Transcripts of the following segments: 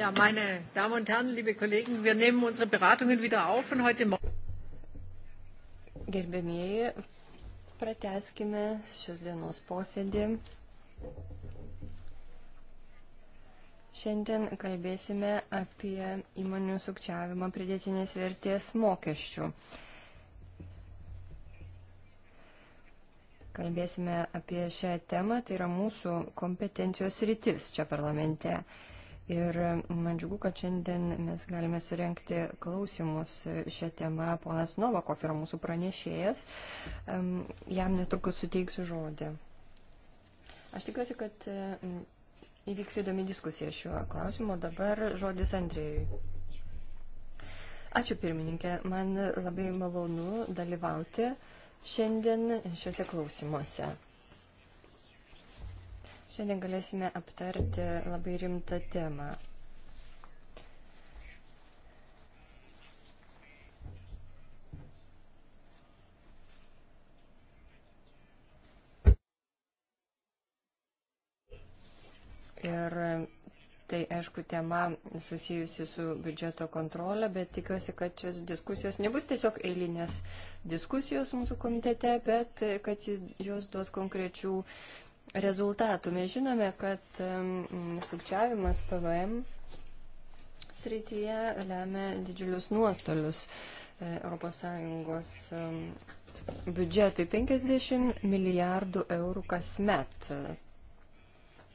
Ja, meine Damen und Herren, liebe Kollegen, wir nehmen unsere Beratungen wieder auf von heute Morgen. Gerbėmieji, prateskime šios dienos posėdį. Šiandien kalbėsime apie įmonių sukčiavimą pridėtinės vertės mokesčių. Kalbėsime apie šią temą, tai yra mūsų kompetencijos rytis čia parlamente. Ir man džiugu, kad šiandien mes galime surenkti klausimus šią temą. Ponas Novakov yra mūsų pranešėjas. Jam netrukus suteiksiu žodį. Aš tikiuosi, kad įvyks įdomi diskusija šiuo klausimu. Dabar žodis Andrėjui. Ačiū pirmininkė, man labai malonu dalyvauti šiandien šiuose klausimuose. Šiandien galėsime aptarti labai rimtą temą. Ir tai, aišku, tema susijusi su biudžeto kontrolė, bet tikiuosi, kad šios diskusijos nebus tiesiog eilinės diskusijos mūsų komitete, bet kad jos duos konkrečių uh, rezultatų. Mes žinome, kad sukčiavimas PVM srityje lemia didžiulius nuostolius ES biudžetui 50 milijardų eurų kasmet.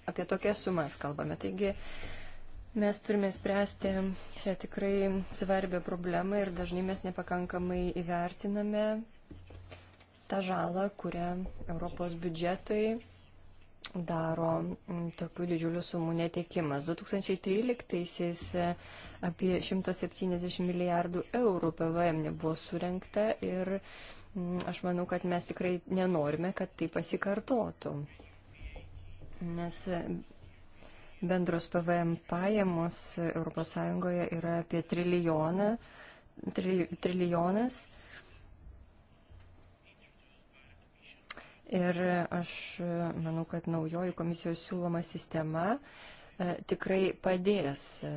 Apie tokias sumas kalbame. Taigi mes turime spręsti šią tikrai svarbią problemą ir dažnai mes nepakankamai įvertiname tą žalą, kurią Europos biudžetui daro mm, tokių didžiulių sumų netekimas. 2013-aisiais e, apie 170 milijardų eurų PVM nebuvo surinkta ir mm, aš manau, kad mes tikrai nenorime, kad tai pasikartotų. Nes e, bendros PVM pajamos ES yra apie trilijoną, tri, trilijonas. Tri, Ir aš e, manau, kad naujoji komisijos siūloma sistema e, tikrai padės. E,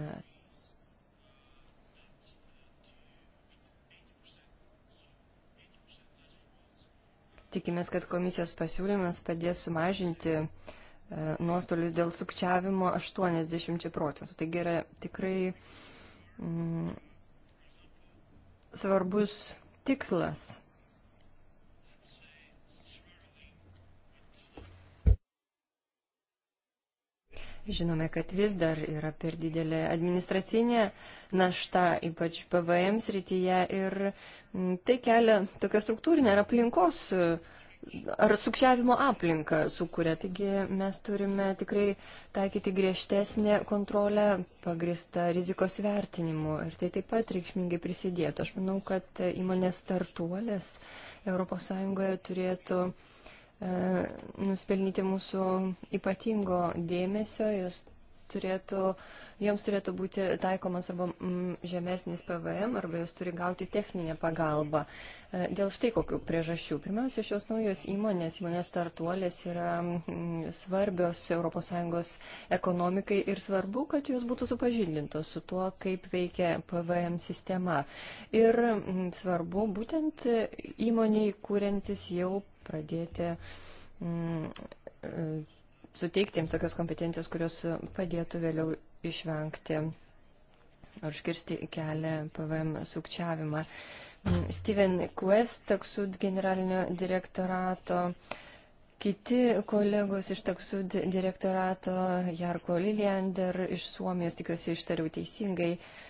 Tikimės, kad komisijos pasiūlymas padės sumažinti nuostolius dėl sukčiavimo 80 procentų. Taigi yra tikrai mm, svarbus tikslas Žinome, kad vis dar yra per didelė administracinė našta, ypač PVM srityje, ir mm, tai kelia tokią struktūrinę ar aplinkos ar sukčiavimo aplinką sukuria. Taigi mes turime tikrai taikyti griežtesnę kontrolę pagristą rizikos vertinimu ir tai taip pat reikšmingai prisidėtų. Aš manau, kad įmonės startuolės ES turėtų E, nuspelnyti mūsų ypatingo dėmesio, jis turėtų, jiems turėtų būti taikomas arba mm, žemesnis PVM, arba jos turi gauti techninę pagalbą. E, dėl štai kokių priežasčių. Pirmiausia, šios naujos įmonės, įmonės startuolės yra mm, svarbios ES ekonomikai ir svarbu, kad jos būtų supažindintos su tuo, kaip veikia PVM sistema. Ir mm, svarbu būtent įmoniai, kuriantis jau pradėti mm, e, suteikti jiems tokios kompetencijos, kurios padėtų vėliau išvengti ar užkirsti kelią PVM sukčiavimą. Mm, Steven Quest, taksud generalinio direktorato, kiti kolegos iš taksud direktorato, Jarko Liliander iš Suomijos, tikiuosi ištariau teisingai, uh,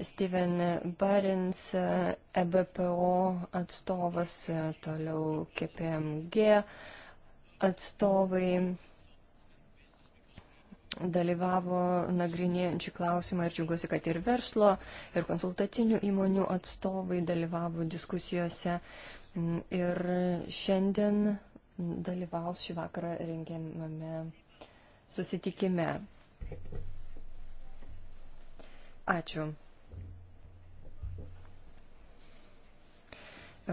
Steven Barins, EBPO atstovas, toliau KPMG atstovai dalyvavo nagrinėjančių klausimą ir džiugiuosi, kad ir verslo, ir konsultacinių įmonių atstovai dalyvavo diskusijose. Ir šiandien dalyvaus šį vakarą rengiamame susitikime. Ačiū.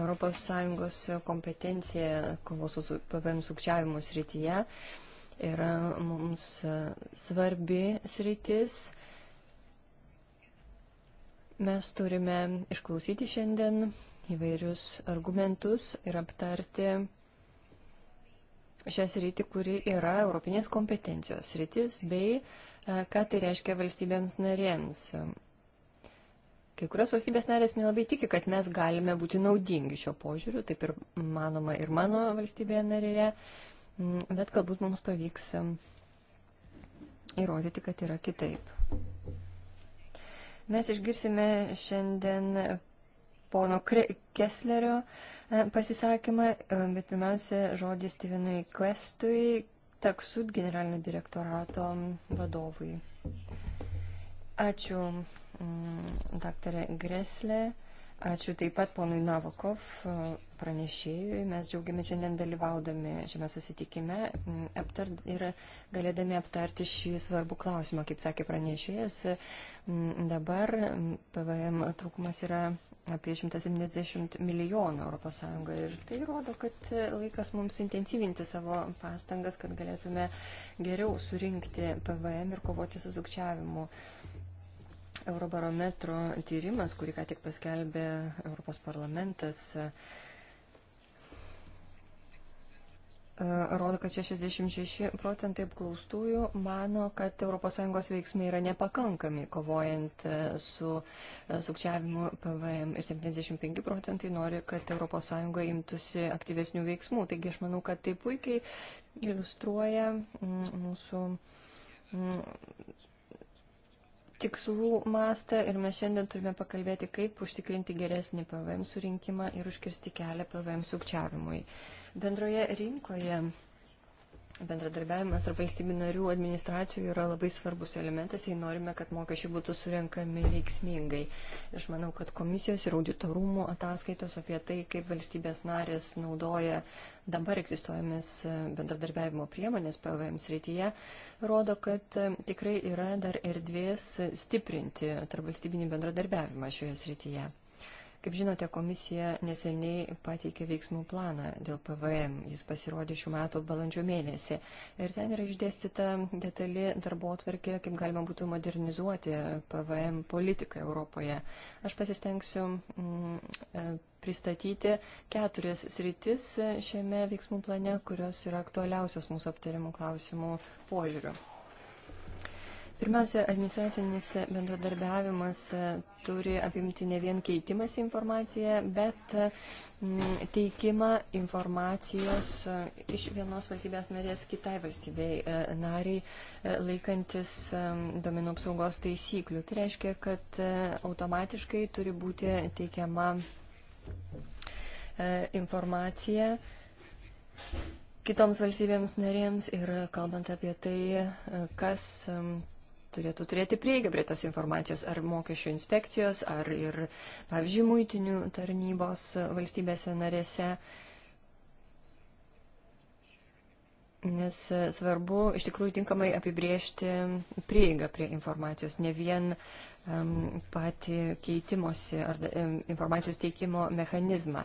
ES kompetencija kovos su PVM sukčiavimu srityje yra mums svarbi sritis. Mes turime išklausyti šiandien įvairius argumentus ir aptarti šią sritį, kuri yra Europinės kompetencijos sritis bei uh, ką tai reiškia valstybėms narėms. Kai kurios valstybės narės nelabai tiki, kad mes galime būti naudingi šio požiūriu, taip ir manoma ir mano valstybėje narėje, mm, bet galbūt mums pavyks um, įrodyti, kad yra kitaip. Mes išgirsime šiandien pono Kesslerio pasisakymą, bet pirmiausia žodis Stevenui Questui, Taksud generalinio direktorato vadovui. Ačiū mm, daktarė Greslė, ačiū taip pat ponui Navakov e, pranešėjui. Mes džiaugiamės šiandien dalyvaudami šiame susitikime mm, aptart, ir galėdami aptarti šį svarbų klausimą. Kaip sakė pranešėjas, mm, dabar PVM trūkumas yra apie 170 milijonų ES. Ir tai rodo, kad e, laikas mums intensyvinti savo pastangas, kad galėtume geriau surinkti PVM ir kovoti su sukčiavimu. Eurobarometro tyrimas, kurį ką tik paskelbė Europos parlamentas, E, rodo, kad 66 procentai apklaustųjų mano, kad ES veiksmai yra nepakankami kovojant e, su e, sukčiavimu PVM ir 75 procentai nori, kad ES imtųsi aktyvesnių veiksmų. Taigi aš manau, kad tai puikiai iliustruoja mūsų tikslų mastą ir mes šiandien turime pakalbėti, kaip užtikrinti geresnį PVM surinkimą ir užkirsti kelią PVM sukčiavimui. Uh, Bendroje rinkoje bendradarbiavimas tarp valstybių narių administracijų yra labai svarbus elementas, jei norime, kad mokesčiai būtų surenkami veiksmingai. Ir aš manau, kad komisijos ir auditorumų ataskaitos apie tai, kaip valstybės narės naudoja dabar egzistuojamis bendradarbiavimo priemonės PVM srityje, rodo, kad tikrai yra dar erdvės stiprinti tarp valstybinį bendradarbiavimą šioje srityje. Kaip žinote, komisija neseniai pateikė veiksmų planą dėl PVM. Jis pasirodė šių metų balandžio mėnesį. Ir ten yra išdėstyta detali darbo atverkė, kaip galima būtų modernizuoti PVM politiką Europoje. Aš pasistengsiu mm, e, pristatyti keturias sritis šiame veiksmų plane, kurios yra aktualiausios mūsų aptariamų klausimų požiūriu. Pirmiausia, administracinis bendradarbiavimas e, turi apimti ne vien keitimas informaciją, bet teikimą informacijos e, iš vienos valstybės narės kitai valstybei e, nariai laikantis domenų apsaugos taisyklių. Tai reiškia, kad automatiškai turi būti teikiama informacija kitoms valstybėms narėms ir kalbant apie tai, kas turėtų turėti prieigą prie tos informacijos ar mokesčių inspekcijos, ar ir, pavyzdžiui, muitinių tarnybos valstybėse narėse. Nes e, svarbu iš tikrųjų tinkamai apibriežti prieigą prie informacijos, ne vien uh, patį keitimosi ar informacijos teikimo mechanizmą.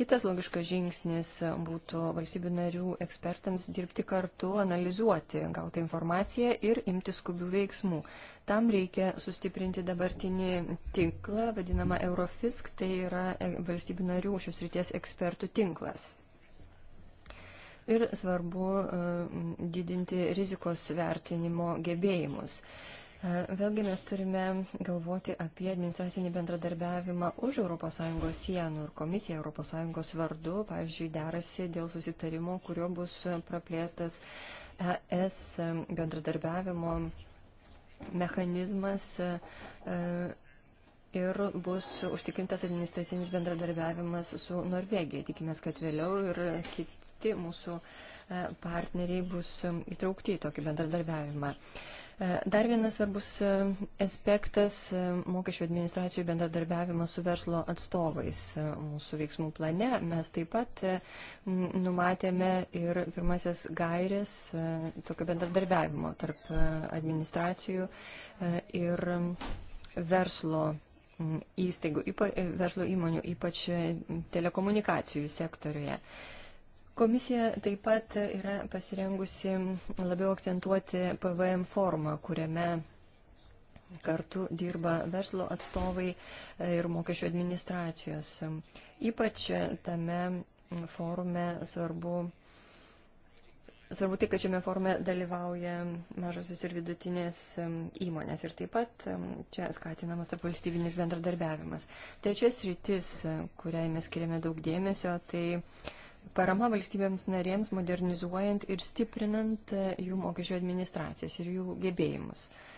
Kitas logiškas žingsnis būtų valstybių narių ekspertams dirbti kartu, analizuoti gautą informaciją ir imti skubių veiksmų. Tam reikia sustiprinti dabartinį tinklą, vadinamą Eurofisk, tai yra e, valstybių narių šios ryties ekspertų tinklas ir svarbu e, didinti rizikos vertinimo gebėjimus. Vėlgi mes turime galvoti apie administracinį bendradarbiavimą už ES sienų ir komisija ES vardu, pavyzdžiui, derasi dėl susitarimo, kuriuo bus praplėstas ES bendradarbiavimo mechanizmas e, ir bus užtikrintas administracinis bendradarbiavimas su Norvegija. Tikimės, kad vėliau ir kiti mūsų e, partneriai bus įtraukti į tokį bendradarbiavimą. E, dar vienas svarbus e, aspektas e, - mokesčių administracijų bendradarbiavimas su verslo atstovais. Mūsų veiksmų plane mes taip pat numatėme ir pirmasis gairės tokio bendradarbiavimo tarp administracijų ir verslo įstaigų, ypa, verslo įmonių, ypač telekomunikacijų sektoriuje. Komisija taip pat yra pasirengusi labiau akcentuoti PVM formą, kuriame kartu dirba verslo atstovai ir mokesčio administracijos. Ypač tame forume svarbu. Svarbu tai, kad šiame forume dalyvauja mažosios ir vidutinės įmonės ir taip pat čia skatinamas tarp valstybinis bendradarbiavimas. Trečias rytis, kuriai mes skiriame daug dėmesio, tai Parama valstybėms narėms modernizuojant ir stiprinant e, jų mokesčių administracijas ir jų gebėjimus. Uh,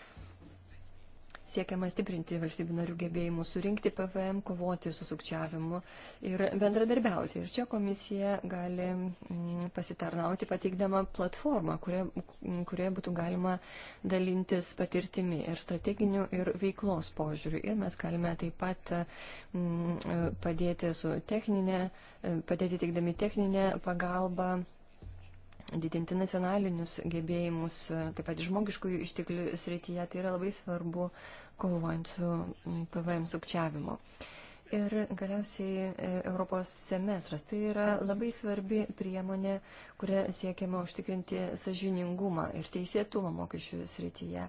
Siekiama stiprinti valstybių narių gebėjimus surinkti PVM, kovoti su sukčiavimu ir bendradarbiauti. Ir čia komisija gali mm, pasitarnauti pateikdama platformą, kurioje, kurioje būtų galima dalintis patirtimi ir strateginių, ir veiklos požiūrių. Ir mes galime taip pat mm, padėti su techninė, padėti teikdami techninę pagalbą didinti nacionalinius gebėjimus, taip pat žmogiškųjų išteklių srityje, tai yra labai svarbu kovojant su PVM mm, sukčiavimu. Ir galiausiai e, Europos semestras tai yra labai svarbi priemonė, kuria siekiama užtikrinti sažiningumą ir teisėtumą mokesčių srityje.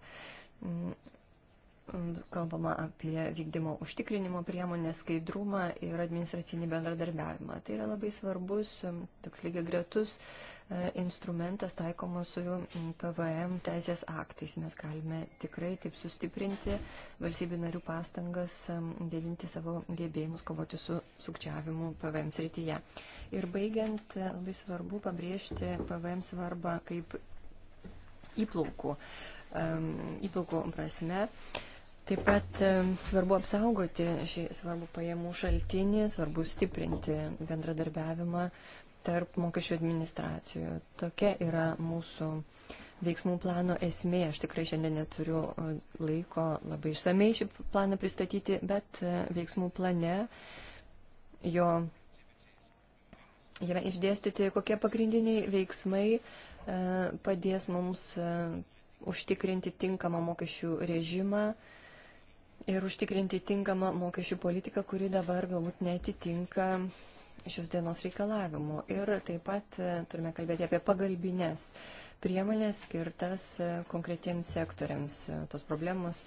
Mm, mm, kalbama apie vykdymo užtikrinimo priemonę, skaidrumą ir administracinį bendradarbiavimą. Tai yra labai svarbus, toks lygiai gretus uh, E, instrumentas taikomas su PVM teisės aktais. Mes galime tikrai taip sustiprinti valstybių narių pastangas didinti savo gebėjimus kovoti su sukčiavimu PVM srityje. Ir baigiant, e, labai svarbu pabrėžti PVM svarbą kaip įplaukų, įplaukų prasme. Taip pat e, svarbu apsaugoti šį svarbų pajamų šaltinį, svarbu stiprinti bendradarbiavimą tarp mokesčių administracijų. Tokia yra mūsų veiksmų plano esmė. Aš tikrai šiandien neturiu e, laiko labai išsamei šį planą pristatyti, bet e, veiksmų plane jo jame išdėstyti, kokie pagrindiniai veiksmai e, padės mums užtikrinti tinkamą mokesčių režimą ir užtikrinti tinkamą mokesčių politiką, kuri dabar galbūt netitinka šios dienos reikalavimų. Ir taip pat e, turime kalbėti apie pagalbinės priemonės skirtas e, konkretiems sektoriams. E, tos problemos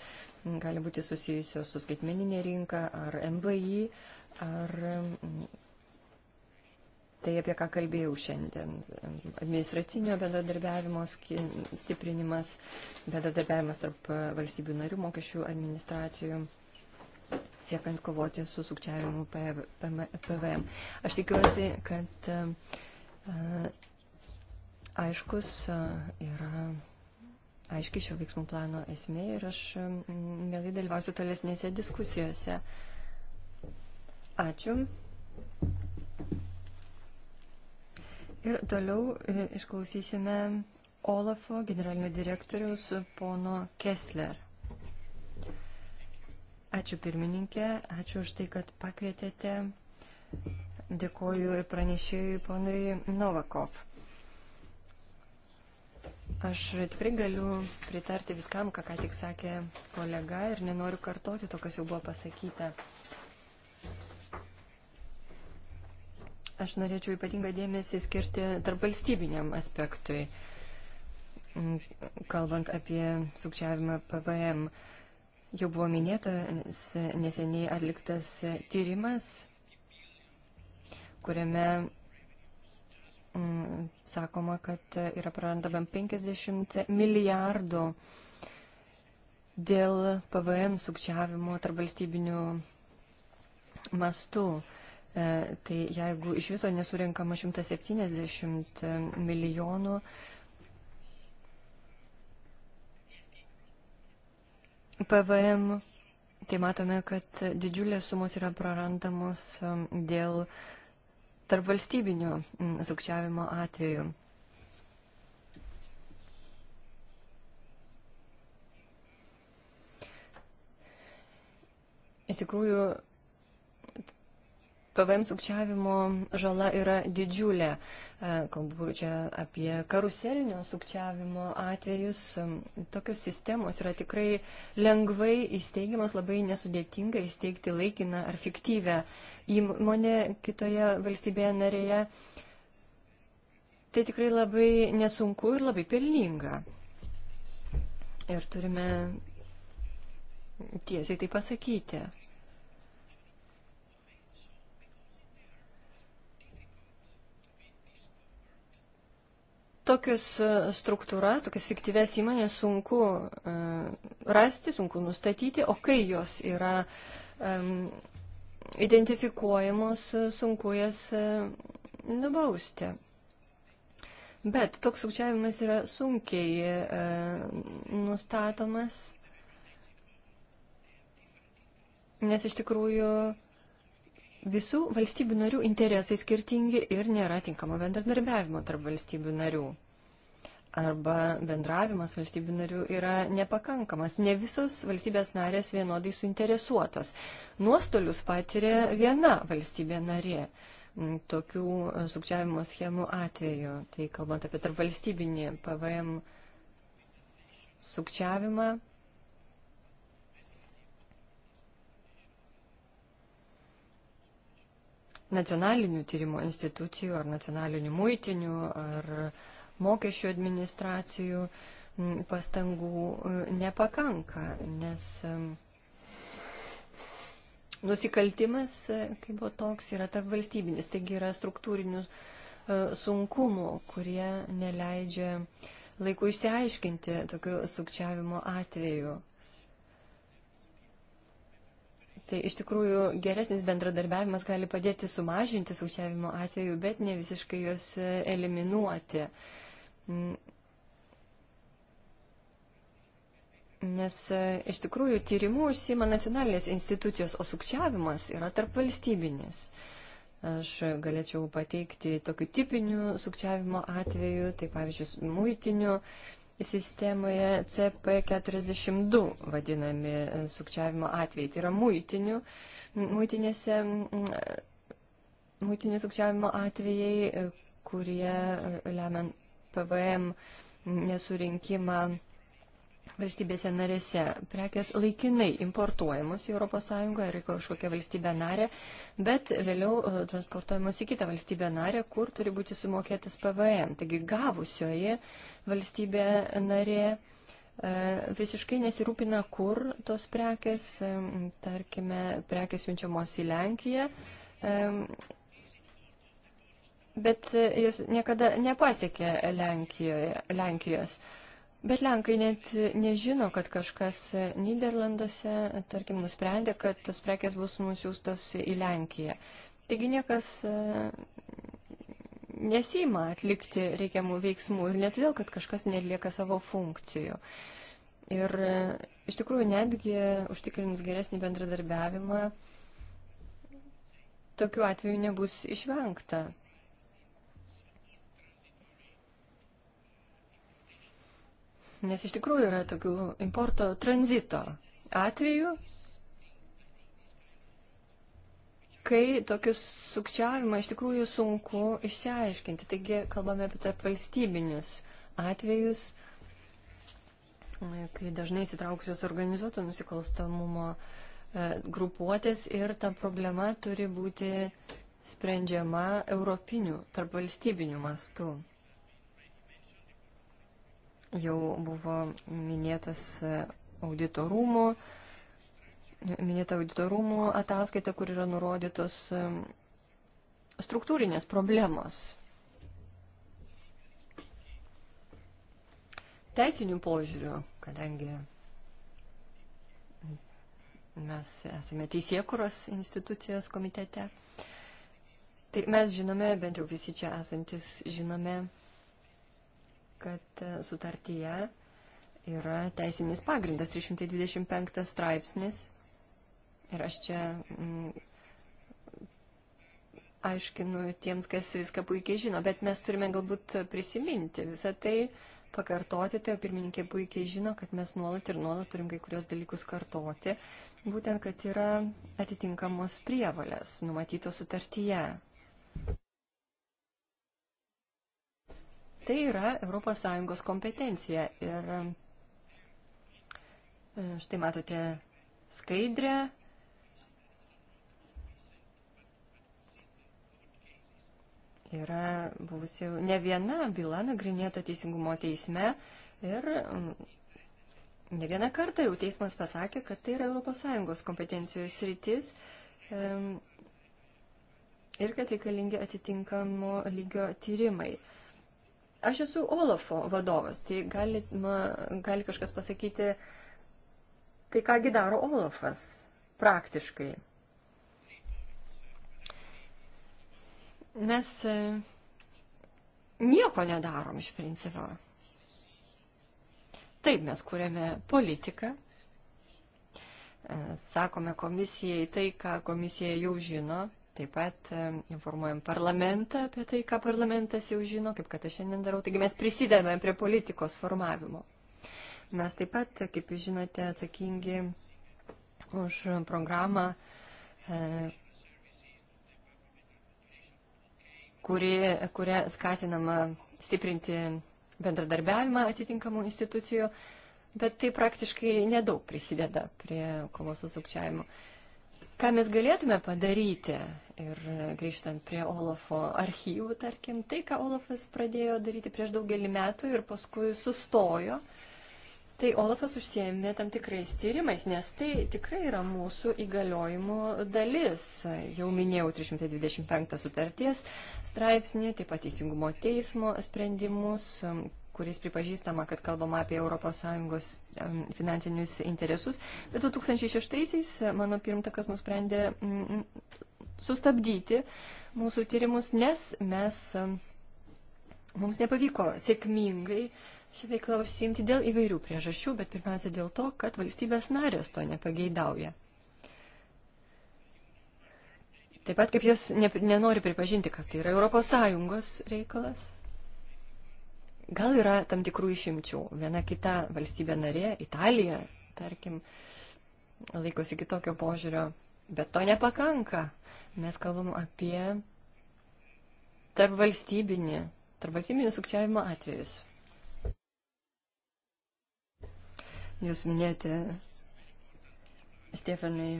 gali būti susijusios su skaitmeninė rinka ar MVI, ar tai, apie ką kalbėjau šiandien. Administracinio bendradarbiavimo stiprinimas, bendradarbiavimas tarp valstybių narių mokesčių administracijų siekant kovoti su sukčiavimu PVM. Aš tikiuosi, kad e, aiškus e, yra aiški šio veiksmų plano esmė ir aš mielai dalyvausiu tolesnėse diskusijose. Ačiū. Ir toliau e, išklausysime Olafo generalinio direktoriaus pono Kessler. Ačiū pirmininkė, ačiū už tai, kad pakvietėte. Dėkoju ir pranešėjui ponui Novakov. Aš tikrai galiu pritarti viskam, ką ką tik sakė kolega ir nenoriu kartoti to, kas jau buvo pasakyta. Aš norėčiau ypatingą dėmesį skirti tarp valstybiniam aspektui, kalbant apie sukčiavimą PVM. Uh, Jau buvo minėtas neseniai atliktas tyrimas, kuriame mm, sakoma, kad yra prarandama 50 milijardų dėl PVM sukčiavimo tarp valstybinių mastų. E, tai jeigu iš viso nesurinkama 170 milijonų, e, PVM, tai matome, kad didžiulės sumos yra prarandamos um, dėl tarpvalstybinio mm, sukčiavimo atveju. Iš tikrųjų, PVM sukčiavimo žala yra didžiulė. E, kalbu čia apie karuselinio sukčiavimo atvejus. E, tokios sistemos yra tikrai lengvai įsteigimas, labai nesudėtinga įsteigti laikiną ar fiktyvę įmonę kitoje valstybėje narėje. Tai tikrai labai nesunku ir labai pelninga. Ir turime tiesiai tai pasakyti. Tokius e, struktūras, tokias fiktyves įmonės sunku e, rasti, sunku nustatyti, o kai jos yra um, identifikuojamos, e, sunku jas nubausti. Bet toks sukčiavimas yra sunkiai e, nustatomas, nes iš tikrųjų visų valstybių narių interesai skirtingi ir nėra tinkamo bendradarbiavimo tarp valstybių narių. Arba bendravimas valstybių narių yra nepakankamas. Ne visos valstybės narės vienodai suinteresuotos. Nuostolius patiria viena valstybė narė tokių sukčiavimo schemų atveju. Tai kalbant apie tarpvalstybinį PVM sukčiavimą, nacionalinių tyrimo institucijų ar nacionalinių muitinių ar mokesčių administracijų pastangų e, nepakanka, nes e, nusikaltimas, e, kaip buvo toks, yra tarp valstybinis, taigi yra struktūrinių sunkumų, kurie neleidžia laiku išsiaiškinti tokių sukčiavimo atvejų. Tai iš tikrųjų geresnis bendradarbiavimas gali padėti sumažinti sukčiavimo atveju, bet ne visiškai juos e, eliminuoti. Mm. Nes e, iš tikrųjų tyrimų užsima nacionalinės institucijos, o sukčiavimas yra tarp valstybinis. Aš galėčiau pateikti tokių tipinių sukčiavimo atvejų, tai pavyzdžiui, muitinių sistemoje CP42 vadinami e, sukčiavimo atvejai. Tai yra muitinių, muitinėse, muitinių sukčiavimo atvejai, e, kurie e, lemia PVM nesurinkimą valstybėse narėse prekes laikinai importuojamos į ES ar į kažkokią valstybę narę, bet vėliau e, transportuojamos į kitą valstybę narę, kur turi būti sumokėtas PVM. Taigi gavusioji valstybė narė e, visiškai nesirūpina, kur tos prekes, e, tarkime, prekes siunčiamos į Lenkiją. Bet jis niekada nepasiekė Lenkijoje, Lenkijos. Lenkijos. Bet Lenkai net nežino, kad kažkas Niderlanduose, tarkim, nusprendė, kad tas prekes bus nusiųstos į Lenkiją. Taigi niekas e, nesima atlikti reikiamų veiksmų ir ne todėl, kad kažkas nelieka savo funkcijų. Ir e, iš tikrųjų netgi užtikrinus geresnį bendradarbiavimą, tokiu atveju nebus išvengta. Nes iš tikrųjų yra tokių importo tranzito atvejų, kai tokius sukčiavimą iš tikrųjų sunku išsiaiškinti. Taigi kalbame apie tarp valstybinius atvejus, kai dažnai įsitraukusios organizuoto nusikalstamumo e, grupuotės ir ta problema turi būti sprendžiama europiniu, tarp valstybiniu mastu jau buvo minėtas auditorumų, minėta auditorumų ataskaita, kur yra nurodytos um, struktūrinės problemos. Teisinių požiūrių, kadangi mes esame teisėkuros institucijos komitete, tai mes žinome, bent jau visi čia esantis žinome, kad e, sutartyje yra teisinis pagrindas 325 straipsnis. Ir aš čia mm, aiškinu tiems, kas viską puikiai žino, bet mes turime galbūt prisiminti visą tai, pakartoti, tai pirmininkė puikiai žino, kad mes nuolat ir nuolat turim kai kurios dalykus kartoti, būtent, kad yra atitinkamos prievalės numatytos sutartyje. Tai yra ES kompetencija. Ir e, štai matote skaidrę. Yra buvusi ne viena byla nagrinėta teisingumo teisme ir mm, ne vieną kartą jau teismas pasakė, kad tai yra ES kompetencijos rytis e, ir kad reikalingi atitinkamo lygio tyrimai. Aš esu Olafo vadovas, tai gali, ma, gali kažkas pasakyti, tai kągi daro Olafas praktiškai. Mes e, nieko nedarom iš principo. Taip mes kūrėme politiką, e, sakome komisijai tai, ką komisija jau žino, Taip pat e, informuojam parlamentą apie tai, ką parlamentas jau žino, kaip kad aš šiandien darau. Taigi mes prisidedame prie politikos formavimo. Mes taip pat, kaip jūs žinote, atsakingi už programą, e, kuri, kuria skatinama stiprinti bendradarbiavimą atitinkamų institucijų, bet tai praktiškai nedaug prisideda prie kovos su sukčiavimu. Ką mes galėtume padaryti? Ir grįžtant prie Olafo archyvų, tarkim, tai, ką Olafas pradėjo daryti prieš daugelį metų ir paskui sustojo, tai Olafas užsiemė tam tikrais tyrimais, nes tai tikrai yra mūsų įgaliojimų dalis. Jau minėjau 325 sutarties straipsnį, taip pat teisingumo teismo sprendimus, kuriais pripažįstama, kad kalbama apie ES finansinius interesus. Bet 2006-aisiais e, mano pirmtakas nusprendė sustabdyti mūsų tyrimus, nes mes, e, mums nepavyko sėkmingai šią veiklą užsiimti dėl įvairių priežasčių, bet pirmiausia dėl to, kad valstybės narės to nepageidauja. Taip pat kaip jos nenori pripažinti, kad tai yra ES reikalas. Gal yra tam tikrų išimčių. Viena kita valstybė narė, Italija, tarkim, laikosi kitokio požiūrio, bet to nepakanka. Mes kalbam apie tarp valstybinį, tarp valstybinį sukčiavimo atvejus. Jūs minėjote, Stefanai,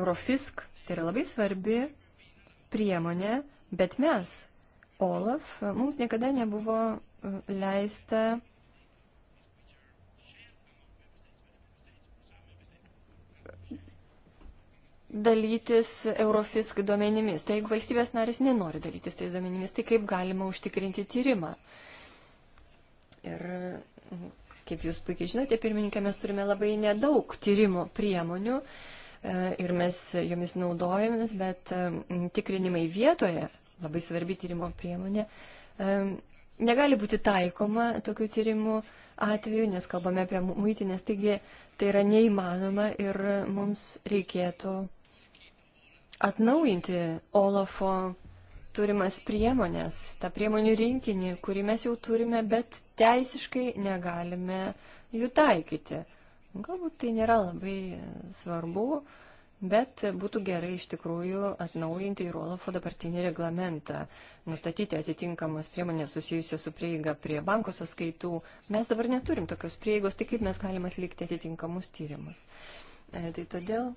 Eurofisk, tai yra labai svarbi priemonė, bet mes, Olaf, mums niekada nebuvo leista dalytis Eurofisk duomenimis. Tai jeigu valstybės narės nenori dalytis tais duomenimis, tai kaip galima užtikrinti tyrimą? Ir kaip jūs puikiai žinote, pirmininkė, mes turime labai nedaug tyrimo priemonių e, ir mes jomis naudojamės, bet tikrinimai vietoje, labai svarbi tyrimo priemonė, e, negali būti taikoma tokių tyrimų atveju, nes kalbame apie muitinės, taigi tai yra neįmanoma ir mums reikėtų atnaujinti Olafo turimas priemonės, tą priemonių rinkinį, kurį mes jau turime, bet teisiškai negalime jų taikyti. Galbūt tai nėra labai svarbu, Bet būtų gerai iš tikrųjų atnaujinti ir Olafo dabartinį reglamentą, nustatyti atitinkamas priemonės susijusias su prieiga prie banko sąskaitų. Mes dabar neturim tokios prieigos, tai kaip mes galim atlikti atitinkamus tyrimus. E, tai todėl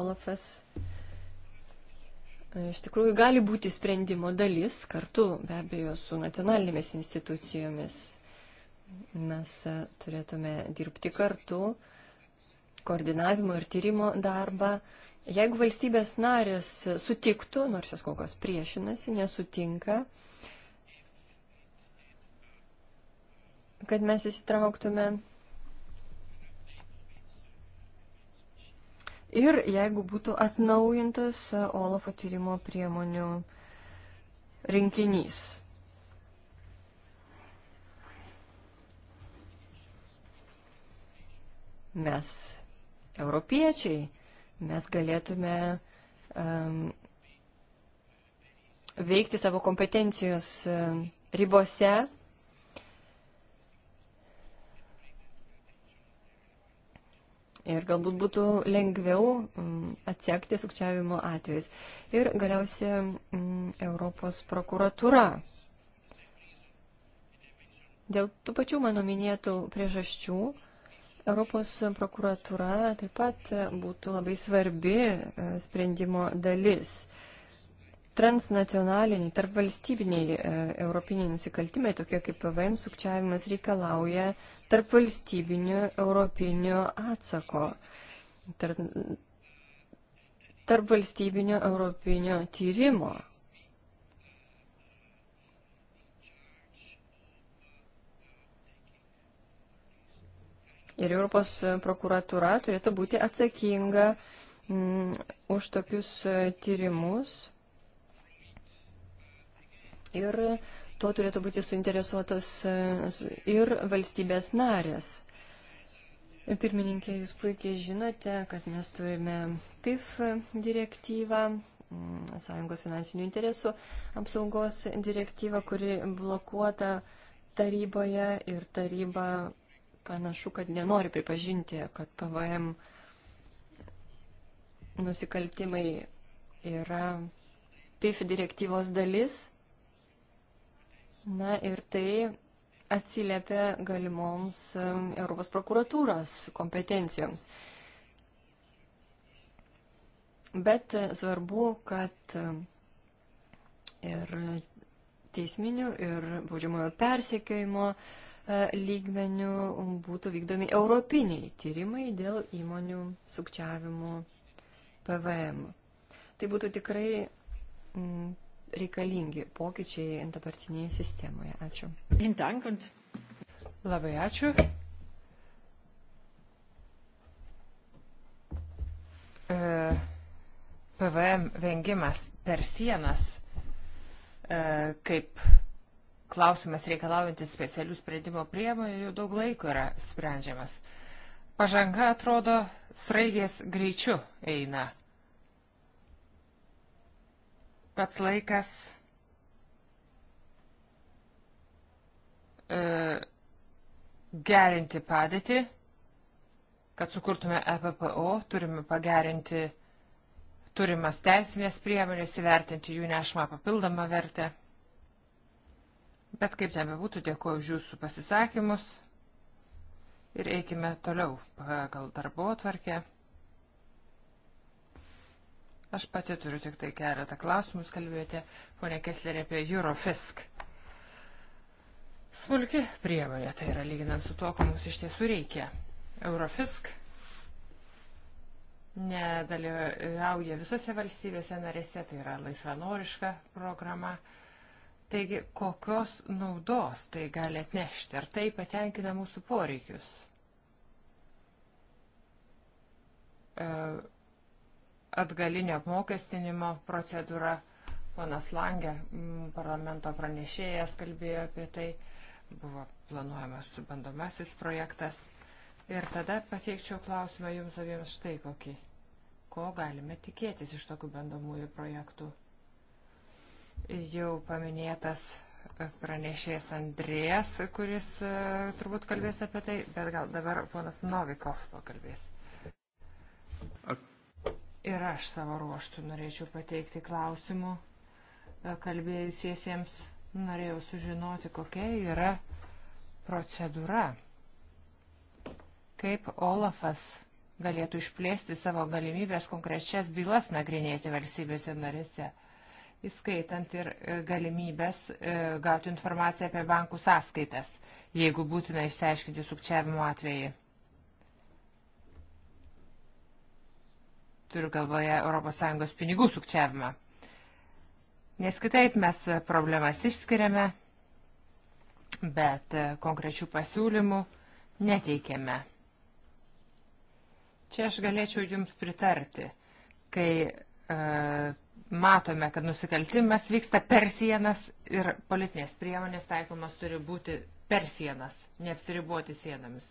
Olafas e, iš tikrųjų gali būti sprendimo dalis kartu be abejo su nacionalinėmis institucijomis. Mes e, turėtume dirbti kartu koordinavimo ir tyrimo darbą. Jeigu valstybės narės sutiktų, nors jos kol kas priešinasi, nesutinka, kad mes įsitrauktume. Ir jeigu būtų atnaujintas Olafo tyrimo priemonių rinkinys. Mes europiečiai, mes galėtume um, veikti savo kompetencijos um, ribose. Ir galbūt būtų lengviau um, atsekti sukčiavimo atvejus. Ir galiausiai um, Europos prokuratūra. Dėl tų pačių mano minėtų priežasčių Europos prokuratūra taip pat būtų labai svarbi e, sprendimo dalis. Transnacionaliniai, tarpvalstybiniai e, europiniai nusikaltimai, tokie kaip PVM sukčiavimas, reikalauja tarpvalstybinių europinio atsako, tarp, tarpvalstybinio europinio tyrimo. Ir Europos prokuratura turėtų būti atsakinga m, mm, už tokius e, tyrimus. Ir tuo turėtų būti suinteresuotas e, ir valstybės narės. Pirmininkė, jūs puikiai žinote, kad mes turime PIF direktyvą, mm, Sąjungos finansinių interesų apsaugos direktyvą, kuri blokuota taryboje ir taryba panašu, kad nenori pripažinti, kad PVM nusikaltimai yra PIF direktyvos dalis. Na ir tai atsiliepia galimoms um, Europos prokuratūros kompetencijoms. Bet svarbu, kad um, ir teisminių, ir baudžiamojo persekiojimo uh, E, lygmenių būtų vykdomi europiniai tyrimai dėl įmonių sukčiavimų PVM. Tai būtų tikrai mm, reikalingi pokyčiai dabartinėje sistemoje. Ačiū. Labai ačiū. E, PVM vengimas per sienas e, kaip klausimas reikalaujantis specialių sprendimo priemonių jau daug laiko yra sprendžiamas. Pažanga atrodo sraigės greičiu eina. Pats laikas e, gerinti padėtį, kad sukurtume EPPO, turime pagerinti turimas teisinės priemonės, įvertinti jų nešamą papildomą vertę. Bet kaip ten bebūtų, dėkuoju už jūsų pasisakymus ir eikime toliau pagal darbo atvarkę. Aš pati turiu tik tai keletą klausimus kalbėti, ponė Keslerė, apie Eurofisk. Smulki priemonė, tai yra lyginant su tuo, ko mums iš tiesų reikia. Eurofisk nedalyvauja visose valstybėse narėse, tai yra laisvanoriška programa. Uh, Taigi, kokios naudos tai gali atnešti? Ar tai patenkina mūsų poreikius? E, atgalinio apmokestinimo procedūra, ponas Langė, parlamento pranešėjas kalbėjo apie tai, buvo planuojamas bandomasis projektas. Ir tada pateikčiau klausimą jums abiems štai kokį. Ko galime tikėtis iš tokių bandomųjų projektų? jau paminėtas pranešėjas Andrėjas, kuris e, turbūt kalbės apie tai, bet gal dabar ponas Novikov pakalbės. Ir aš savo ruoštų norėčiau pateikti klausimų e, kalbėjusiesiems. Norėjau sužinoti, kokia yra procedūra, kaip Olafas galėtų išplėsti savo galimybės konkrečias bylas nagrinėti valstybėse narėse įskaitant ir e, galimybės e, gauti informaciją apie bankų sąskaitas, jeigu būtina išsiaiškinti sukčiavimo atvejį. Turiu galvoje ES pinigų sukčiavimą. Nes kitaip mes e, problemas išskiriame, bet konkrečių pasiūlymų neteikėme. Čia aš galėčiau Jums pritarti, kai e, matome, kad nusikaltimas vyksta per sienas ir politinės priemonės taikomas turi būti per sienas, neapsiribuoti sienomis.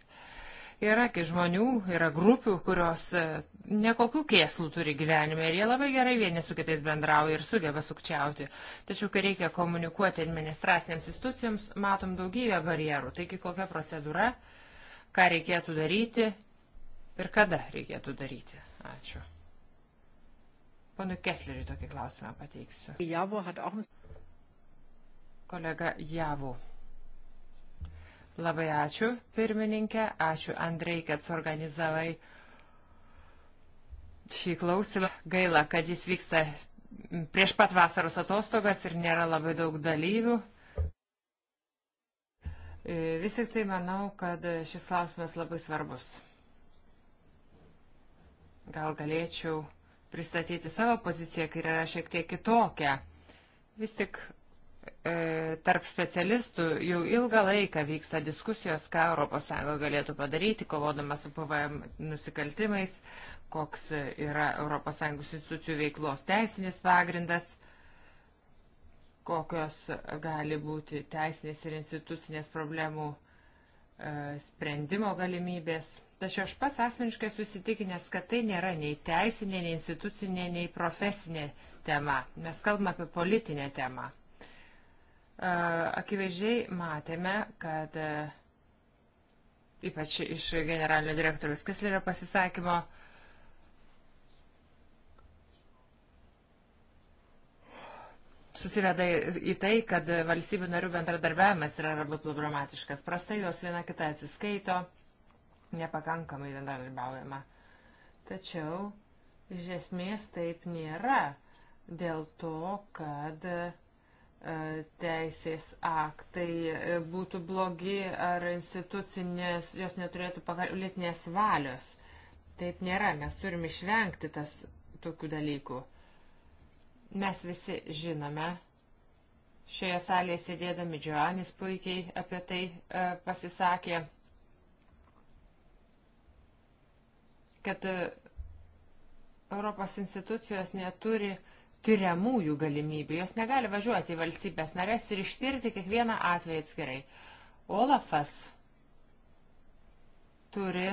Yra kai žmonių, yra grupių, kurios e, nekokių kėslų turi gyvenime ir jie labai gerai vieni su kitais bendrauja ir sugeba sukčiauti. Tačiau, kai reikia komunikuoti administracinėms institucijoms, matom daugybę barjerų. Taigi, kokia procedūra, ką reikėtų daryti ir kada reikėtų daryti. Ačiū. Ponui Kessleriui tokį klausimą pateiksiu. Javo hat auch... Kolega Javo. Labai ačiū, pirmininkė. Ačiū, Andrei, kad suorganizavai šį klausimą. Gaila, kad jis vyksta prieš pat vasaros atostogas ir nėra labai daug dalyvių. E, vis tik tai manau, kad šis klausimas labai svarbus. Gal galėčiau pristatyti savo poziciją, kai yra šiek tiek kitokia. Vis tik e, tarp specialistų jau ilgą laiką vyksta diskusijos, ką ES galėtų padaryti, kovodama su PVM nusikaltimais, koks yra ES institucijų veiklos teisinis pagrindas, kokios gali būti teisinės ir institucinės problemų e, sprendimo galimybės. Tačiau aš pats asmeniškai susitikinęs, kad tai nėra nei teisinė, nei institucinė, nei profesinė tema. Mes kalbame apie politinę temą. Akivaizdžiai matėme, kad ypač iš generalinio direktorius Kislerio pasisakymo, susiveda į tai, kad valstybių narių bendradarbiavimas yra labai problematiškas. Prastai jos viena kita atsiskaito nepakankamai bendradarbiaujama. Tačiau iš esmės taip nėra dėl to, kad e, teisės aktai e, būtų blogi ar institucinės, jos neturėtų politinės valios. Taip nėra, mes turim išvengti tas tokių dalykų. Mes visi žinome, šioje salėje sėdėdami Džioanis puikiai apie tai e, pasisakė, kad e, Europos institucijos neturi tyriamųjų galimybių. Jos negali važiuoti į valstybės narės ir ištirti kiekvieną atvejį atskirai. Olafas turi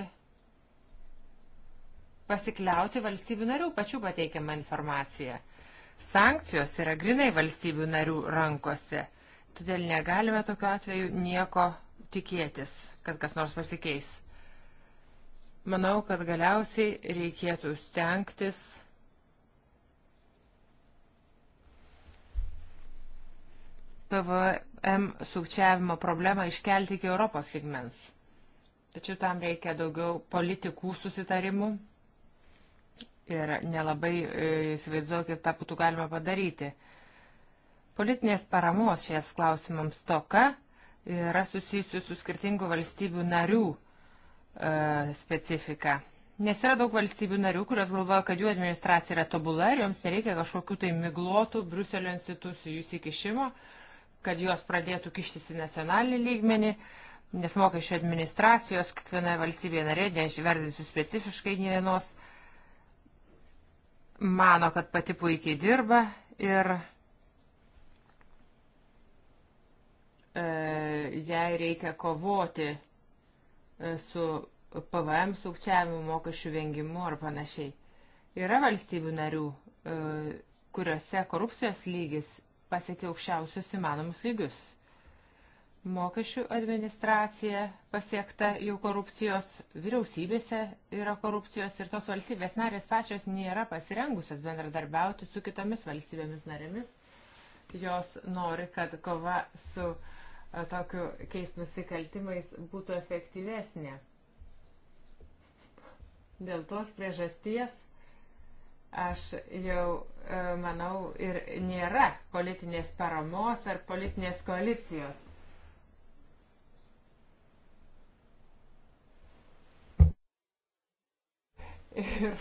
pasikliauti valstybių narių pačių pateikiamą informaciją. Sankcijos yra grinai valstybių narių rankose, todėl negalime tokiu atveju nieko tikėtis, kad kas nors pasikeis. Manau, kad galiausiai reikėtų stengtis PVM sukčiavimo problemą iškelti iki Europos lygmens. Tačiau tam reikia daugiau politikų susitarimų ir nelabai e, įsivaizduoju, kaip tą būtų galima padaryti. Politinės paramos šies klausimams toka yra susijusi su skirtingų valstybių narių E, specifiką. Nes yra daug valstybių narių, kurios galvoja, kad jų administracija yra tobula ir joms nereikia kažkokių tai miglotų Bruselio institucijų įsikišimo, kad jos pradėtų kištis į nacionalinį lygmenį, nes mokesčio administracijos kiekvienoje valstybėje narėje, neišverdinsiu specifiškai nė vienos, mano, kad pati puikiai dirba ir e, jai reikia kovoti E, su PVM sukčiavimu, mokesčių vengimu ar panašiai. Yra valstybių narių, e, kuriuose korupcijos lygis pasiekia aukščiausius įmanomus lygius. Mokesčių administracija pasiekta jau korupcijos, vyriausybėse yra korupcijos ir tos valstybės narės pačios nėra pasirengusios bendradarbiauti su kitomis valstybėmis narėmis. Jos nori, kad kova su uh, tokiu keis nusikaltimais būtų efektyvesnė. Dėl tos priežasties aš jau manau ir nėra politinės paramos ar politinės koalicijos. Ir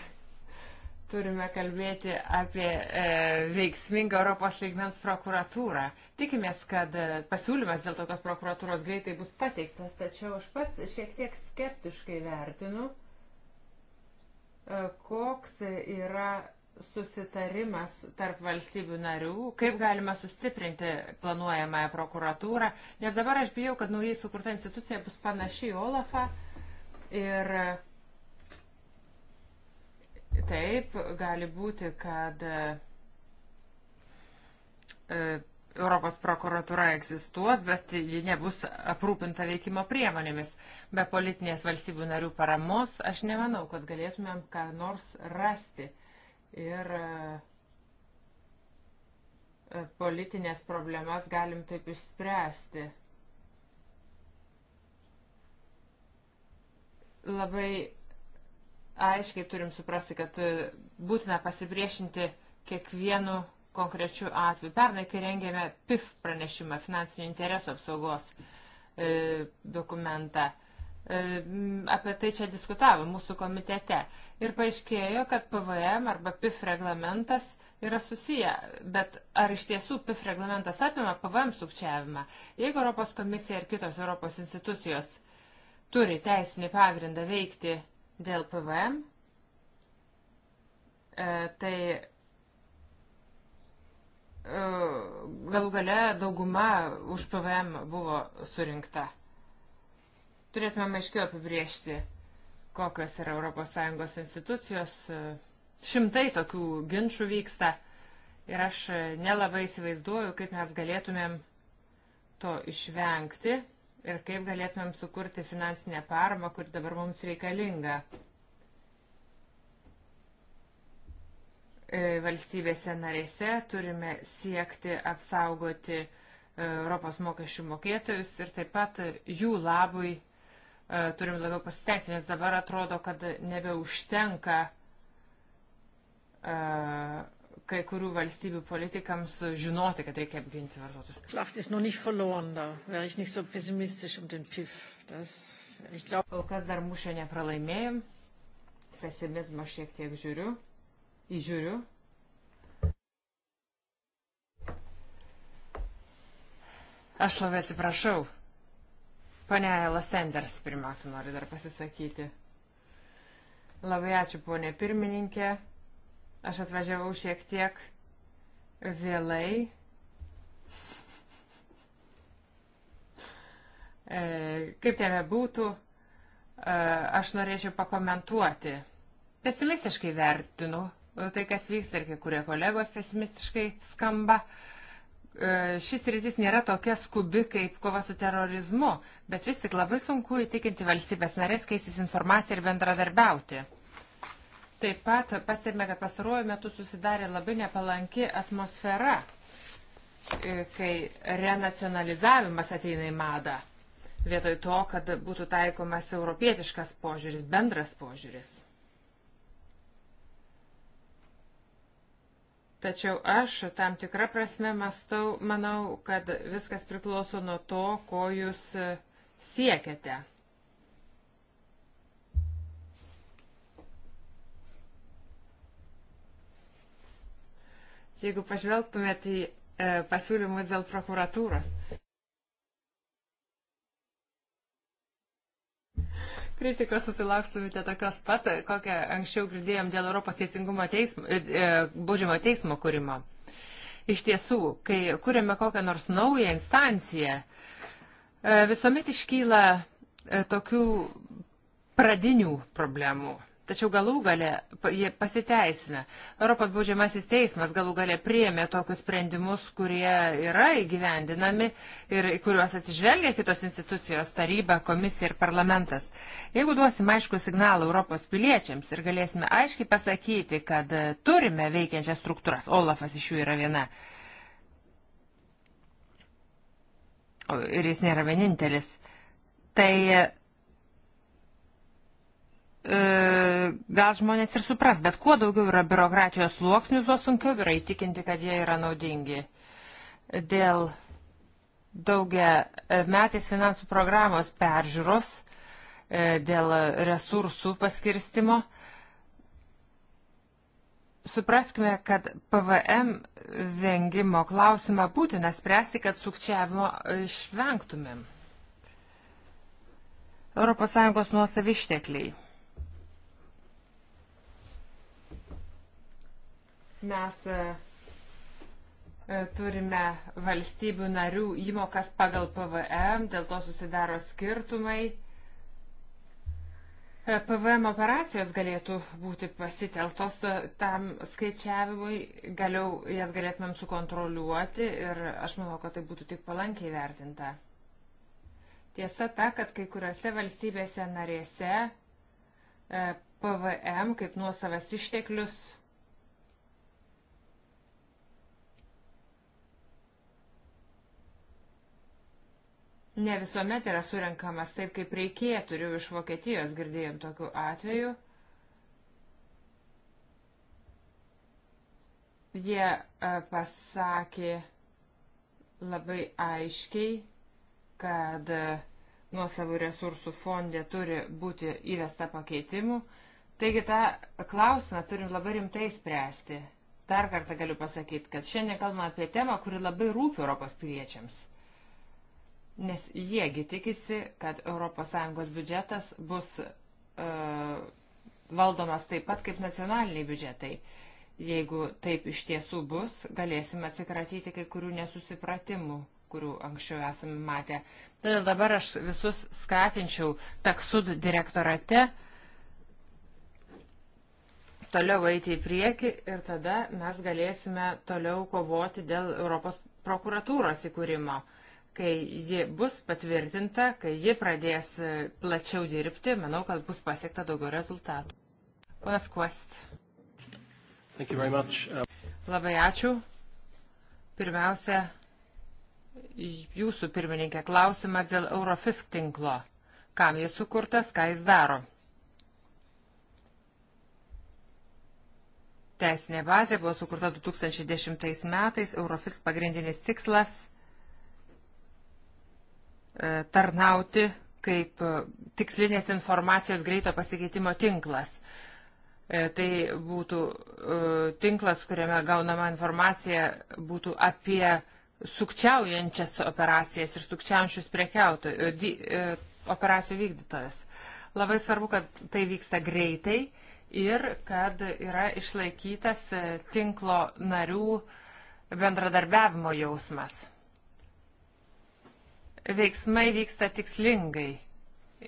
turime kalbėti apie e, veiksmingą Europos lygmens prokuratūrą. Tikimės, kad e, pasiūlymas dėl tokios prokuratūros greitai bus pateiktas, tačiau aš pats šiek tiek skeptiškai vertinu, e, koks yra susitarimas tarp valstybių narių, kaip galima sustiprinti planuojamąją prokuratūrą, nes dabar aš bijau, kad naujai sukurta institucija bus panaši į Olafą ir e, Taip, gali būti, kad e, Europos prokuratura egzistuos, bet ji nebus aprūpinta veikimo priemonėmis. Be politinės valstybių narių paramos aš nemanau, kad galėtumėm ką nors rasti. Ir e, politinės problemas galim taip išspręsti. Labai aiškiai turim suprasti, kad e, būtina pasipriešinti kiekvienu konkrečiu atveju. Pernai, kai rengėme PIF pranešimą, finansinių interesų apsaugos e, dokumentą, e, apie tai čia diskutavo mūsų komitete. Ir paaiškėjo, kad PVM arba PIF reglamentas yra susiję, bet ar iš tiesų PIF reglamentas apima PVM sukčiavimą? Jeigu Europos komisija ir kitos Europos institucijos turi teisinį pagrindą veikti Dėl PVM, e, tai e, galų gale dauguma už PVM buvo surinkta. Turėtume aiškiau apibriežti, kokios yra ES institucijos. E, šimtai tokių ginčių vyksta ir aš nelabai įsivaizduoju, kaip mes galėtumėm to išvengti ir kaip galėtumėm sukurti finansinę paramą, kuri dabar mums reikalinga. E, valstybėse narėse turime siekti apsaugoti e, Europos mokesčių mokėtojus ir taip pat jų labui e, turim labiau pasitengti, nes dabar atrodo, kad nebeužtenka kai kurių valstybių politikams žinoti, kad reikia apginti vartotojus. Um Kol kas dar mūšio nepralaimėjom, pesimizmo šiek tiek žiūriu, įžiūriu. Aš labai atsiprašau. Pane Lasenders pirmiausia nori dar pasisakyti. Labai ačiū, ponė pirmininkė. Aš atvažiavau šiek tiek vėlai. E, kaip tėve tai būtų, e, aš norėčiau pakomentuoti. Pesimistiškai vertinu tai, kas vyksta ir kai kurie kolegos pesimistiškai skamba. E, šis rytis nėra tokia skubi kaip kova su terorizmu, bet vis tik labai sunku įtikinti valstybės narės keistis informaciją ir bendradarbiauti. Taip pat pasėmė, kad pasaruoju metu susidarė labai nepalanki atmosfera, e, kai renacionalizavimas ateina į madą. Vietoj to, kad būtų taikomas europietiškas požiūris, bendras požiūris. Tačiau aš tam tikrą prasme mastau, manau, kad viskas priklauso nuo to, ko jūs e, siekiate Jeigu pažvelgtumėte į e, pasiūlymus dėl prokuratūros. Kritikos susilauktumėte tokios pat, kokią anksčiau girdėjom dėl Europos teisingumo teismo, e, e, baudžiamo teismo kūrimo. Iš tiesų, kai kūrėme kokią nors naują instanciją, e, visuomet iškyla e, tokių pradinių problemų Tačiau galų gale jie pasiteisina. Europos baudžiamasis teismas galų gale priėmė tokius sprendimus, kurie yra įgyvendinami ir kuriuos atsižvelgia kitos institucijos - taryba, komisija ir parlamentas. Jeigu duosim aišku signalą Europos piliečiams ir galėsime aiškiai pasakyti, kad turime veikiančias struktūras, Olafas iš jų yra viena. Ir jis nėra vienintelis. Tai E, gal žmonės ir supras, bet kuo daugiau yra biurokratijos sluoksnių, tuo sunkiau yra įtikinti, kad jie yra naudingi. Dėl daugia metės finansų programos peržiūros, e, dėl resursų paskirstimo, supraskime, kad PVM vengimo klausimą būtina spręsti, kad sukčiavimo išvengtumėm. ES nuosavi ištekliai. Mes e, e, turime valstybių narių įmokas pagal PVM, dėl to susidaro skirtumai. E, PVM operacijos galėtų būti pasiteltos tam skaičiavimui, galiau jas galėtumėm sukontroliuoti ir aš manau, kad tai būtų tik palankiai vertinta. Tiesa ta, kad kai kuriuose valstybėse narėse PVM kaip nuosavas išteklius ne visuomet yra surenkamas taip, kaip reikėtų, ir jau iš Vokietijos girdėjom tokių atvejų. Jie e, pasakė labai aiškiai, kad e, nuosavų resursų fondė turi būti įvesta pakeitimų. Taigi tą klausimą turim labai rimtai spręsti. Dar kartą galiu pasakyti, kad šiandien kalbame apie temą, kuri labai rūpi Europos piliečiams nes jiegi tikisi, kad ES biudžetas bus e, valdomas taip pat kaip nacionaliniai biudžetai. Jeigu taip iš tiesų bus, galėsime atsikratyti kai kurių nesusipratimų, kurių anksčiau esame matę. Todėl dabar aš visus skatinčiau taksud direktorate toliau eiti į priekį ir tada mes galėsime toliau kovoti dėl Europos prokuratūros įkūrimo. Kai ji bus patvirtinta, kai ji pradės e, plačiau dirbti, manau, kad bus pasiekta daugiau rezultatų. Ponas Quest. Uh, Labai ačiū. Pirmiausia, jūsų pirmininkė klausimas dėl Eurofisk tinklo. Kam jis sukurtas, ką jis daro? Teisinė bazė buvo sukurta 2010 metais, Eurofis pagrindinis tikslas E, tarnauti kaip e, tikslinės informacijos greito pasikeitimo tinklas. E, tai būtų tinklas, kuriame gaunama informacija būtų apie sukčiaujančias operacijas ir sukčiaujančius prekiautojus, operacijų vykdytojas. Labai svarbu, kad tai vyksta greitai ir kad yra išlaikytas tinklo narių bendradarbiavimo jausmas veiksmai vyksta tikslingai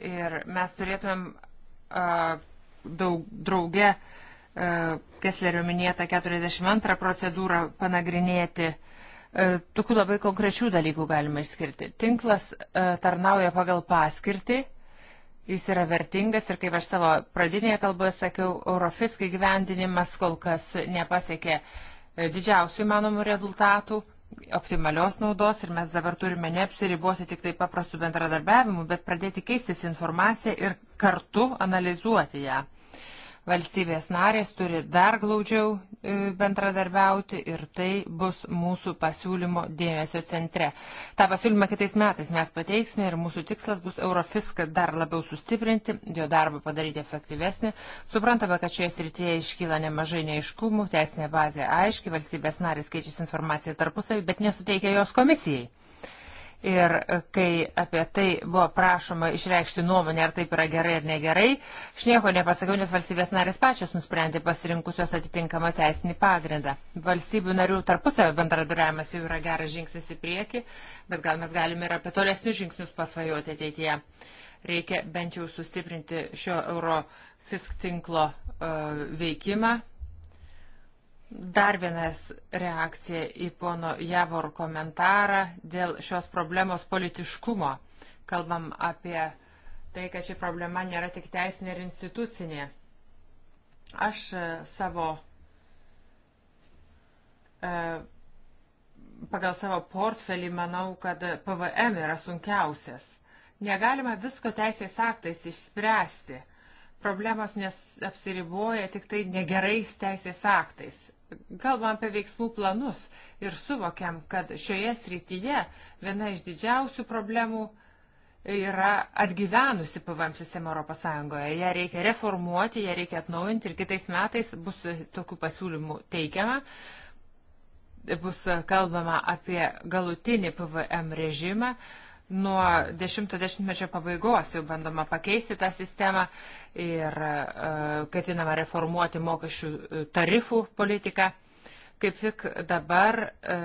ir mes turėtumėm uh, daug drauge uh, Keslerio minėtą 42 procedūrą panagrinėti. Uh, tokių labai konkrečių dalykų galima išskirti. Tinklas uh, tarnauja pagal paskirtį, jis yra vertingas ir kaip aš savo pradinėje kalboje sakiau, Eurofisk įgyvendinimas kol kas nepasiekė didžiausių įmanomų rezultatų, optimalios naudos ir mes dabar turime neapsiriboti tik tai paprastų bendradarbiavimų, bet pradėti keistis informaciją ir kartu analizuoti ją. Valstybės narės turi dar glaudžiau e, bendradarbiauti ir tai bus mūsų pasiūlymo dėmesio centre. Ta pasiūlymą kitais metais mes pateiksime ir mūsų tikslas bus Eurofiską dar labiau sustiprinti, jo darbą padaryti efektyvesnį. Suprantame, kad šioje srityje iškyla nemažai neiškumų, teisinė bazė aiški, valstybės narės keičiasi informaciją tarpusavį, bet nesuteikia jos komisijai. Ir kai apie tai buvo prašoma išreikšti nuomonę, ar taip yra gerai ar negerai, aš nieko nepasakiau, nes valstybės narės pačios nusprendė pasirinkusios atitinkamą teisinį pagrindą. Valstybių narių tarpusavio bendradarbiavimas jau yra geras žingsnis į priekį, bet gal mes galime ir apie tolesnius žingsnius pasvajoti ateityje. Reikia bent jau sustiprinti šio euro fisk tinklo uh, veikimą, Dar vienas reakcija į pono Javor komentarą dėl šios problemos politiškumo. Kalbam apie tai, kad ši problema nėra tik teisinė ir institucinė. Aš e, savo, e, pagal savo portfelį manau, kad PVM yra sunkiausias. Negalima visko teisės aktais išspręsti. Problemos apsiriboja tik tai negerais teisės aktais kalbam apie veiksmų planus ir suvokiam, kad šioje srityje viena iš didžiausių problemų yra atgyvenusi PVM sistema ES. Ją reikia reformuoti, ją reikia atnaujinti ir kitais metais bus tokių pasiūlymų teikiama. Bus kalbama apie galutinį PVM režimą. Uh, nuo 10-mečio pabaigos jau bandoma pakeisti tą sistemą ir e, ketinama reformuoti mokesčių e, tarifų politiką. Kaip tik dabar e,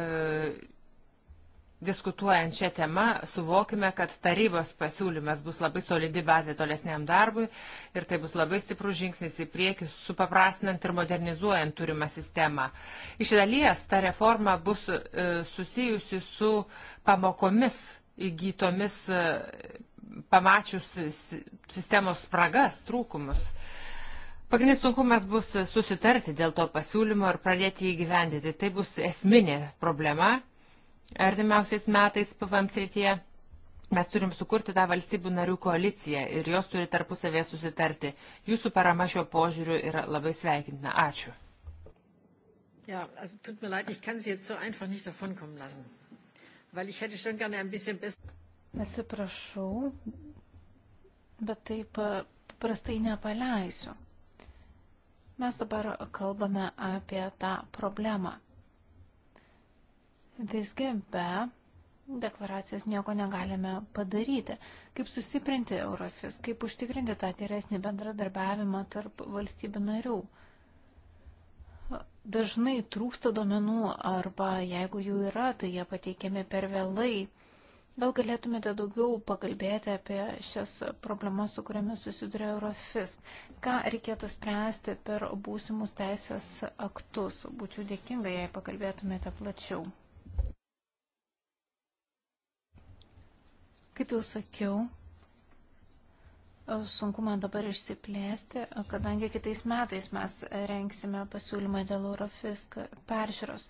diskutuojant šią temą, suvokime, kad tarybos pasiūlymas bus labai solidi bazė tolesniam darbui ir tai bus labai stiprus žingsnis į priekį, supaprastinant ir modernizuojant turimą sistemą. Iš dalies ta reforma bus e, susijusi su pamokomis įgytomis e, pamačius sistemos spragas, trūkumus. Pagrindinis sunkumas bus susitarti dėl to pasiūlymo ir pradėti įgyvendyti. Tai bus esminė problema artimiausiais metais PVM srityje. Mes turim sukurti tą valstybių narių koaliciją ir jos turi tarpusavėje susitarti. Jūsų parama šiuo požiūriu yra labai sveikintina. Ačiū. Ja, also tut mir leid, ich kann Sie jetzt so einfach nicht davonkommen lassen. Atsiprašau, bet taip e, paprastai nepaleisiu. Mes dabar kalbame apie tą problemą. Visgi be deklaracijos nieko negalime padaryti. Kaip sustiprinti Eurofis, kaip užtikrinti tą geresnį bendradarbiavimą tarp valstybių narių dažnai trūksta duomenų arba jeigu jų yra, tai jie pateikiami per vėlai. Gal galėtumėte daugiau pakalbėti apie šias problemas, su kuriamis susiduria Eurofis. Ką reikėtų spręsti per būsimus teisės aktus? Būčiau dėkinga, jei pakalbėtumėte plačiau. Kaip jau sakiau, Sunku man dabar išsiplėsti, kadangi kitais metais mes renksime pasiūlymą dėl Eurofisk peržiūros.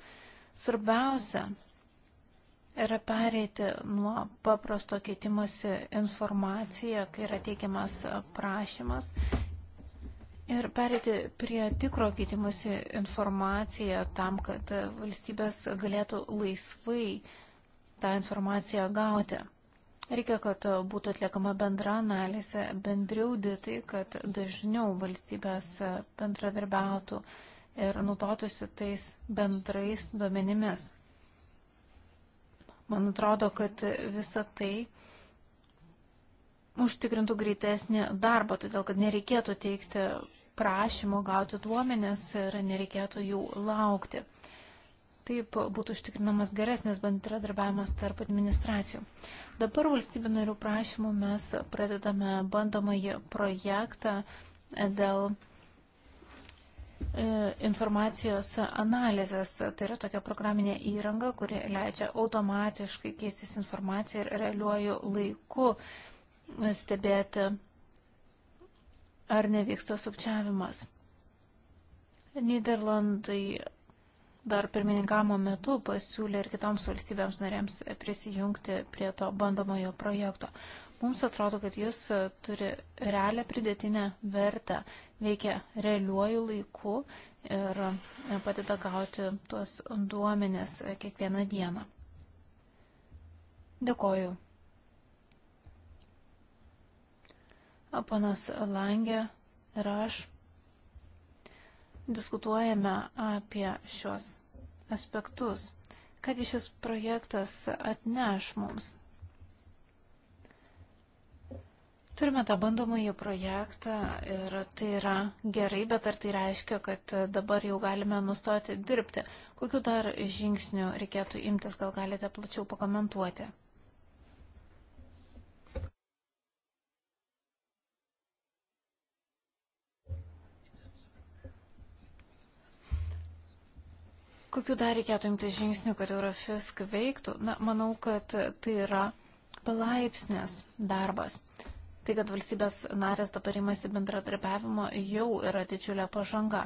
Svarbiausia yra pereiti nuo paprasto keitimosi informaciją, kai yra teikiamas prašymas, ir pereiti prie tikro keitimosi informaciją tam, kad valstybės galėtų laisvai tą informaciją gauti. Reikia, kad būtų atliekama bendra analizė, bendri auditai, kad dažniau valstybės bendradarbiautų ir naudotųsi tais bendrais duomenimis. Man atrodo, kad visa tai užtikrintų greitesnį darbą, todėl kad nereikėtų teikti prašymo gauti duomenis ir nereikėtų jų laukti. Taip būtų užtikrinamas geresnis bendradarbiavimas tarp administracijų. Dabar valstybių narių prašymų mes pradedame bandomąjį projektą dėl e, informacijos analizės. Tai yra tokia programinė įranga, kuri leidžia automatiškai keistis informaciją ir realiuoju laiku stebėti, ar nevyksta sukčiavimas. Niderlandai dar pirmininkamo metu pasiūlė ir kitoms valstybėms narėms prisijungti prie to bandomojo projekto. Mums atrodo, kad jis turi realią pridėtinę vertę, veikia realiuoju laiku ir padeda gauti tuos duomenis kiekvieną dieną. Dėkoju. Panas Langė ir aš diskutuojame apie šios aspektus. Kągi šis projektas atneš mums? Turime tą bandomąjį projektą ir tai yra gerai, bet ar tai reiškia, kad dabar jau galime nustoti dirbti? Kokiu dar žingsniu reikėtų imtis, gal galite plačiau pakomentuoti? Kokiu dar reikėtų imtis žingsnių, kad Eurofisk veiktų? Na, manau, kad tai yra palaipsnis darbas. Tai, kad valstybės narės dabar imasi bendradarbiavimo, jau yra didžiulė pažanga.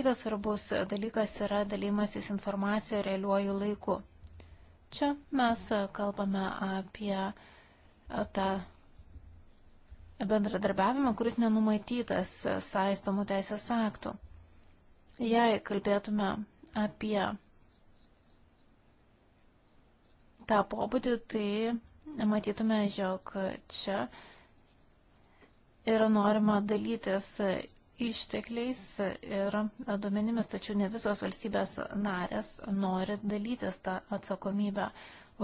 Kitas svarbus dalykas yra dalymasis informacija realiuoju laiku. Čia mes kalbame apie tą bendradarbiavimą, kuris nenumatytas saistomų teisės aktų. Jei kalbėtume apie tą pobūdį, tai matytume, jog čia yra norima dalytis ištekliais ir duomenimis, tačiau ne visos valstybės narės nori dalytis tą atsakomybę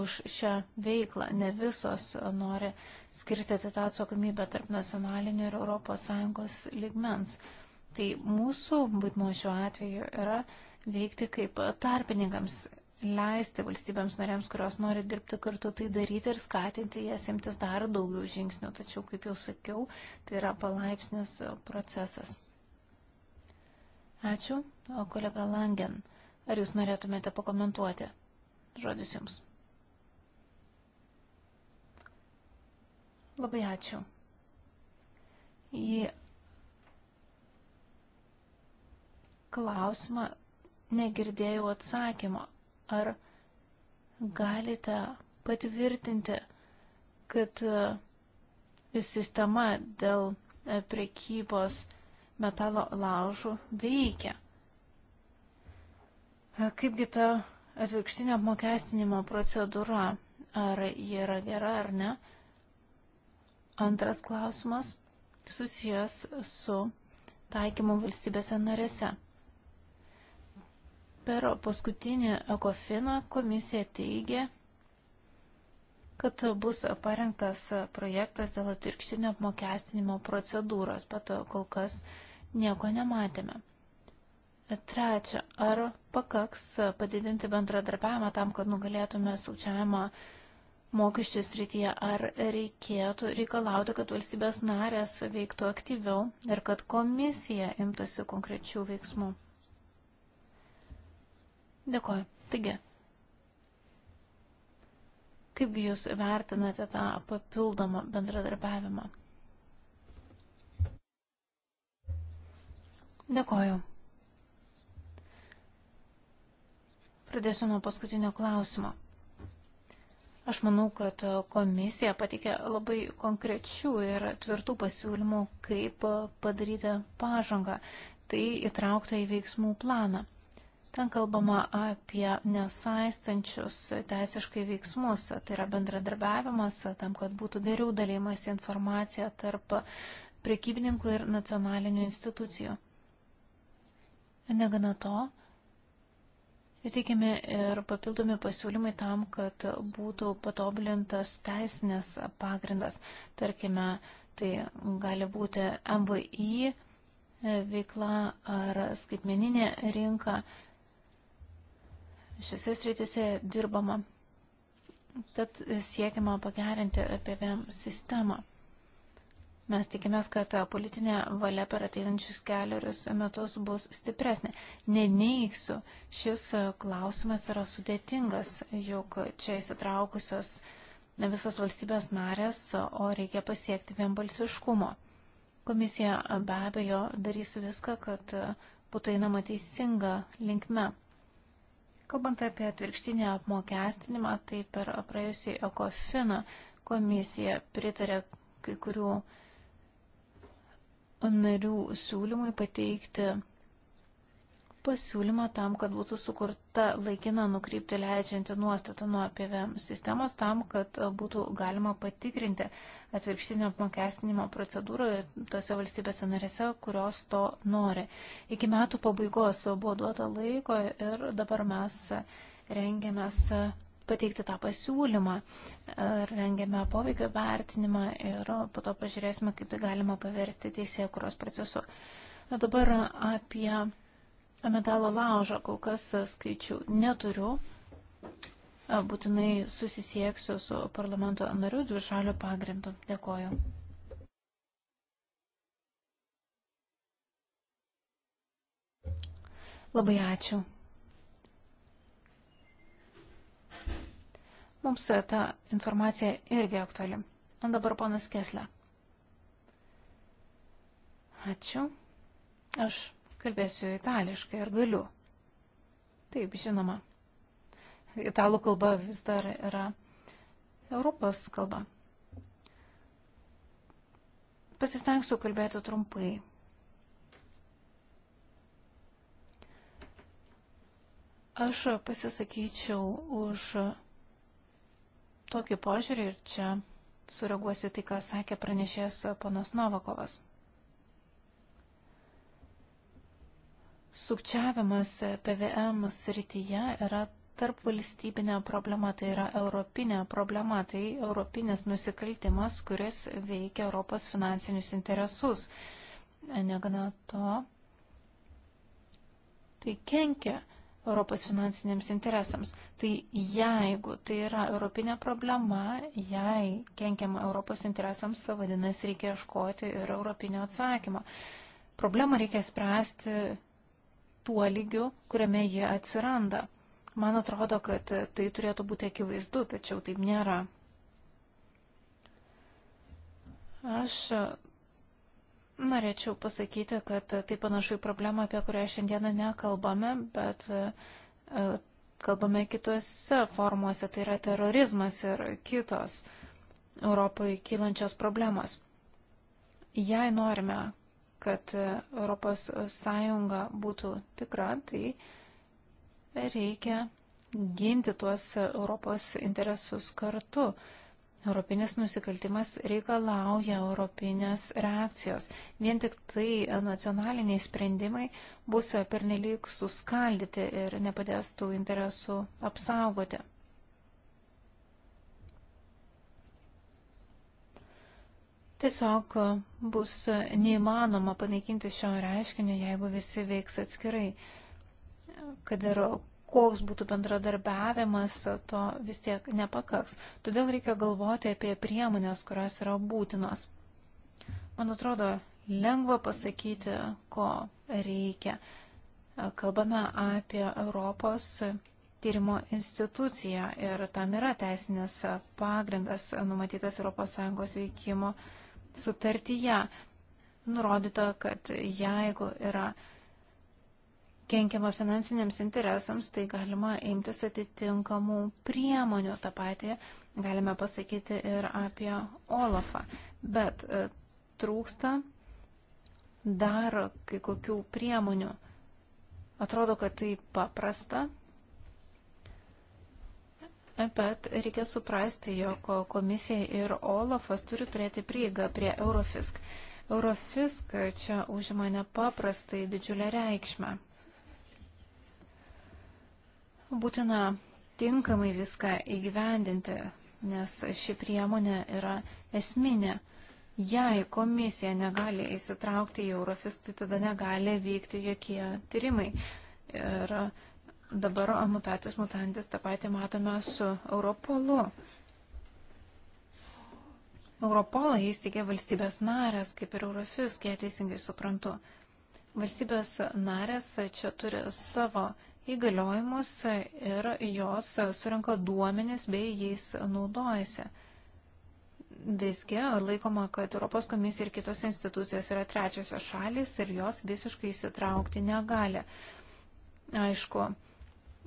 už šią veiklą. Ne visos nori skirstyti tą atsakomybę tarp nacionalinių ir ES lygmens. Tai mūsų būtmo šiuo atveju yra veikti kaip tarpininkams, leisti valstybėms norėms, kurios nori dirbti kartu, tai daryti ir skatinti jas imtis dar daugiau žingsnių. Tačiau, kaip jau sakiau, tai yra palaipsnis procesas. Ačiū. O kolega Langen, ar jūs norėtumėte pakomentuoti? Žodis jums. Labai ačiū. Į klausimą negirdėjau atsakymo. Ar galite patvirtinti, kad e, sistema dėl e, prekybos metalo laužų veikia? E, kaipgi ta atvirkštinio apmokestinimo procedūra, ar ji yra gera ar ne? Antras klausimas susijęs su taikymu valstybėse narėse. Per paskutinį ekofiną komisija teigė, kad bus parengtas projektas dėl atvirkštinio apmokestinimo procedūros, bet kol kas nieko nematėme. Trečia, ar pakaks padidinti bendradarbiavimą tam, kad nugalėtume sukčiavimą mokesčių srityje, ar reikėtų reikalauti, kad valstybės narės veiktų aktyviau ir kad komisija imtųsi konkrečių veiksmų? Dėkoju. Taigi, kaipgi jūs vertinate tą papildomą bendradarbiavimą? Dėkoju. Pradėsiu nuo paskutinio klausimo. Aš manau, kad komisija patikė labai konkrečių ir tvirtų pasiūlymų, kaip padaryti pažangą. Tai įtraukta į veiksmų planą. Ten kalbama apie nesaistančius teisiškai veiksmus, tai yra bendradarbiavimas tam, kad būtų geriau dalymas informacija tarp prekybininkų ir nacionalinių institucijų. Negana to, Įteikime ir papildomi pasiūlymai tam, kad būtų patobulintas teisinės pagrindas. Tarkime, tai gali būti MVI veikla ar skaitmeninė rinka šiose sritise dirbama. Tad siekiama pagerinti PVM sistemą. Mes tikimės, kad politinė valia per ateinančius keliarius metus bus stipresnė. Neneiksiu, šis klausimas yra sudėtingas, juk čia įsitraukusios ne visos valstybės narės, o reikia pasiekti vienbalsiškumo. Komisija be abejo darys viską, kad būtų einama teisinga linkme. Kalbant apie atvirkštinį apmokestinimą, tai per praėjusį ekofiną komisija pritarė kai kurių narių siūlymui pateikti pasiūlymą tam, kad būtų sukurta laikina nukrypti leidžianti nuostata nuo PVM sistemos tam, kad e, būtų galima patikrinti atvirkštinio apmokestinimo procedūrą tose valstybėse narėse, kurios to nori. Iki metų pabaigos buvo duota laiko ir dabar mes rengiamės pateikti tą pasiūlymą, e, rengiame poveikio vertinimą ir po to pažiūrėsime, kaip tai galima paversti teisėkuros procesu. Na dabar apie metalo laužą, kol kas skaičių neturiu. Būtinai susisieksiu su parlamento nariu dvišalio pagrindu. Dėkoju. Labai ačiū. Mums ta informacija irgi aktuali. O dabar ponas Kesle. Ačiū. Aš Kalbėsiu itališkai, ar galiu? Taip, žinoma. Italų kalba vis dar yra Europos kalba. Pasistengsiu kalbėti trumpai. Aš pasisakyčiau už tokį požiūrį ir čia sureaguosiu tai, ką sakė pranešėjas ponas Novakovas. Sukčiavimas PVM srityje yra tarp valstybinė problema, tai yra europinė problema, tai europinis nusikaltimas, kuris veikia Europos finansinius interesus. Negana to, tai kenkia Europos finansiniams interesams. Tai jeigu tai yra europinė problema, jei kenkiama Europos interesams, vadinasi, reikia ieškoti ir europinio atsakymo. Problemą reikia spręsti tuo lygiu, kuriame jie atsiranda. Man atrodo, kad tai turėtų būti akivaizdu, tačiau taip nėra. Aš norėčiau pasakyti, kad tai panašu į problemą, apie kurią šiandieną nekalbame, bet e, kalbame kitose formuose, tai yra terorizmas ir kitos Europai kylančios problemos. Jei norime, kad ES būtų tikra, tai reikia ginti tuos Europos interesus kartu. Europinis nusikaltimas reikalauja europinės reakcijos. Vien tik tai nacionaliniai sprendimai bus pernelyg suskaldyti ir nepadės tų interesų apsaugoti. Tiesiog bus neįmanoma panaikinti šio reiškinio, jeigu visi veiks atskirai. Kad ir koks būtų bendradarbiavimas, to vis tiek nepakaks. Todėl reikia galvoti apie priemonės, kurios yra būtinos. Man atrodo, lengva pasakyti, ko reikia. Kalbame apie Europos tyrimo instituciją ir tam yra teisinės pagrindas numatytas ES veikimo sutartyje nurodyta, kad jeigu yra kenkiama finansiniams interesams, tai galima imtis atitinkamų priemonių. Ta pati galime pasakyti ir apie Olafą. Bet e, trūksta dar kai kokių priemonių. Atrodo, kad tai paprasta, Bet reikia suprasti, jog komisija ir Olafas turi turėti prieigą prie Eurofisk. Eurofisk čia užima nepaprastai didžiulę reikšmę. Būtina tinkamai viską įgyvendinti, nes ši priemonė yra esminė. Jei komisija negali įsitraukti į Eurofis, tai tada negali vykti jokie tyrimai. Ir Dabar mutatis mutantis tą patį matome su Europolu. Europolą įsteigė valstybės narės, kaip ir Eurofis, kiek teisingai suprantu. Valstybės narės čia turi savo įgaliojimus ir jos surinko duomenis bei jais naudojasi. Visgi laikoma, kad Europos komisija ir kitos institucijos yra trečiosios šalis ir jos visiškai įsitraukti negali. Aišku,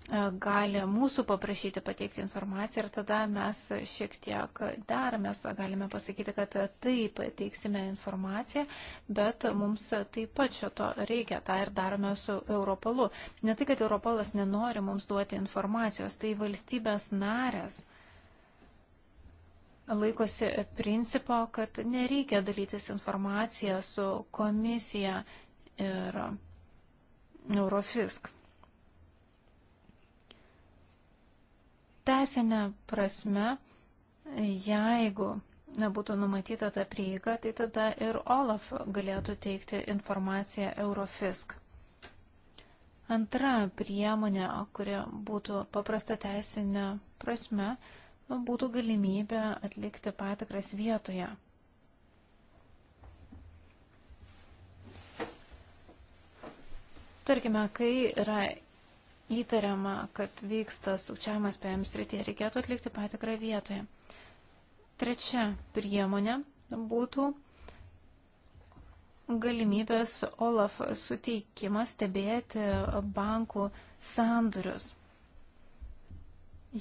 E, gali mūsų paprašyti pateikti informaciją ir tada mes šiek tiek daromės, galime pasakyti, kad taip teiksime informaciją, bet mums taip pat šito reikia, tą ir darome su Europolu. Ne tai, kad Europolas nenori mums duoti informacijos, tai valstybės narės laikosi principo, kad nereikia dalytis informaciją su komisija ir Eurofisk. Tesinė prasme, jeigu nebūtų numatyta ta prieiga, tai tada ir OLAF galėtų teikti informaciją Eurofisk. Antra priemonė, kuri būtų paprasta teisinė prasme, būtų galimybė atlikti patikras vietoje. Tarkime, kai yra įtariama, kad vyksta sukčiavimas PM srityje, reikėtų atlikti patikrą vietoje. Trečia priemonė būtų galimybės OLAF suteikimas stebėti bankų sandurius.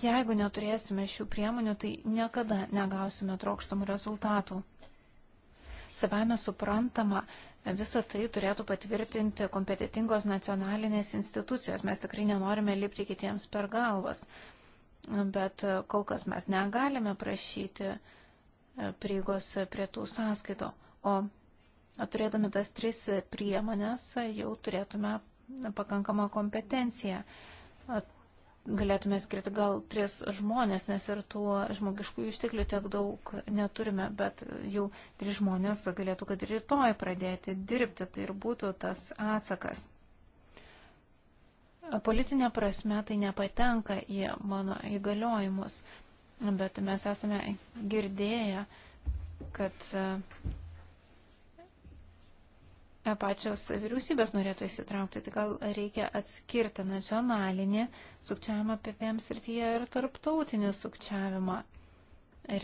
Jeigu neturėsime šių priemonių, tai niekada negausime trokštamų rezultatų. Savame suprantama, Visą tai turėtų patvirtinti kompetitingos nacionalinės institucijos. Mes tikrai nenorime lipti kitiems per galvas, bet e, kol kas mes negalime prašyti e, prieigos e, prie tų sąskaito, o turėdami tas tris priemonės jau turėtume pakankamą kompetenciją galėtume skirti gal tris žmonės, nes ir tų žmogiškų išteklių tiek daug neturime, bet jau trys žmonės galėtų, kad rytoj pradėti dirbti, tai ir būtų tas atsakas. Politinė prasme tai nepatenka į mano įgaliojimus, bet mes esame girdėję, kad E, pačios vyriausybės norėtų įsitraukti, tai gal reikia atskirti nacionalinį sukčiavimą PPM srityje ir tarptautinį sukčiavimą.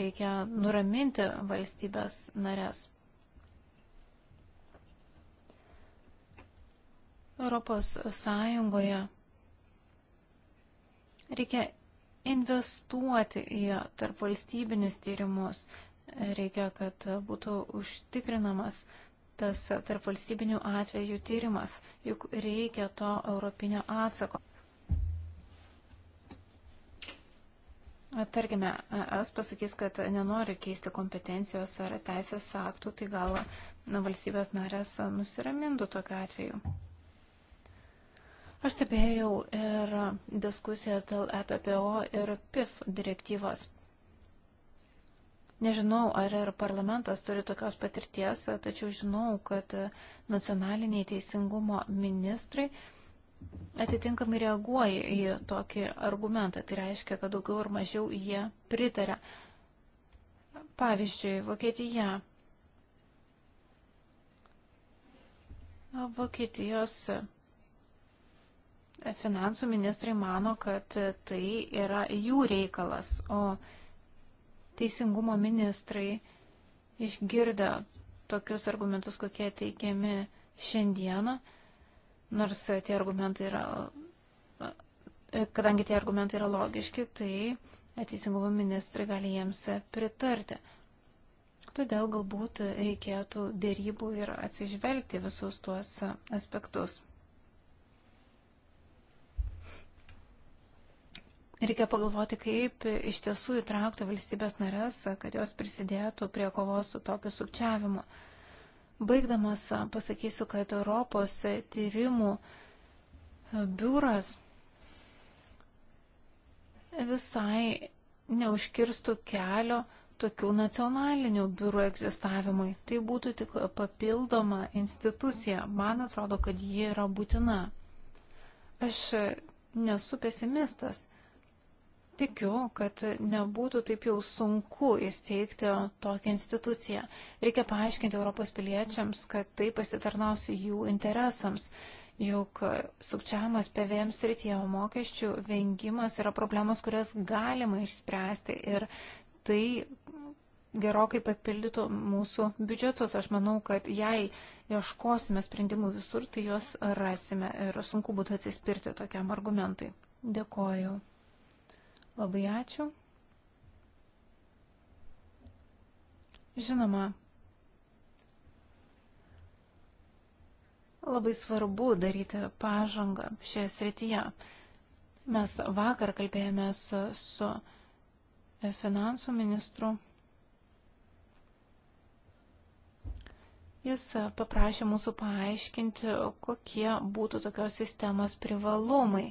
Reikia nuraminti valstybės narės. Europos Sąjungoje reikia investuoti į tarp valstybinius tyrimus. Reikia, kad būtų užtikrinamas uh, tas tarp valstybinių atvejų tyrimas, juk reikia to europinio atsako. Tarkime, es pasakys, kad nenori keisti kompetencijos ar teisės aktų, tai gal na, valstybės narės nusiramintų tokiu atveju. Aš stebėjau ir diskusijas dėl EPPO ir PIF direktyvos. Nežinau, ar ir parlamentas turi tokios patirties, tačiau žinau, kad nacionaliniai teisingumo ministrai atitinkamai reaguoja į tokį argumentą. Tai reiškia, kad daugiau ar mažiau jie pritaria. Pavyzdžiui, Vokietija. Vokietijos finansų ministrai mano, kad tai yra jų reikalas, o teisingumo ministrai išgirdę tokius argumentus, kokie teikiami šiandieną, nors tie argumentai yra, kadangi tie argumentai yra logiški, tai teisingumo ministrai gali jiems pritarti. Todėl galbūt reikėtų dėrybų ir atsižvelgti visus tuos aspektus. Reikia pagalvoti, kaip iš tiesų įtraukti valstybės narės, kad jos prisidėtų prie kovos su tokiu sukčiavimu. Baigdamas pasakysiu, kad Europos tyrimų biuras visai neužkirstų kelio tokių nacionalinių biurų egzistavimui. Tai būtų tik papildoma institucija. Man atrodo, kad ji yra būtina. Aš nesu pesimistas Tikiu, kad nebūtų taip jau sunku įsteigti tokią instituciją. Reikia paaiškinti Europos piliečiams, kad tai pasitarnausi jų interesams. Juk sukčiamas PVM srityje, o mokesčių vengimas yra problemos, kurias galima išspręsti. Ir tai gerokai papildytų mūsų biudžetus. Aš manau, kad jei ieškosime sprendimų visur, tai juos rasime ir sunku būtų atsispirti tokiam argumentui. Dėkoju. Labai ačiū. Žinoma, labai svarbu daryti pažangą šioje srityje. Mes vakar kalbėjomės su finansų ministru. Jis paprašė mūsų paaiškinti, kokie būtų tokios sistemos privalumai.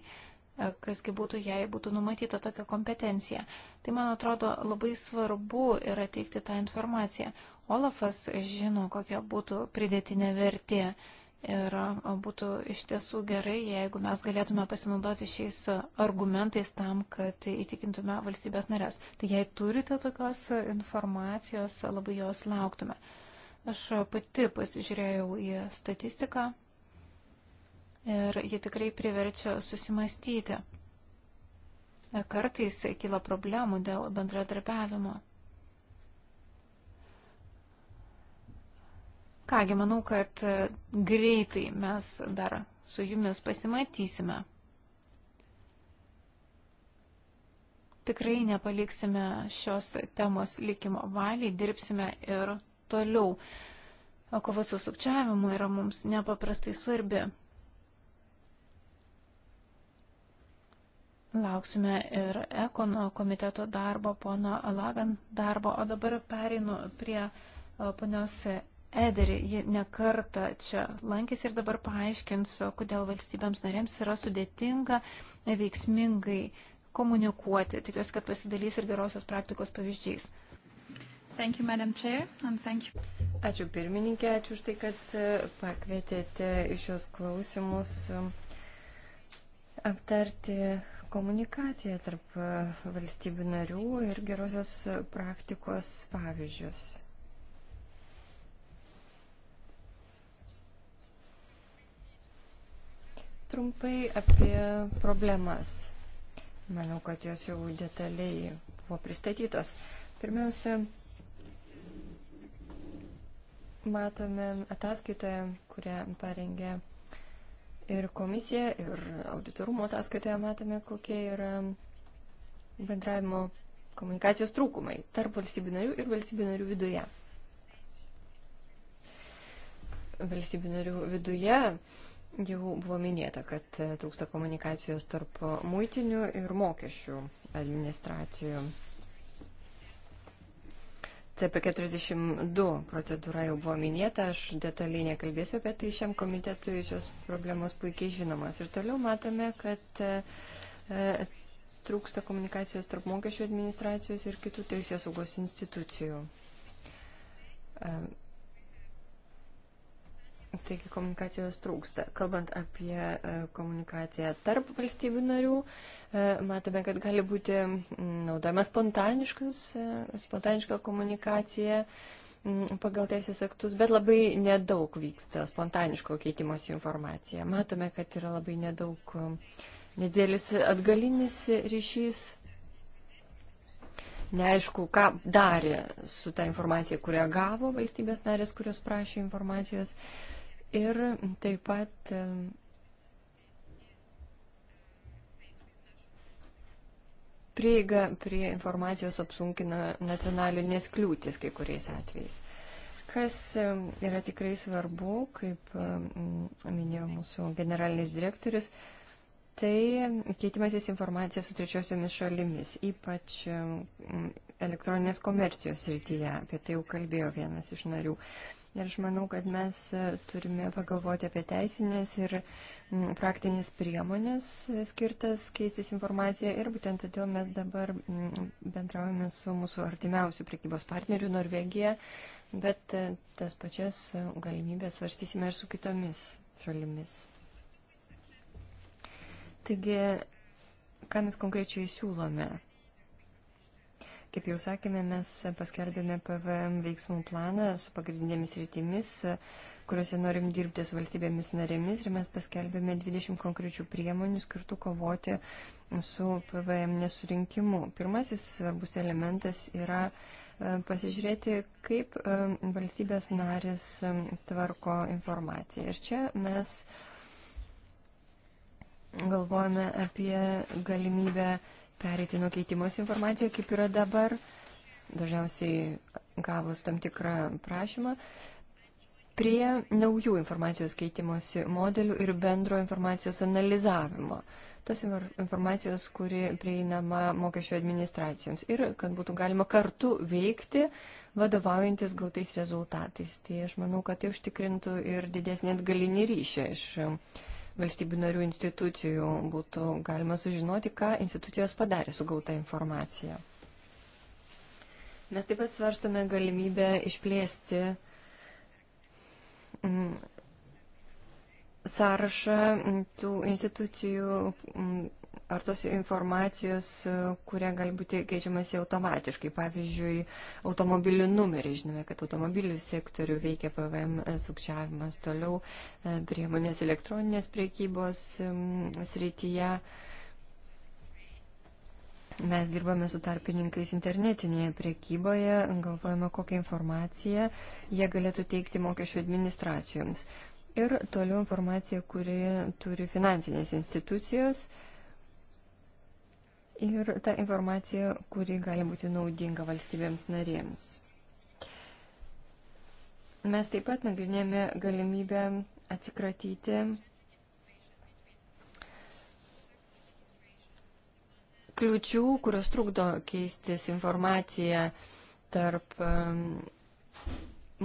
E, kasgi būtų, jei būtų numatyta tokia kompetencija. Tai, man atrodo, labai svarbu yra teikti tą informaciją. Olafas žino, kokia būtų pridėtinė vertė ir e, būtų iš tiesų gerai, jeigu mes galėtume pasinaudoti šiais argumentais tam, kad įtikintume valstybės narės. Tai jei turite tokios informacijos, labai jos lauktume. Aš pati pasižiūrėjau į statistiką, ir ji tikrai priverčia susimastyti. Kartais kyla problemų dėl bendradarbiavimo. Kągi, manau, kad greitai mes dar su jumis pasimatysime. Tikrai nepaliksime šios temos likimo valiai, dirbsime ir toliau. O kova su sukčiavimu yra mums nepaprastai svarbi. Lauksime ir ekono komiteto darbo, pono Lagan darbo, o dabar pereinu prie e, ponios Ederį. Ji nekarta čia lankėsi ir dabar paaiškinsiu, kodėl valstybėms narėms yra sudėtinga veiksmingai komunikuoti. Tikiuosi, kad pasidalys ir gerosios praktikos pavyzdžiais. Thank you, Madam Chair, and thank you. Ačiū pirmininkė, ačiū už tai, kad e, pakvietėte šios klausimus e, aptarti komunikaciją tarp e, valstybių narių ir gerosios praktikos pavyzdžius. Trumpai apie problemas. Manau, kad jos jau detaliai buvo pristatytos. Pirmiausia, matome ataskaitoje, kurią parengė ir komisija, ir auditorumo ataskaitoje matome, kokie yra bendravimo komunikacijos trūkumai tarp valstybių narių ir valstybių narių viduje. Valstybių narių viduje jau buvo minėta, kad trūksta komunikacijos tarp muitinių ir mokesčių administracijų. CP42 procedūra jau buvo minėta, aš detaliai nekalbėsiu apie tai šiam komitetui, šios problemos puikiai žinomas. Ir toliau matome, kad e, trūksta komunikacijos tarp mokesčių administracijos ir kitų teisės saugos institucijų. E, Taigi komunikacijos trūksta. Kalbant apie e, komunikaciją tarp valstybių narių, e, matome, kad gali būti naudojama e, spontaniška komunikacija pagal teisės aktus, bet labai nedaug vyksta spontaniško keitimos informacija. Matome, kad yra labai nedaug nedėlis atgalinis ryšys neaišku, ką darė su tą informacija, kurią gavo valstybės narės, kurios prašė informacijos. Uh, Ir taip pat e, prieiga prie informacijos apsunkina nacionalinės kliūtis kai kuriais atvejais. Kas e, yra tikrai svarbu, kaip e, minėjo mūsų generalinis direktorius, tai keitimasis informacija su trečiosiomis šalimis, ypač elektroninės komercijos srityje, apie tai jau kalbėjo vienas iš narių. Ir aš manau, kad mes e, turime pagalvoti apie teisinės ir praktinės priemonės e, skirtas keistis informaciją. Ir būtent todėl mes dabar bendraujame su mūsų artimiausių prekybos partnerių Norvegija, bet e, tas pačias galimybės svarstysime ir su kitomis šalimis. Taigi, ką mes konkrečiai siūlome? Kaip jau sakėme, mes paskelbėme PVM veiksmų planą su pagrindinėmis rytimis, kuriuose norim dirbti su valstybėmis narėmis ir mes paskelbėme 20 konkrečių priemonių skirtų kovoti su PVM nesurinkimu. Pirmasis svarbus elementas yra e, pasižiūrėti, kaip e, valstybės narės e, tvarko informaciją. Ir čia mes galvojame apie galimybę pereiti nuo keitimos informacija, kaip yra dabar, dažniausiai gavus tam tikrą prašymą, prie naujų informacijos keitimosi modelių ir bendro informacijos analizavimo. Tos informacijos, kuri prieinama mokesčio administracijoms ir kad būtų galima kartu veikti, vadovaujantis gautais rezultatais. Tai aš manau, kad tai užtikrintų ir didesnį atgalinį ryšį iš valstybių narių institucijų būtų galima sužinoti, ką institucijos padarė su gauta informacija. Mes taip pat svarstome galimybę išplėsti mm, sąrašą tų institucijų, mm, ar tos informacijos, kurie gali būti keičiamasi automatiškai. Pavyzdžiui, automobilių numerį. Žinome, kad automobilių sektorių veikia PVM sukčiavimas toliau e, priemonės elektroninės priekybos srityje. Mes dirbame su tarpininkais internetinėje priekyboje, galvojame, kokią informaciją jie galėtų teikti mokesčių administracijoms. Ir toliau informacija, kuri turi finansinės institucijos, uh, ir ta informacija, kuri gali būti naudinga valstybėms narėms. Mes taip pat nagrinėjame galimybę atsikratyti kliučių, kurios trukdo keistis informaciją tarp um,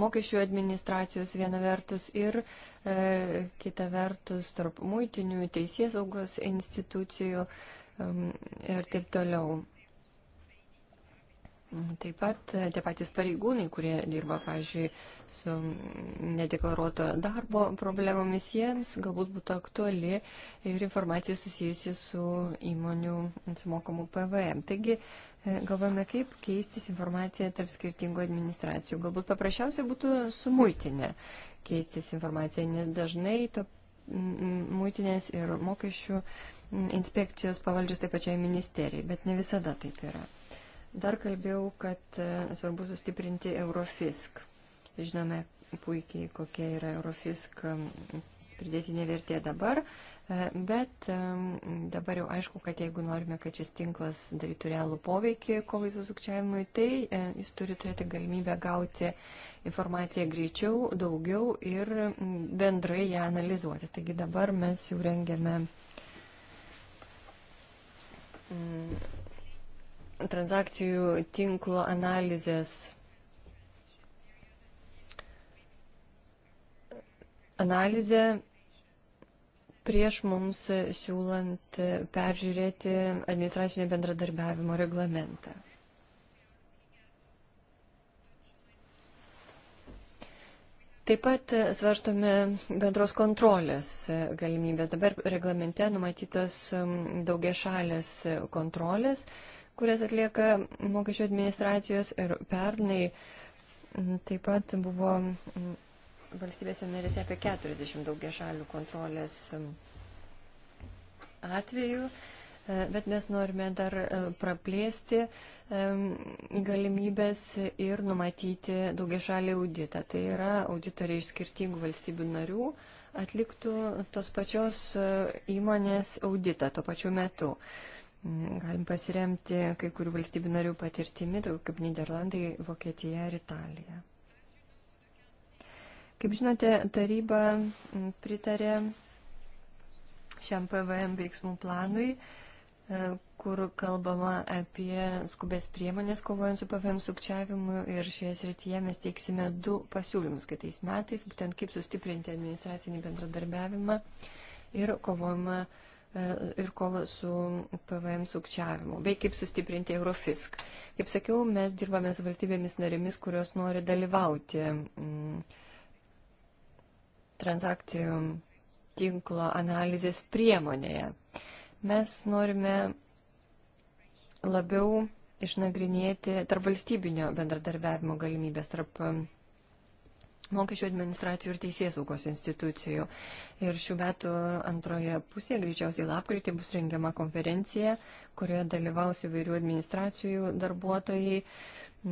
mokesčių administracijos viena vertus ir e, kita vertus tarp muitinių teisėsaugos institucijų. E, ir taip toliau. Taip pat e, tie patys pareigūnai, kurie dirba, pavyzdžiui, su nedeklaruoto darbo problemomis, jiems galbūt būtų aktuali ir informacija susijusi su įmonių sumokamu PVM. Taigi, e, galvojame, kaip keistis informacija tarp skirtingų administracijų. Galbūt paprasčiausia būtų su muitinė keistis informacija, nes dažnai to muitinės ir mokesčių. Mm, inspekcijos pavaldžios taip pačiai ministerijai, bet ne visada taip yra. Dar kalbėjau, kad e, svarbu sustiprinti Eurofisk. Žinome puikiai, kokia yra Eurofisk pridėtinė vertė dabar, e, bet e, dabar jau aišku, kad jeigu norime, kad šis tinklas darytų realų poveikį kovai su sukčiavimui, tai jis turi turėti galimybę gauti informaciją greičiau, daugiau ir bendrai ją analizuoti. Taigi dabar mes jau rengiame Mm. transakcijų tinklo analizės analizė prieš mums siūlant peržiūrėti administracinio bendradarbiavimo reglamentą. Taip pat e, svarstome bendros kontrolės e, galimybės. Dabar reglamente numatytos daugia šalės e, kontrolės, kurias atlieka mokesčių administracijos ir pernai taip pat buvo valstybėse narėse apie 40 daugia šalių kontrolės atvejų bet mes norime dar e, praplėsti galimybės ir numatyti daugiašalį auditą. Tai yra auditoriai iš skirtingų valstybių narių atliktų tos pačios e, įmonės auditą tuo pačiu metu. Mm, galim pasiremti kai kurių valstybių narių patirtimi, tokių kaip Niderlandai, Vokietija ir Italija. Kaip žinote, taryba pritarė šiam PVM veiksmų planui. Mm E, kur kalbama apie skubės priemonės kovojant su PVM sukčiavimu ir šioje srityje mes teiksime du pasiūlymus kitais metais, būtent kaip sustiprinti administracinį bendradarbiavimą ir kovojimą e, ir kovą su PVM sukčiavimu, bei kaip sustiprinti Eurofisk. Kaip sakiau, mes dirbame su valstybėmis narėmis, kurios nori dalyvauti mm, transakcijų tinklo analizės priemonėje. Mes norime labiau išnagrinėti tarp valstybinio bendradarbiavimo galimybės tarp um, mokesčių administracijų ir teisės saugos institucijų. Ir šių metų antroje pusėje, greičiausiai lapkritį, bus rengiama konferencija, kurioje dalyvaus įvairių administracijų darbuotojai,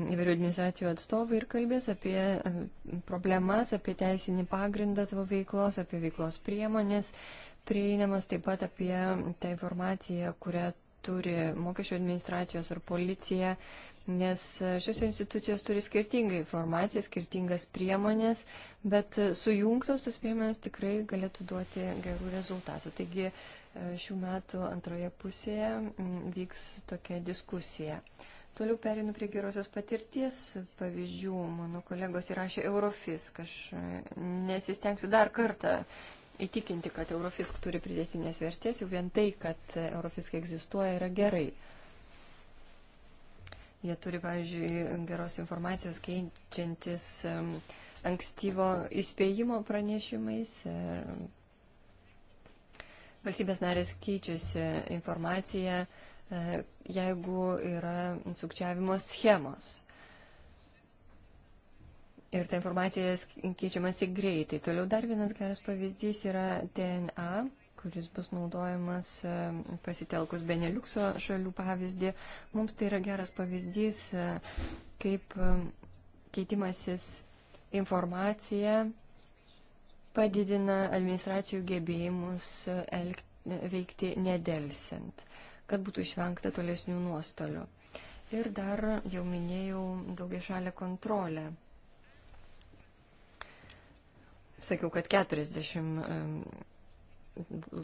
įvairių administracijų atstovai ir kalbės apie um, problemas, apie teisinį pagrindą savo veiklos, apie veiklos priemonės prieinamas taip pat apie tą informaciją, kurią turi mokesčio administracijos ar policija, nes šios institucijos turi skirtingą informaciją, skirtingas priemonės, bet sujungtos tos priemonės tikrai galėtų duoti gerų rezultatų. Taigi šių metų antroje pusėje vyks tokia diskusija. Toliau perinu prie gerosios patirties pavyzdžių. Mano kolegos įrašė Eurofisk. Aš e, nesistengsiu dar kartą įtikinti, kad Eurofisk turi pridėtinės vertės, jau vien tai, kad Eurofisk egzistuoja, yra gerai. Jie turi, pavyzdžiui, geros informacijos keičiantis ankstyvo įspėjimo pranešimais. Valstybės narės keičiasi informaciją, e, jeigu yra sukčiavimo schemos ir ta informacija keičiamasi greitai. Toliau dar vienas geras pavyzdys yra DNA kuris bus naudojamas e, pasitelkus Beneliukso šalių pavyzdį. Mums tai yra geras pavyzdys, e, kaip e, keitimasis informacija padidina administracijų gebėjimus elg, veikti nedelsiant, kad būtų išvengta tolesnių nuostolių. Ir dar jau minėjau daugia šalia kontrolę sakiau, kad 40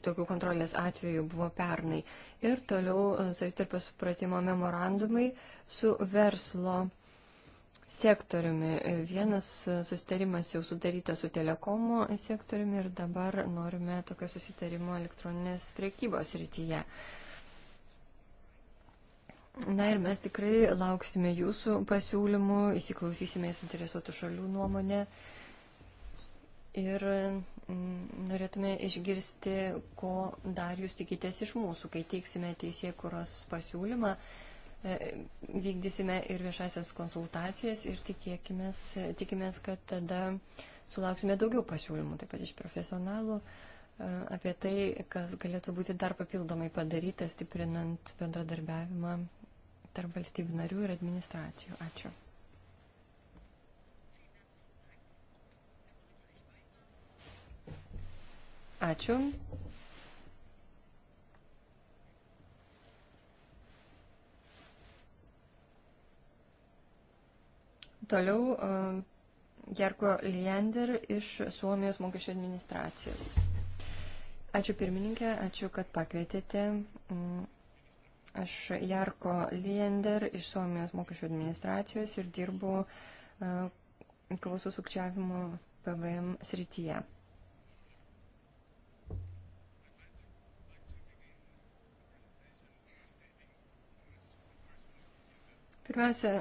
tokių kontrolės atvejų buvo pernai. Ir toliau e, savitarpio supratimo memorandumai su verslo sektoriumi. E, vienas e, susitarimas jau sudarytas su telekomo sektoriumi ir dabar norime tokio susitarimo elektroninės priekybos rytyje. Na ir mes tikrai lauksime jūsų pasiūlymų, įsiklausysime į suinteresuotų šalių nuomonę. Uh, ir norėtume išgirsti, ko dar jūs tikitės iš mūsų, kai teiksime teisėkuros pasiūlymą. E, vykdysime ir viešasias konsultacijas ir tikėkimės, tikimės, kad tada sulauksime daugiau pasiūlymų, taip pat iš profesionalų, e, apie tai, kas galėtų būti dar papildomai padaryta, stiprinant bendradarbiavimą tarp valstybių narių ir administracijų. Ačiū. Ačiū. Toliau Gerko Liander iš Suomijos mokesčio administracijos. Ačiū pirmininkė, ačiū, kad pakvietėte. Mm, aš Jarko Liander iš Suomijos mokesčio administracijos ir dirbu kovos su sukčiavimu PVM srityje. Pirmiausia,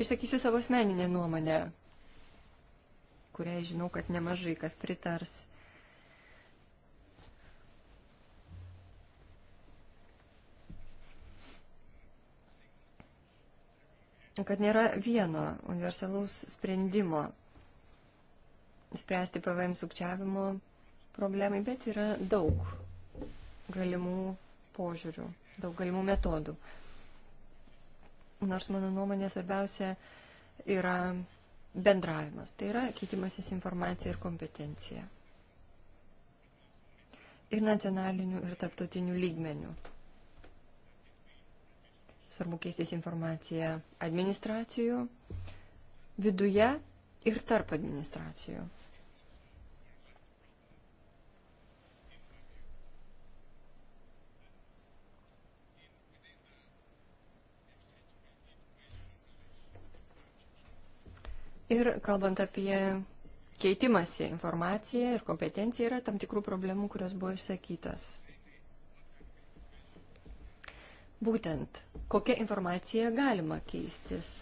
išsakysiu savo asmeninę nuomonę, kuriai žinau, kad nemažai kas pritars. kad nėra vieno universalaus sprendimo spręsti PVM sukčiavimo problemai, bet yra daug galimų požiūrių, daug galimų metodų nors mano nuomonė svarbiausia yra bendravimas, tai yra keitimasis informacija ir kompetencija. Ir nacionalinių, ir tarptautinių lygmenių. Svarbu keistis informacija administracijų, viduje ir tarp administracijų. Ir kalbant apie keitimąsi informaciją ir kompetenciją, yra tam tikrų problemų, kurios buvo išsakytos. Būtent, kokią informaciją galima keistis,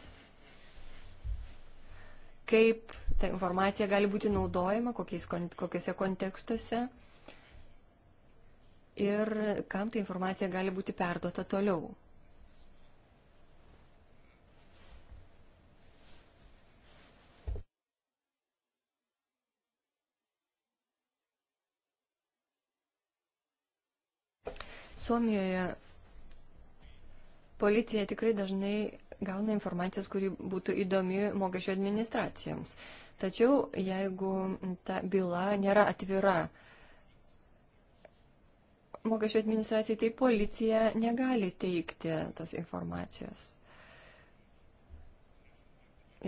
kaip ta informacija gali būti naudojama, kokiais, kokiuose kontekstuose ir kam ta informacija gali būti perduota toliau. Suomijoje policija tikrai dažnai gauna informacijos, kuri būtų įdomi mokesčio administracijoms. Tačiau jeigu ta byla nėra atvira, mokesčio administracijai tai policija negali teikti tos informacijos.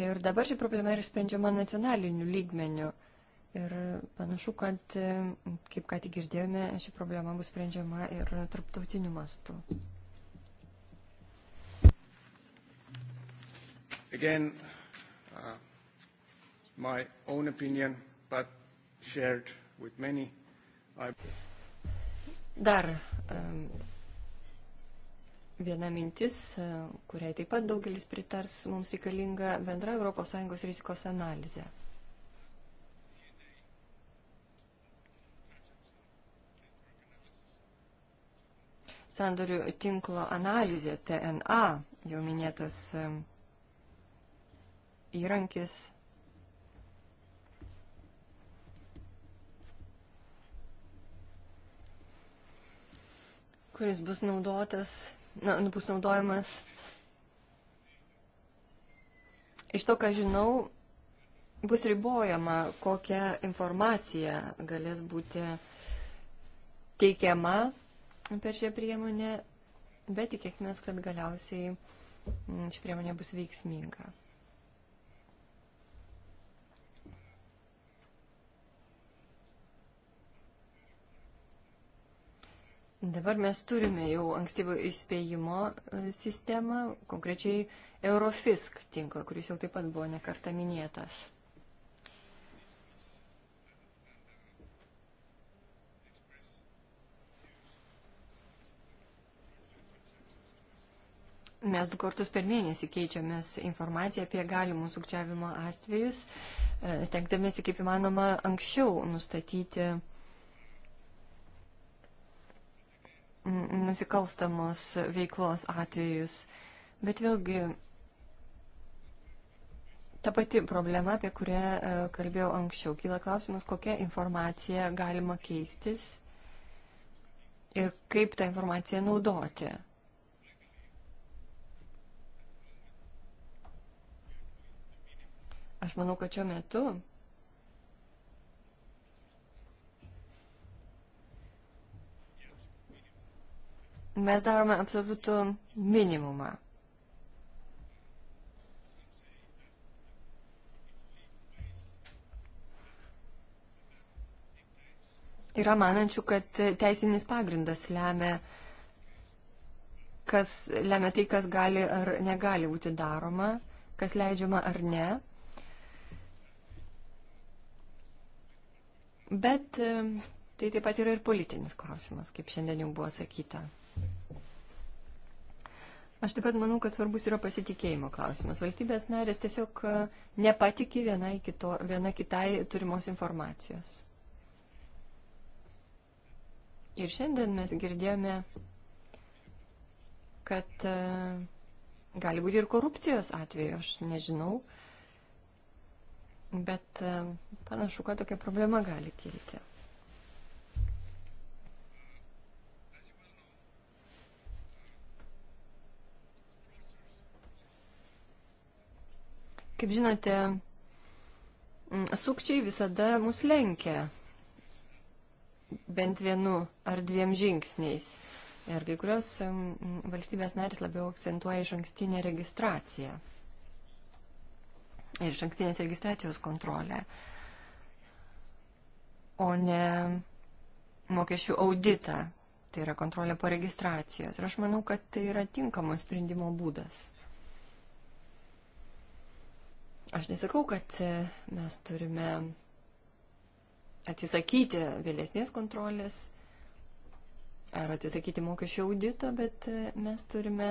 Ir dabar ši problema yra sprendžiama nacionaliniu lygmeniu. Ir panašu, kad, e, kaip ką tik girdėjome, ši problema bus sprendžiama ir tarptautiniu mastu. Again, uh, my own opinion, but shared with many. I... Dar um, viena mintis, e, kuriai taip pat daugelis pritars, mums reikalinga bendra ES rizikos analizė. sandorių tinklo analizė TNA, jau minėtas įrankis. kuris bus naudotas, na, nu, bus naudojamas. Iš to, ką žinau, bus ribojama, kokia informacija galės būti teikiama per šią priemonę, bet tikėkime, kad galiausiai mm, ši priemonė bus veiksminga. Dabar mes turime jau ankstyvo įspėjimo e, sistemą, konkrečiai Eurofisk tinklą, kuris jau taip pat buvo nekarta minėtas. Mes du kartus per mėnesį keičiamės informaciją apie galimus sukčiavimo atvejus, e, stengdamėsi kaip įmanoma anksčiau nustatyti nusikalstamos veiklos atvejus. Bet vėlgi ta pati problema, apie kurią e, kalbėjau anksčiau. Kyla klausimas, kokią informaciją galima keistis ir kaip tą informaciją naudoti. Aš manau, kad šiuo metu mes darome absoliutų minimumą. Yra manančių, kad teisinis pagrindas lemia, kas, lemia tai, kas gali ar negali būti daroma, kas leidžiama ar ne. Bet e, tai taip pat yra ir politinis klausimas, kaip šiandien jau buvo sakyta. Aš taip pat manau, kad svarbus yra pasitikėjimo klausimas. Valstybės narės tiesiog e, nepatiki viena, kito, viena kitai turimos informacijos. Ir šiandien mes girdėjome, kad e, gali būti ir korupcijos atveju, aš nežinau, Bet e, panašu, kad tokia problema gali kilti. Kaip žinote, sukčiai visada mus lenkia bent vienu ar dviem žingsniais. Ir kai kurios valstybės narys labiau akcentuoja iš ankstinę registraciją ir iš ankstinės registracijos kontrolę, o ne mokesčių auditą, tai yra kontrolė po registracijos. Ir aš manau, kad tai yra tinkamas sprendimo būdas. Aš nesakau, kad mes turime atsisakyti vėlesnės kontrolės ar atsisakyti mokesčio audito, bet mes turime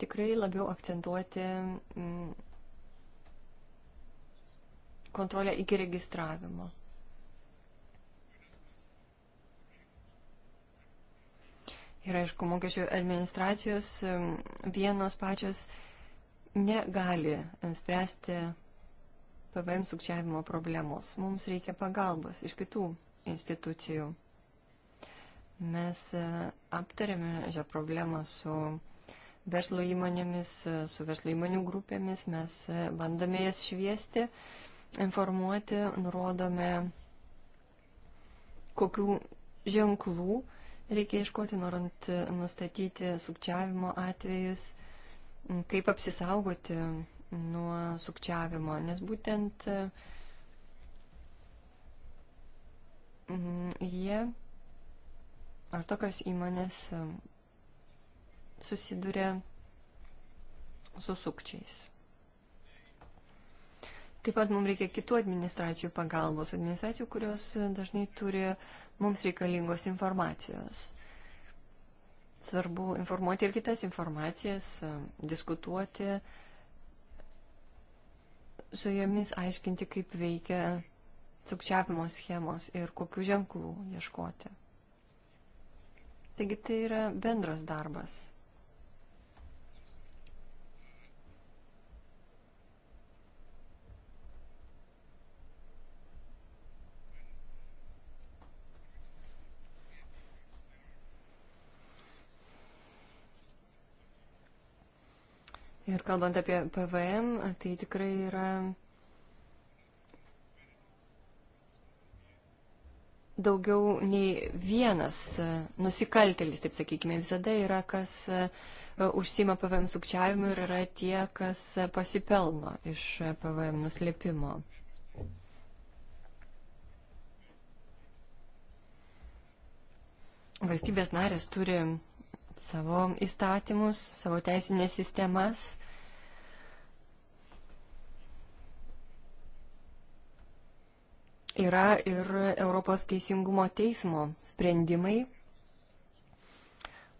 tikrai labiau akcentuoti mm, kontrolę iki registravimo. Ir aišku, mokesčių administracijos vienos pačios negali spręsti PVM sukčiavimo problemos. Mums reikia pagalbos iš kitų institucijų. Mes e, aptarėme šią problemą su verslo įmonėmis, e, su verslo įmonių grupėmis, mes e, bandame jas šviesti informuoti, nurodome, kokių ženklų reikia iškoti, norint nustatyti sukčiavimo atvejus, kaip apsisaugoti nuo sukčiavimo, nes būtent mm, jie ar tokios įmonės susiduria su sukčiais. Taip pat mums reikia kitų administracijų pagalbos, administracijų, kurios dažnai turi mums reikalingos informacijos. Svarbu informuoti ir kitas informacijas, diskutuoti su jomis, aiškinti, kaip veikia sukčiavimo schemos ir kokių ženklų ieškoti. Taigi tai yra bendras darbas. Ir kalbant apie PVM, tai tikrai yra daugiau nei vienas e, nusikaltelis, taip sakykime, visada yra kas e, užsima PVM sukčiavimu ir yra tie, kas e, pasipelno iš PVM nuslėpimo. Valstybės narės turi savo įstatymus, savo teisinės sistemas yra ir Europos teisingumo teismo sprendimai,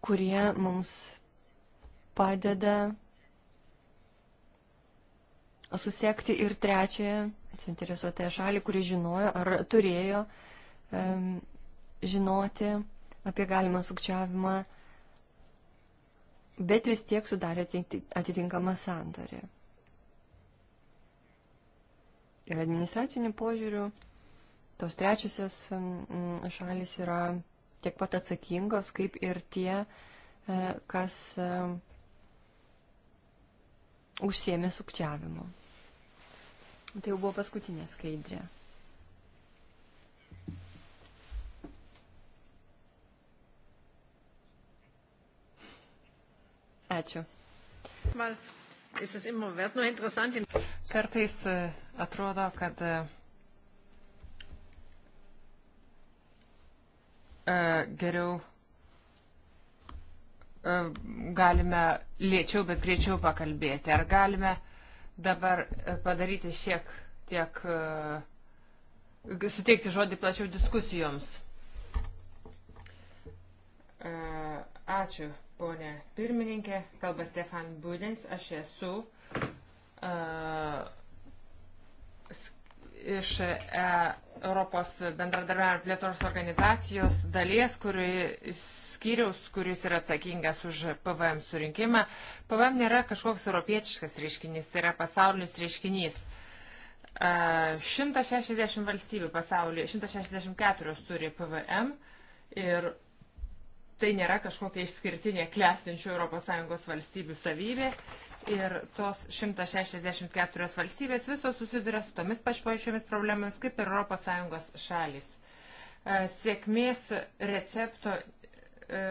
kurie mums padeda susiekti ir trečiąją suinteresuotąją šalį, kuri žinojo ar turėjo um, žinoti apie galimą sukčiavimą, bet vis tiek sudarė atitinkamą santorį. Ir administracinių požiūrių tos trečiosios šalis yra tiek pat atsakingos, kaip ir tie, e, kas e, užsiemė sukčiavimu. Tai jau buvo paskutinė skaidrė. Ačiū. Kartais e, atrodo, kad E, geriau e, galime lėčiau, bet greičiau pakalbėti. Ar galime dabar e, padaryti šiek tiek, suteikti žodį plačiau diskusijoms? Ačiū, ponė pirmininkė. Kalba Stefan Budens. Aš esu uh, iš e, Europos bendradarbiavimo plėtros organizacijos dalies, kuri skyriaus, kuris yra atsakingas už PVM surinkimą. PVM nėra kažkoks europiečiškas reiškinys, tai yra pasaulinis reiškinys. 160 e, valstybių pasaulyje, 164 turi PVM ir tai nėra kažkokia išskirtinė klestinčių ES valstybių savybė ir tos 164 valstybės visos susiduria su tomis pašpoišiomis problemomis kaip ir ES šalis. E, sėkmės recepto e,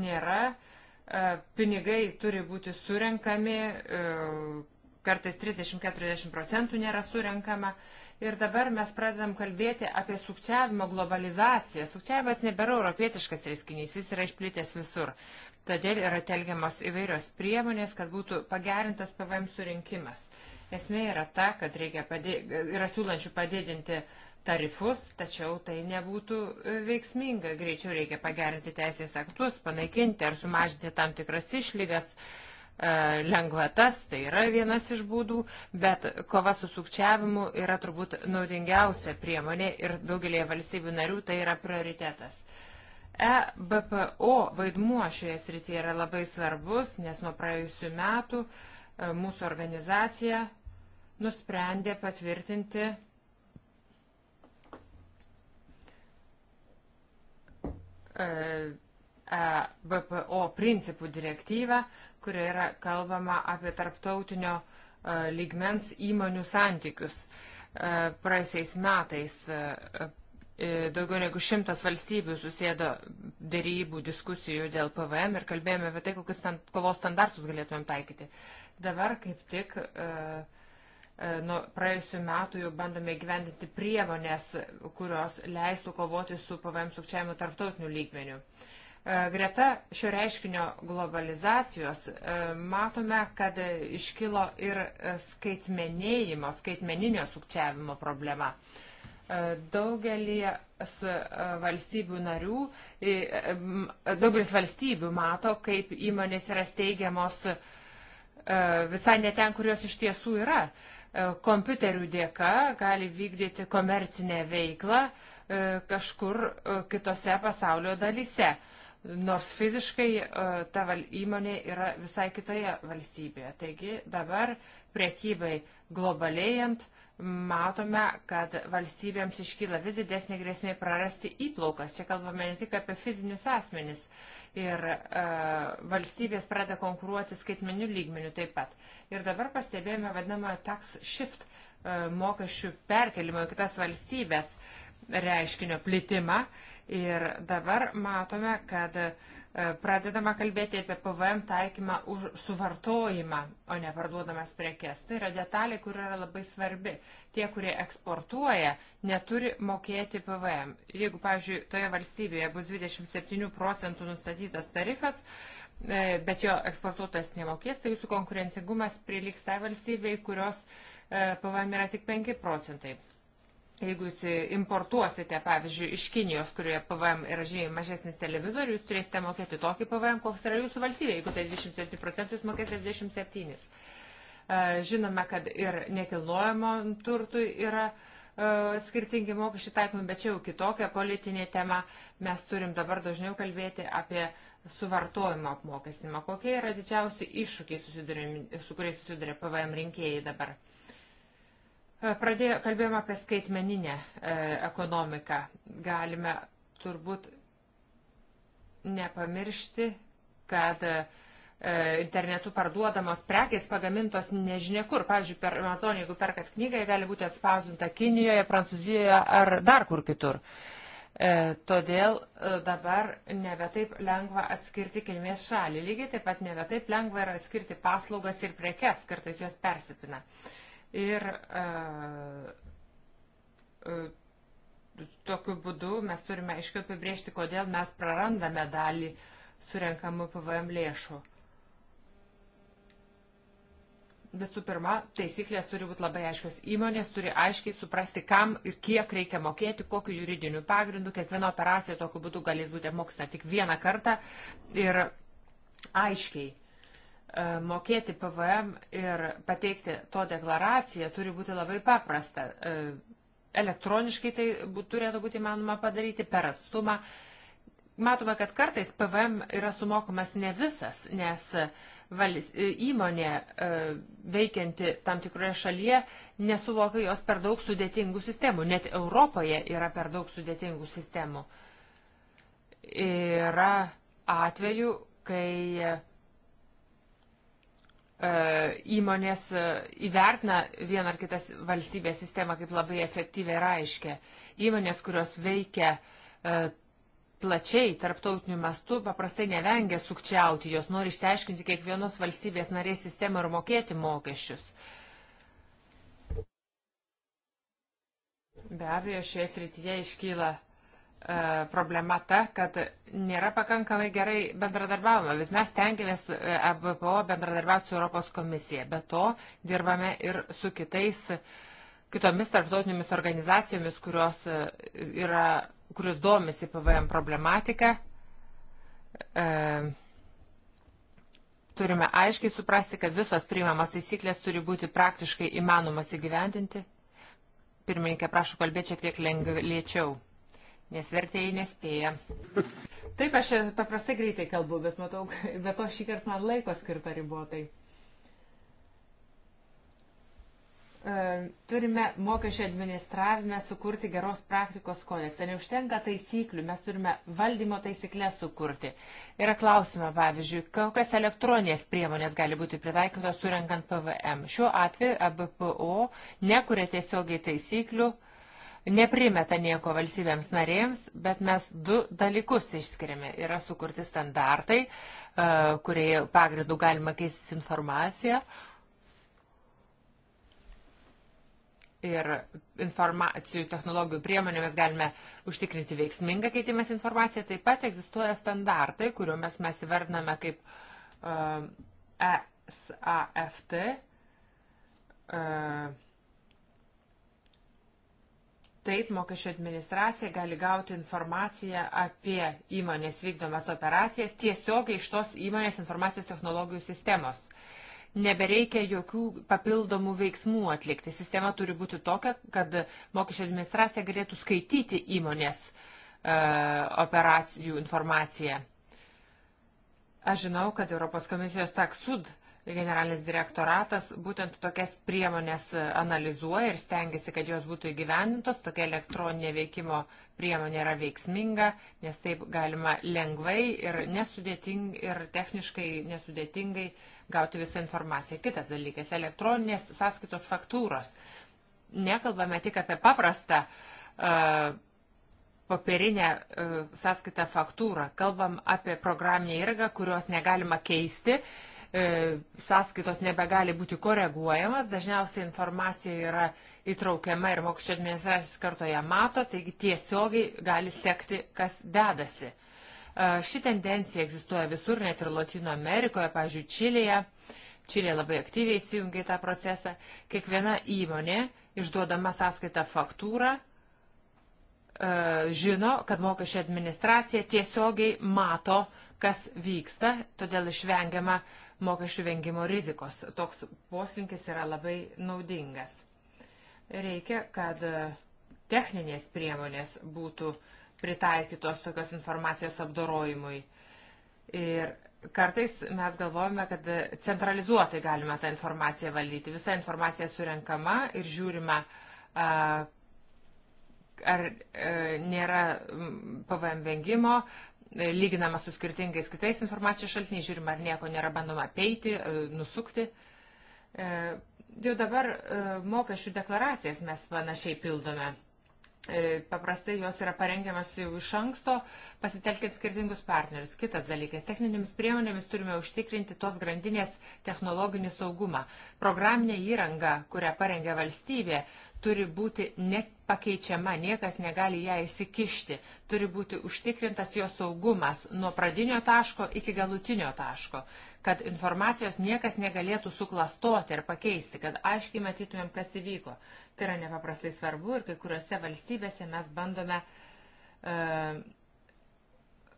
nėra, e, pinigai turi būti surenkami, e, kartais 30-40 procentų nėra surenkama. Ir dabar mes pradedam kalbėti apie sukčiavimo globalizaciją. Sukčiavimas nebėra europietiškas reiškinys, jis yra išplitęs visur. Todėl yra telgiamos įvairios priemonės, kad būtų pagerintas PVM surinkimas. Esmė yra ta, kad padė... yra siūlančių padidinti tarifus, tačiau tai nebūtų e, veiksminga. Greičiau reikia pagerinti teisės aktus, panaikinti ar sumažinti tam tikras išlygas e, lengvatas, tai yra vienas iš būdų, bet kova su sukčiavimu yra turbūt naudingiausia priemonė ir daugelėje valstybių narių tai yra prioritetas. EBPO vaidmuo šioje srityje yra labai svarbus, nes nuo praėjusių metų e, mūsų organizacija nusprendė patvirtinti e, e BPO principų direktyvą, kurioje yra kalbama apie tarptautinio lygmens įmonių santykius. Praeisiais metais E, daugiau negu šimtas valstybių susėdo dėrybų, diskusijų dėl PVM ir kalbėjome apie tai, kokius stand, kovos standartus galėtumėm taikyti. Dabar kaip tik e, e, nuo praėjusių metų jau bandome gyvendinti priemonės, kurios leistų kovoti su PVM sukčiavimu tarptautiniu lygmeniu. E, greta šio reiškinio globalizacijos e, matome, kad iškilo ir skaitmenėjimo, skaitmeninio sukčiavimo problema. Uh, Daugelį e, valstybių narių, e, daugelis valstybių mato, kaip įmonės yra steigiamos e, visai neten, kurios iš tiesų yra. Kompiuterių dėka gali vykdyti komercinę veiklą kažkur kitose pasaulio dalyse nors fiziškai ta įmonė yra visai kitoje valstybėje. Taigi dabar priekybai globalėjant matome, kad valstybėms iškyla vis didesnė grėsmė prarasti įplaukas. Čia kalbame ne tik apie fizinius asmenis. Ir e, valstybės pradeda konkuruoti skaitmenių lygmenių taip pat. Ir dabar pastebėjome vadinamą tax shift e, mokesčių perkelimo į kitas valstybės reiškinio plitimą. Ir dabar matome, kad e, E, pradedama kalbėti apie PVM taikymą už suvartojimą, o ne parduodamas prekes. Tai yra detalė, kur yra labai svarbi. Tie, kurie eksportuoja, neturi mokėti PVM. Jeigu, pavyzdžiui, toje valstybėje bus 27 procentų nustatytas tarifas, e, bet jo eksportuotojas nemokės, tai jūsų konkurencingumas priliks tai valstybei, kurios e, PVM yra tik 5 procentai. Jeigu jūs e, importuosite, pavyzdžiui, iš Kinijos, kurioje PVM yra žymiai mažesnis televizorius, jūs turėsite mokėti tokį PVM, koks yra jūsų valstybė. Jeigu tai 27 procentus, jūs mokėsite 27. E, žinome, kad ir nekilnojamo turtui yra e, skirtingi mokesčiai taikomi, bet čia jau kitokia politinė tema. Mes turim dabar dažniau kalbėti apie suvartojimo apmokestinimą. Kokie yra didžiausi iššūkiai, su kuriais susiduria PVM rinkėjai dabar? Uh, E, pradėjo, kalbėjom apie skaitmeninę e, ekonomiką. Galime turbūt nepamiršti, kad e, internetu parduodamos prekės pagamintos nežinia kur. Pavyzdžiui, per Amazoniją, jeigu perkat knygą, gali būti atspausdinta Kinijoje, Prancūzijoje ar dar kur kitur. E, todėl e, dabar nebetaip lengva atskirti kilmės šalį. Lygiai taip pat nebetaip lengva yra atskirti paslaugas ir prekes, kartais jos persipina. E, Ir uh, tokiu būdu mes turime aiškiau apibriežti, kodėl mes prarandame dalį surenkamų PVM lėšų. Visų pirma, taisyklės turi būti labai aiškios. Įmonės turi aiškiai suprasti, kam ir kiek reikia mokėti, kokiu juridiniu pagrindu. Kiekviena operacija tokiu būdu galės būti apmokestina tik vieną kartą ir aiškiai E, mokėti PVM ir pateikti to deklaraciją turi būti labai paprasta. E, elektroniškai tai turėtų būti manoma padaryti per atstumą. Matome, kad kartais PVM yra sumokamas ne visas, nes valis, e, įmonė veikianti tam tikroje šalyje nesuvokia jos per daug sudėtingų sistemų. Net Europoje yra per daug sudėtingų sistemų. Yra atveju, kai E, įmonės e, įvertina vieną ar kitas valstybės sistemą kaip labai efektyvę ir aiškę. Įmonės, kurios veikia e, plačiai tarptautiniu mastu, paprastai nevengia sukčiauti, jos nori išsiaiškinti kiekvienos valstybės narės sistemą ir mokėti mokesčius. Be abejo, šioje srityje iškyla E, problema ta, kad nėra pakankamai gerai bendradarbiavimo, bet mes tengiamės e, ABPO bendradarbiauti su Europos komisija. Be to dirbame ir su kitais, kitomis tarptautinėmis organizacijomis, kurios, e, yra, kurios domisi PVM problematiką. Turime aiškiai suprasti, kad visos priimamas taisyklės turi būti praktiškai įmanomas įgyvendinti. Pirmininkė, prašau kalbėti šiek tiek lengviau nes vertėjai nespėja. Taip, aš paprastai greitai kalbu, bet matau, bet to šį kartą man laiko skirta ribotai. E, turime mokesčio administravime sukurti geros praktikos kodeksą. Neužtenka taisyklių, mes turime valdymo taisyklę sukurti. Yra klausima, pavyzdžiui, kokias elektroninės priemonės gali būti pritaikytos surinkant PVM. Šiuo atveju ABPO nekuria tiesiogiai taisyklių, uh, neprimeta nieko valstybėms narėms, bet mes du dalykus išskiriame. Yra sukurti standartai, e, kurie pagrindų galima keistis informaciją. Ir informacijų technologijų priemonėmis galime užtikrinti veiksmingą keitimas informaciją. Taip pat egzistuoja standartai, kuriuomis mes įvardiname kaip uh, e, ESAFT. Uh, e, Taip, mokesčio administracija gali gauti informaciją apie įmonės vykdomas operacijas tiesiogiai iš tos įmonės informacijos technologijų sistemos. Nebereikia jokių papildomų veiksmų atlikti. Sistema turi būti tokia, kad mokesčio administracija galėtų skaityti įmonės e, operacijų informaciją. Aš žinau, kad Europos komisijos taksud generalinis direktoratas būtent tokias priemonės analizuoja ir stengiasi, kad jos būtų įgyvendintos. Tokia elektroninė veikimo priemonė yra veiksminga, nes taip galima lengvai ir, ir techniškai nesudėtingai gauti visą informaciją. Kitas dalykas - elektroninės sąskaitos faktūros. Nekalbame tik apie paprastą uh, popierinę uh, sąskaitą faktūrą, kalbam apie programinę įrangą, kurios negalima keisti. Uh, E, sąskaitos nebegali būti koreguojamas, dažniausiai informacija yra įtraukiama ir mokesčio administracijos karto ją mato, taigi tiesiogiai gali sekti, kas dedasi. E, ši tendencija egzistuoja visur, net ir Latino Amerikoje, pavyzdžiui, Čilėje. Čilė labai aktyviai įsijungia į tą procesą. Kiekviena įmonė, išduodama sąskaitą faktūrą, e, žino, kad mokesčio administracija tiesiogiai mato, kas vyksta, todėl išvengiama uh, mokesčių vengimo rizikos. Toks poslinkis yra labai naudingas. Reikia, kad e, techninės priemonės būtų pritaikytos tokios informacijos apdorojimui. Ir kartais mes galvojame, kad e, centralizuotai galime tą informaciją valdyti. Visa informacija surenkama ir žiūrima, ar e, nėra PVM vengimo, lyginama su skirtingais kitais informacijos šaltiniais, žiūrima, ar nieko nėra bandoma peiti, e, nusukti. E, jau dabar e, mokesčių deklaracijas mes panašiai pildome. Paprastai jos yra parengiamas jau iš anksto, pasitelkiant skirtingus partnerius. Kitas dalykas - techninėmis priemonėmis turime užtikrinti tos grandinės technologinį saugumą. Programinė įranga, kurią parengia valstybė, turi būti nepakeičiama, niekas negali ją įsikišti, turi būti užtikrintas jo saugumas nuo pradinio taško iki galutinio taško, kad informacijos niekas negalėtų suklastoti ir pakeisti, kad aiškiai matytumėm, kas įvyko. Tai yra nepaprastai svarbu ir kai kuriuose valstybėse mes bandome uh,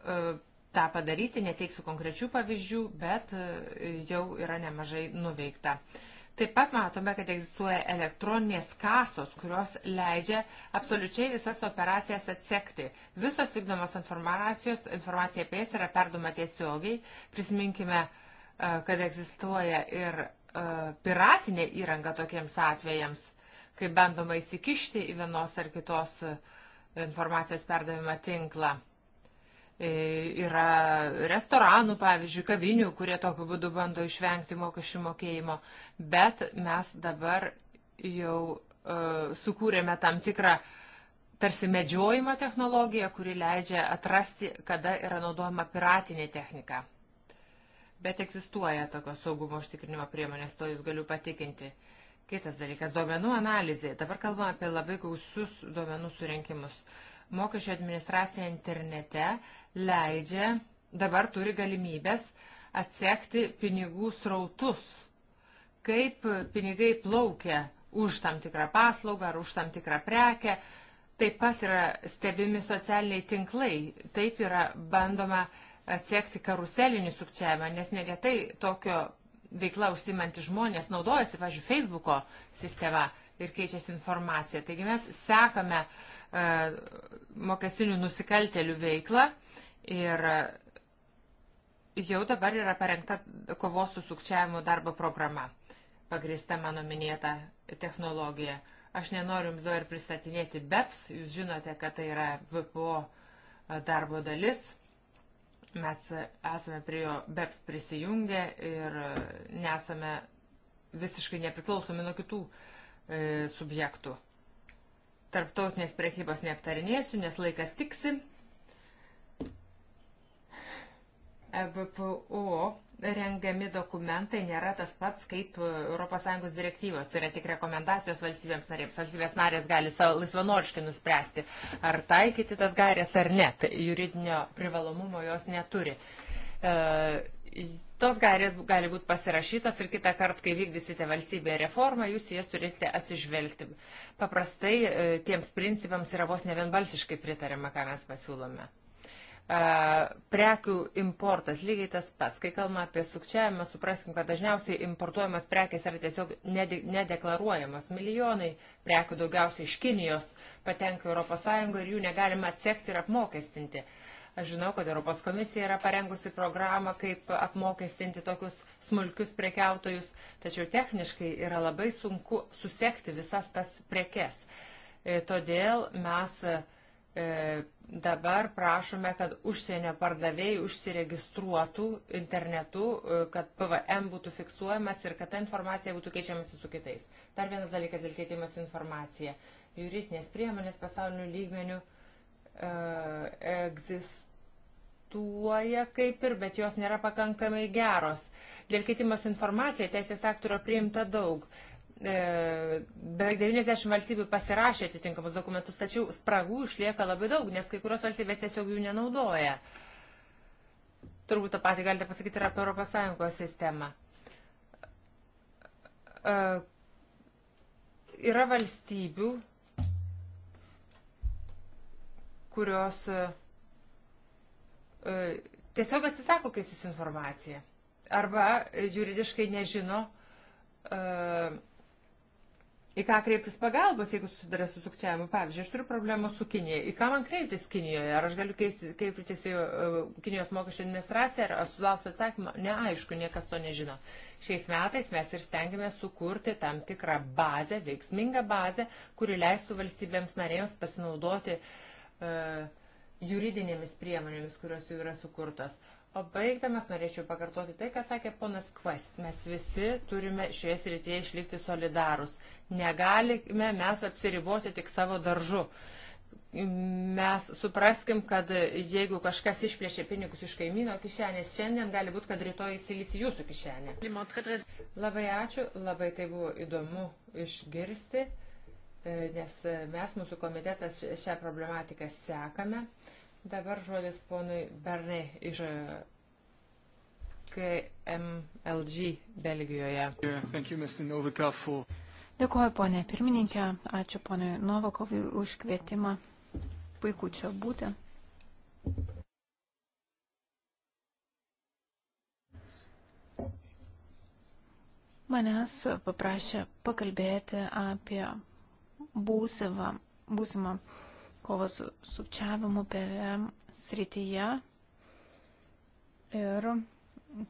uh, tą padaryti, neteiksiu konkrečių pavyzdžių, bet uh, jau yra nemažai nuveikta. Uh, Taip pat matome, kad egzistuoja elektroninės kasos, kurios leidžia absoliučiai visas operacijas atsekti. Visos vykdomos informacijos, informacija apie jas yra perdoma tiesiogiai. Prisiminkime, e, kad egzistuoja ir e, piratinė įranga tokiems atvejams, kai bandoma įsikišti į vienos ar kitos e, informacijos perdavimą tinklą. E, yra restoranų, pavyzdžiui, kavinių, kurie tokiu būdu bando išvengti mokesčių mokėjimo, bet mes dabar jau uh, sukūrėme tam tikrą tarsi medžiojimo technologiją, kuri leidžia atrasti, kada yra naudojama piratinė technika. Bet egzistuoja tokios saugumo užtikrinimo priemonės, to jūs galiu patikinti. Kitas dalykas - duomenų analizė. Dabar kalbame apie labai gausius duomenų surinkimus. Uh, mokesčio administracija internete leidžia, dabar turi galimybės atsekti pinigų srautus, kaip pinigai plaukia už tam tikrą paslaugą ar už tam tikrą prekę. Taip pat yra stebimi socialiniai tinklai, taip yra bandoma atsekti karuselinį sukčiavimą, nes neretai tokio veikla užsimanti žmonės naudojasi, pažiūrėjau, Facebooko sistema ir keičiasi informacija. Taigi mes sekame uh, E, mokestinių nusikaltelių veiklą ir jau dabar yra parengta kovos su sukčiavimu darbo programa, pagrįsta mano minėta technologija. Aš nenoriu jums dabar pristatinėti BEPS, jūs žinote, kad tai yra BPO darbo dalis. Mes esame prie jo BEPS prisijungę ir nesame visiškai nepriklausomi nuo kitų e, subjektų tarptautinės prekybos neaptarinėsiu, nes laikas tiksi. EBPO rengiami dokumentai nėra tas pats kaip ES direktyvos. Tai yra tik rekomendacijos valstybėms narėms. Valstybės narės gali laisvanoriškai nuspręsti, ar taikyti tas gairės ar ne. Tai juridinio privalomumo jos neturi. E, Tos gairės gali būti pasirašytos ir kitą kartą, kai vykdysite valstybėje reformą, jūs jas turėsite atsižvelgti. Paprastai e, tiems principams yra vos ne vienbalsiškai pritarima, ką mes pasiūlome. E, prekių importas lygiai tas pats. Kai kalbame apie sukčiavimą, supraskim, kad dažniausiai importuojamas prekes yra tiesiog nedeklaruojamas. Milijonai prekių daugiausiai iš Kinijos patenka ES ir jų negalima atsekti ir apmokestinti. Uh, Aš žinau, kad Europos komisija yra parengusi programą, kaip apmokestinti tokius smulkius prekiautojus, tačiau techniškai yra labai sunku susekti visas tas prekes. E, todėl mes e, dabar prašome, kad užsienio pardavėjai užsiregistruotų internetu, e, kad PVM būtų fiksuojamas ir kad ta informacija būtų keičiamasi su kitais. Dar vienas dalykas dėl keitimas informacija. Juridinės priemonės pasaulinių lygmenių egzist egzistuoja kaip ir, bet jos nėra pakankamai geros. Dėl keitimas informacija teisės aktų yra priimta daug. E, beveik 90 valstybių pasirašė atitinkamus dokumentus, tačiau spragų išlieka labai daug, nes kai kurios valstybės tiesiog jų nenaudoja. Turbūt tą patį galite pasakyti ir apie ES sistemą e, yra valstybių, kurios E, tiesiog atsisako keistis informaciją arba juridiškai nežino, e, į ką kreiptis pagalbos, jeigu susiduria su sukčiavimu. Pavyzdžiui, aš turiu problemų su Kinėje. Į ką man kreiptis Kinijoje? Ar aš galiu kreiptis į e, Kinijos mokesčio administraciją, ar aš sulauksiu atsakymą? Neaišku, niekas to nežino. Šiais metais mes ir stengiame sukurti tam tikrą bazę, veiksmingą bazę, kuri leistų valstybėms narėms pasinaudoti uh, juridinėmis priemonėmis, kurios jau yra sukurtos. O baigdamas norėčiau pakartoti tai, ką sakė ponas Kvast. Mes visi turime šioje srityje išlikti solidarus. Negalime mes apsiriboti tik savo daržu. Mes supraskim, kad jeigu kažkas išplėšė pinigus iš kaimyno kišenės šiandien, gali būti, kad rytoj įsilys jūsų kišenė. Labai ačiū, labai tai buvo įdomu išgirsti. E, nes mes, mūsų komitetas, šią problematiką sekame. Dabar žodis ponui Berne iš e, KMLG Belgijoje. Dėkuoju, ponė pirmininkė. Ačiū ponui Novakovui už kvietimą. Puiku čia būti. Manęs paprašė pakalbėti apie būsimą, būsimą kovą su sukčiavimu PVM srityje ir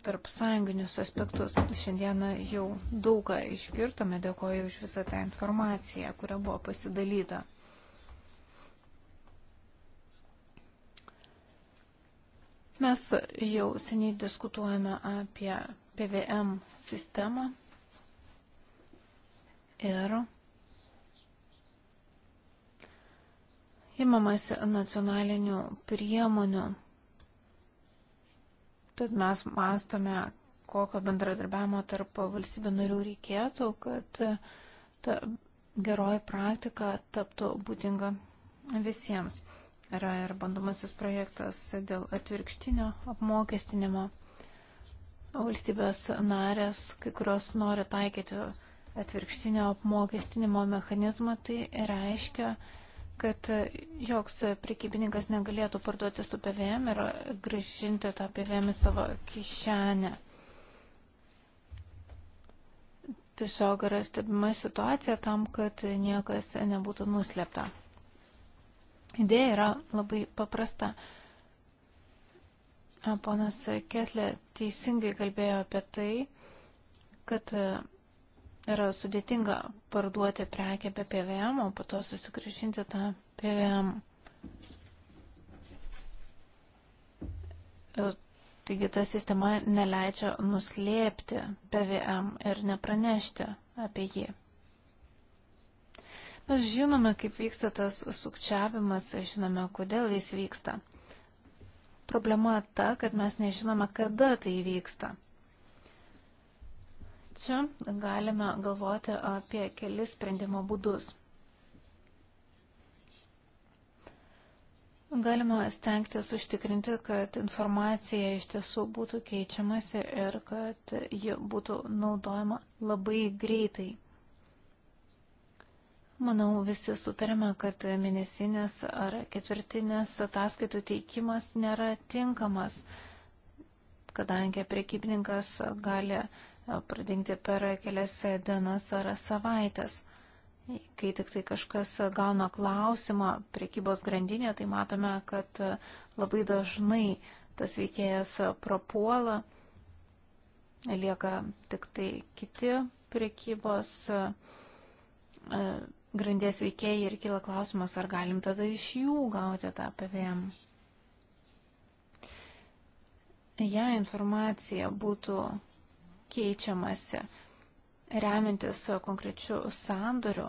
tarp sąjunginius aspektus. Šiandieną jau daugą išgirtome, dėkoju už visą tą informaciją, kuria buvo pasidalyta. Mes jau seniai diskutuojame apie PVM sistemą ir imamasi nacionalinių priemonių. Tad mes mastome, kokio bendradarbiavimo tarp valstybių narių reikėtų, kad ta geroji praktika taptų būdinga visiems. Yra ir bandomasis projektas dėl atvirkštinio apmokestinimo. Valstybės narės, kai kurios nori taikyti atvirkštinio apmokestinimo mechanizmą, tai reiškia, kad joks prekybininkas negalėtų parduoti su PVM ir gražinti tą PVM į savo kišenę. Tiesiog yra stebima situacija tam, kad niekas nebūtų nuslėpta. Idėja yra labai paprasta. Ponas Keslė teisingai kalbėjo apie tai, kad yra sudėtinga parduoti prekę be PVM, o po to susigražinti tą PVM. E, taigi ta sistema neleidžia nuslėpti PVM ir nepranešti apie jį. Mes žinome, kaip vyksta tas sukčiavimas, žinome, kodėl jis vyksta. Problema ta, kad mes nežinome, kada tai vyksta. Čia galime galvoti apie kelis sprendimo būdus. Galima stengtis užtikrinti, kad informacija iš tiesų būtų keičiamasi ir kad ji būtų naudojama labai greitai. Manau, visi sutarėme, kad mėnesinės ar ketvirtinės ataskaitų teikimas nėra tinkamas, kadangi prekybininkas gali pradingti per kelias dienas ar savaitės. Kai tik tai kažkas gauna klausimą priekybos grandinė, tai matome, kad labai dažnai tas veikėjas prapuola, lieka tik tai kiti priekybos e, grandies veikėjai ir kyla klausimas, ar galim tada iš jų gauti tą PVM. Jei ja, informacija būtų keičiamasi, remintis konkrečių sandorių,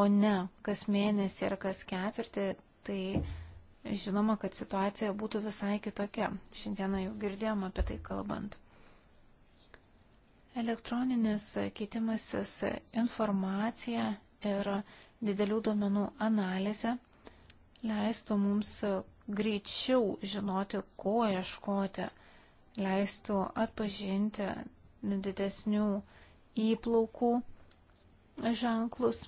o ne kas mėnesį ar kas ketvirtį, tai žinoma, kad situacija būtų visai kitokia. Šiandieną jau girdėjom apie tai kalbant. Elektroninis keitimasis informacija ir didelių duomenų analizė leistų mums greičiau žinoti, ko ieškoti, leistų atpažinti didesnių įplaukų ženklus.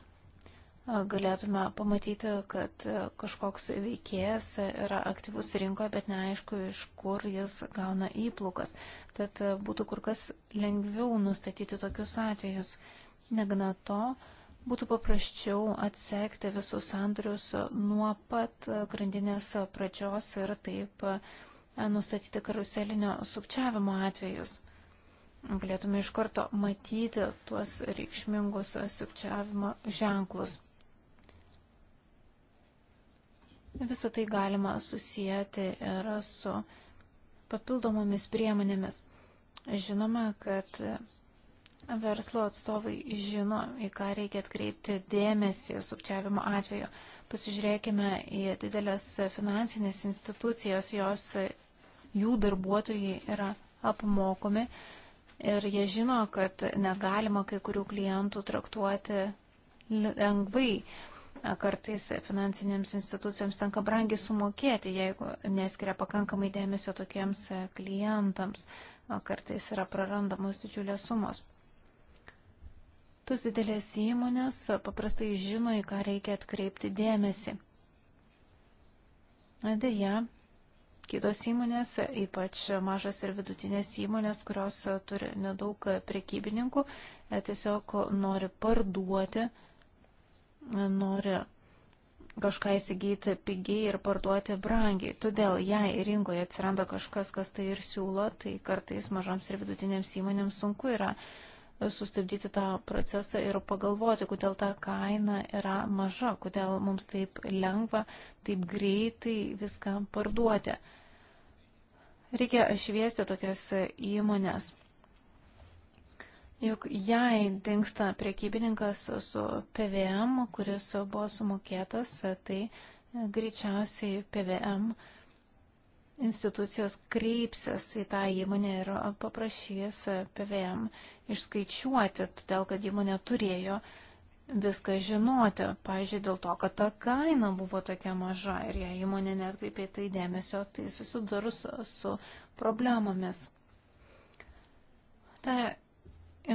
Galėtume pamatyti, kad kažkoks veikėjas yra aktyvus rinkoje, bet neaišku, iš kur jis gauna įplaukas. Tad būtų kur kas lengviau nustatyti tokius atvejus. Negana to, būtų paprasčiau atsekti visus sandorius nuo pat grandinės pradžios ir taip nustatyti karuselinio sukčiavimo atvejus galėtume iš karto matyti tuos reikšmingus sukčiavimo ženklus. Visą tai galima susijęti ir su papildomomis priemonėmis. Žinoma, kad verslo atstovai žino, į ką reikia atkreipti dėmesį sukčiavimo atveju. Pasižiūrėkime į didelės finansinės institucijos, jos jų darbuotojai yra apmokomi ir jie žino, kad negalima kai kurių klientų traktuoti lengvai. Kartais finansinėms institucijoms tenka brangiai sumokėti, jeigu neskiria pakankamai dėmesio tokiems e, klientams, o kartais yra prarandamos didžiulės sumos. Tus didelės įmonės paprastai žino, į ką reikia atkreipti dėmesį. Deja, Kitos įmonės, ypač mažas ir vidutinės įmonės, kurios turi nedaug prekybininkų, e, tiesiog nori parduoti, nori kažką įsigyti pigiai ir parduoti brangiai. Todėl, jei rinkoje atsiranda kažkas, kas tai ir siūlo, tai kartais mažoms ir vidutinėms įmonėms sunku yra sustabdyti tą procesą ir pagalvoti, kodėl ta kaina yra maža, kodėl mums taip lengva, taip greitai viską parduoti. Reikia šviesti tokias įmonės. Juk jei dinksta priekybininkas su PVM, kuris buvo sumokėtas, tai greičiausiai PVM institucijos kreipsis į tą įmonę ir paprašys PVM išskaičiuoti, todėl kad įmonė turėjo uh, viską žinoti. Pavyzdžiui, dėl to, kad ta kaina buvo tokia maža ir jei įmonė netkreipė tai dėmesio, tai susidurus su problemomis. Ta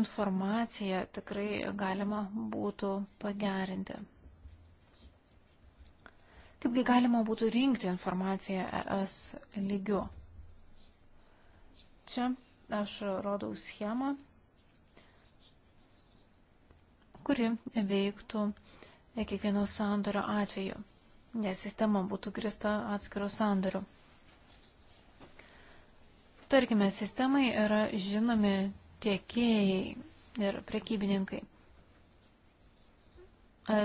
informacija tikrai galima būtų pagerinti. Kaipgi galima būtų rinkti informaciją ES lygiu? Čia aš rodau schemą kuri veiktų e, kiekvieno sandorio atveju, nes sistema būtų grista atskiro sandorio. Tarkime, sistemai yra žinomi tiekėjai ir prekybininkai. E,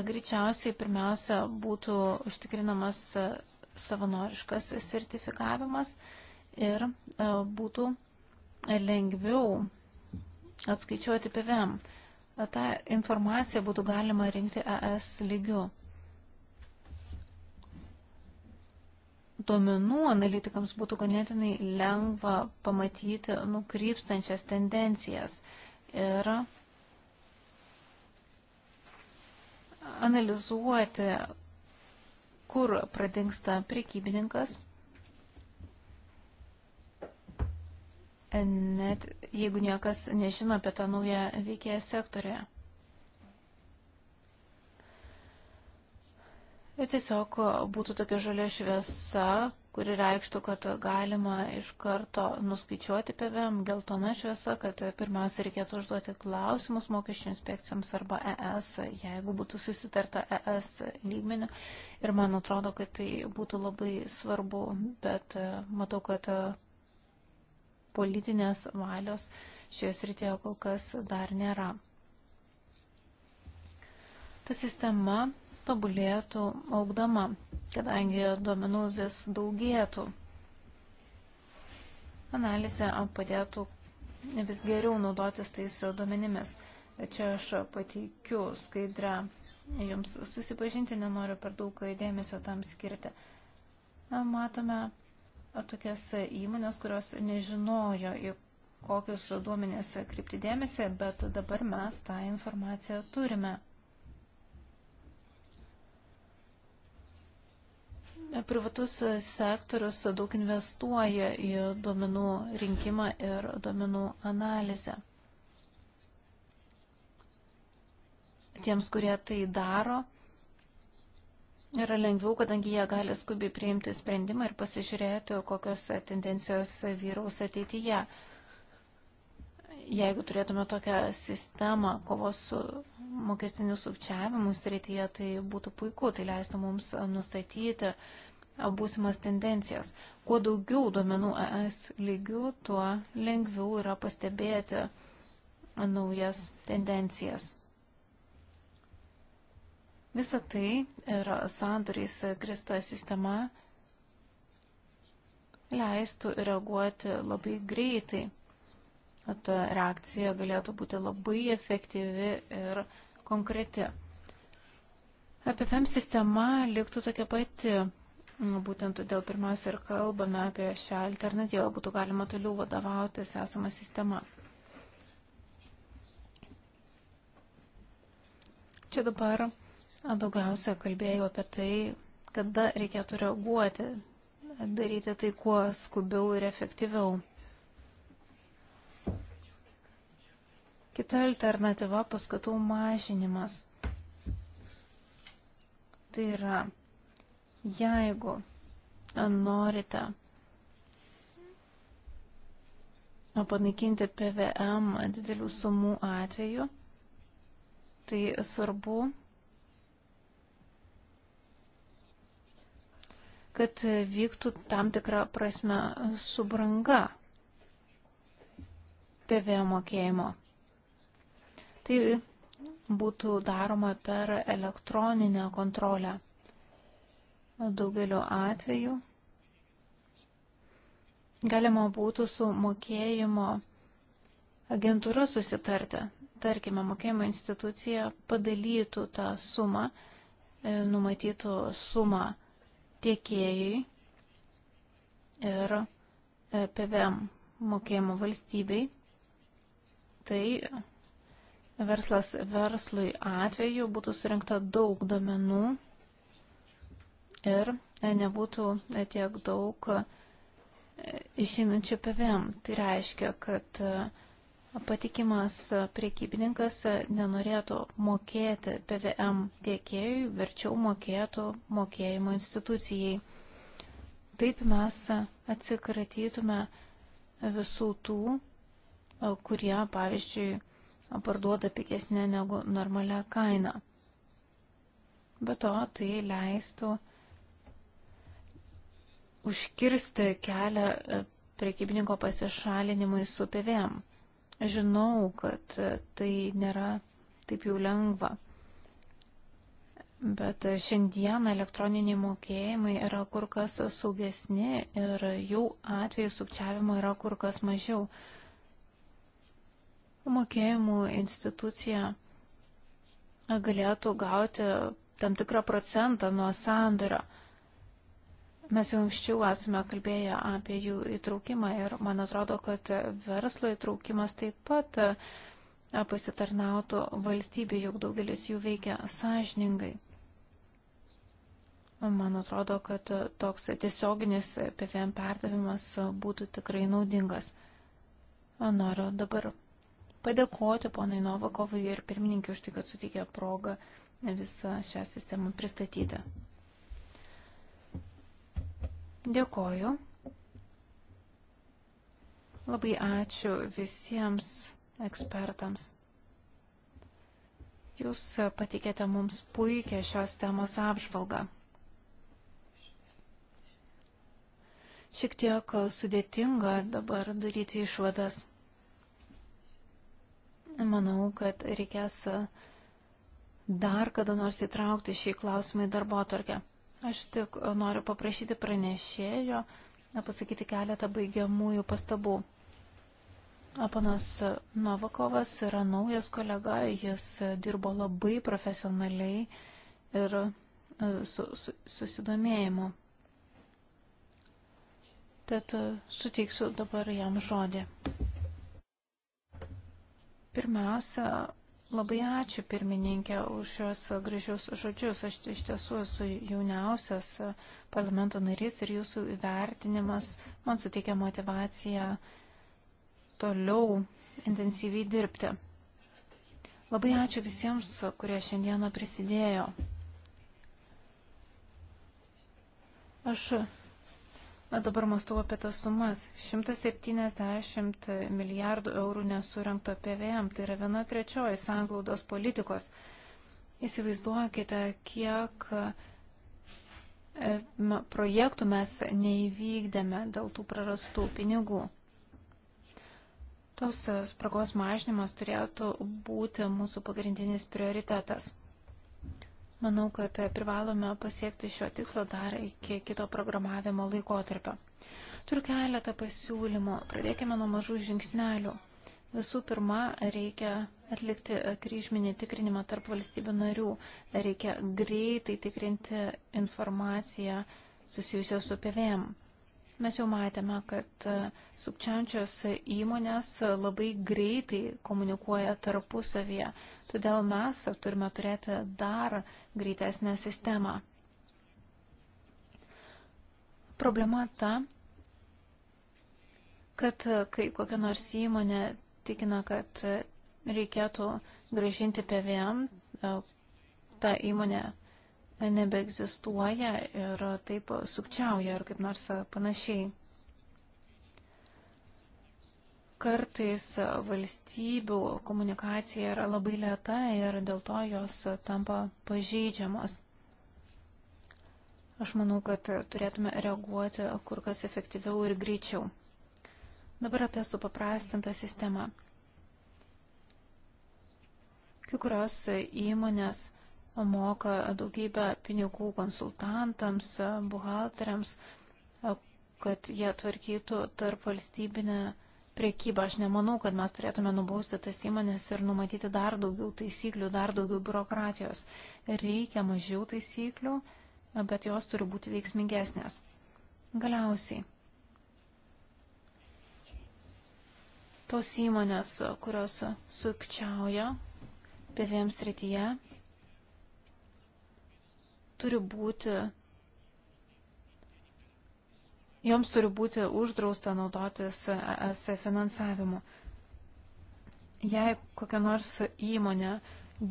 greičiausiai pirmiausia būtų užtikrinamas e, savanoriškas sertifikavimas ir būtų lengviau atskaičiuoti PVM tą informaciją būtų galima rinkti ES lygiu. Duomenų analitikams būtų ganėtinai lengva pamatyti nukrypstančias tendencijas ir analizuoti, kur pradingsta prekybininkas net jeigu niekas nežino apie tą naują veikėją sektorėje. Ir tiesiog būtų tokia žalia šviesa, kuri reikštų, kad galima iš karto nuskaičiuoti PVM, geltona šviesa, kad pirmiausia reikėtų užduoti klausimus mokesčių inspekcijoms arba ES, jeigu būtų susitarta ES lygmeniu. Ir man atrodo, kad tai būtų labai svarbu, bet matau, kad politinės valios šioje srityje kol kas dar nėra. Ta sistema tobulėtų augdama, kadangi duomenų vis daugėtų. Analizė padėtų vis geriau naudotis tais duomenimis. Čia aš pateikiu skaidrę jums susipažinti, nenoriu per daug dėmesio tam skirti. Matome tokias įmonės, kurios nežinojo, į kokius duomenės krypti dėmesį, bet dabar mes tą informaciją turime. Privatus sektorius daug investuoja į duomenų rinkimą ir duomenų analizę. Tiems, kurie tai daro, yra lengviau, kadangi jie gali skubiai priimti sprendimą ir pasižiūrėti, kokios tendencijos vyraus ateityje. Jeigu turėtume tokią sistemą kovos su mokestiniu sukčiavimu srityje, tai būtų puiku, tai leistų mums nustatyti būsimas tendencijas. Kuo daugiau duomenų ES lygių, tuo lengviau yra pastebėti naujas tendencijas. Visa tai ir sandoriais grista sistema leistų reaguoti labai greitai. Ta reakcija galėtų būti labai efektyvi ir konkreti. Apie FEM sistema liktų tokia pati. Būtent todėl pirmiausia ir kalbame apie šią alternatyvą. Būtų galima toliau vadovautis esamą sistemą. Čia dabar Daugiausia kalbėjau apie tai, kada reikėtų reaguoti, daryti tai kuo skubiau ir efektyviau. Kita alternatyva paskatų mažinimas. Tai yra, jeigu norite panaikinti PVM didelių sumų atveju, tai svarbu kad vyktų tam tikrą prasme subranga PVM mokėjimo. Tai būtų daroma per elektroninę kontrolę. Daugeliu atveju galima būtų su mokėjimo agentūra susitarti. Tarkime, mokėjimo institucija padalytų tą sumą, e, numatytų sumą tiekėjai ir e, PVM mokėjimo valstybei. Tai verslas verslui atveju būtų surinkta daug domenų ir e, nebūtų e, tiek daug išeinančių PVM. Tai reiškia, kad patikimas priekybininkas nenorėtų mokėti PVM tiekėjui, verčiau mokėtų mokėjimo institucijai. Taip mes atsikratytume visų tų, kurie, pavyzdžiui, parduoda pigesnė negu normalia kaina. Be to, tai leistų užkirsti kelią priekybininko pasišalinimui su PVM. Žinau, kad tai nėra taip jau lengva. Bet šiandieną elektroniniai mokėjimai yra kur kas saugesni ir jų atveju sukčiavimo yra kur kas mažiau. Mokėjimų institucija galėtų gauti tam tikrą procentą nuo sandorio. Mes jau anksčiau esame kalbėję apie jų įtraukimą ir man atrodo, kad verslo įtraukimas taip pat pasitarnautų valstybė, juk daugelis jų veikia sąžiningai. Man atrodo, kad toks tiesioginis PVM perdavimas būtų tikrai naudingas. Noriu dabar padėkoti ponai Novakovui ir pirmininkiu už tai, kad sutikė progą visą šią sistemą pristatyti. Dėkoju. Labai ačiū visiems ekspertams. Jūs patikėte mums puikią šios temos apžvalgą. Šiek tiek sudėtinga dabar daryti išvadas. Manau, kad reikės dar kada nors įtraukti šį klausimą į darbo atvarkę. Aš tik noriu paprašyti pranešėjo pasakyti keletą baigiamųjų pastabų. Panas Novakovas yra naujas kolega, jis dirbo labai profesionaliai ir e, su, su, susidomėjimu. Tad e, suteiksiu dabar jam žodį. Pirmiausia, Labai ačiū pirmininkė už šios gražius žodžius. Aš iš tiesų esu jauniausias parlamento narys ir jūsų įvertinimas man suteikia motivaciją toliau intensyviai dirbti. Labai ačiū visiems, kurie šiandieną prisidėjo. Aš Dabar mąstau apie tas sumas. 170 milijardų eurų nesurinkto PVM, tai yra viena trečioji sanglaudos politikos. Įsivaizduokite, kiek e, projektų mes neįvykdėme dėl tų prarastų pinigų. Tos e, spragos mažinimas turėtų būti mūsų pagrindinis prioritetas. Manau, kad privalome pasiekti šio tikslo dar iki kito programavimo laikotarpio. Turiu keletą pasiūlymų. Pradėkime nuo mažų žingsnelių. Visų pirma, reikia atlikti kryžminį tikrinimą tarp valstybių narių. Reikia greitai tikrinti informaciją susijusią su PVM. Mes jau matėme, kad e, sukčiančios įmonės e, labai greitai komunikuoja tarpusavyje, todėl mes turime turėti dar greitesnę sistemą. Problema ta, kad e, kai kokia nors įmonė tikina, kad reikėtų gražinti PVM, ta įmonė nebeegzistuoja ir taip sukčiauja ar kaip nors panašiai. Kartais valstybių komunikacija yra labai lėta ir dėl to jos tampa pažeidžiamos. Aš manau, kad turėtume reaguoti kur kas efektyviau ir greičiau. Dabar apie supaprastintą sistemą. Kai kurios įmonės moka daugybę pinigų konsultantams, buhalteriams, kad jie tvarkytų tarp valstybinę priekybą. Aš nemanau, kad mes turėtume nubausti tas įmonės ir numatyti dar daugiau taisyklių, dar daugiau biurokratijos. Reikia mažiau taisyklių, bet jos turi būti veiksmingesnės. Galiausiai. Tos įmonės, kurios sukčiauja PVM srityje, turi būti, joms turi būti uždrausta naudotis ES finansavimu. Jei kokia nors įmonė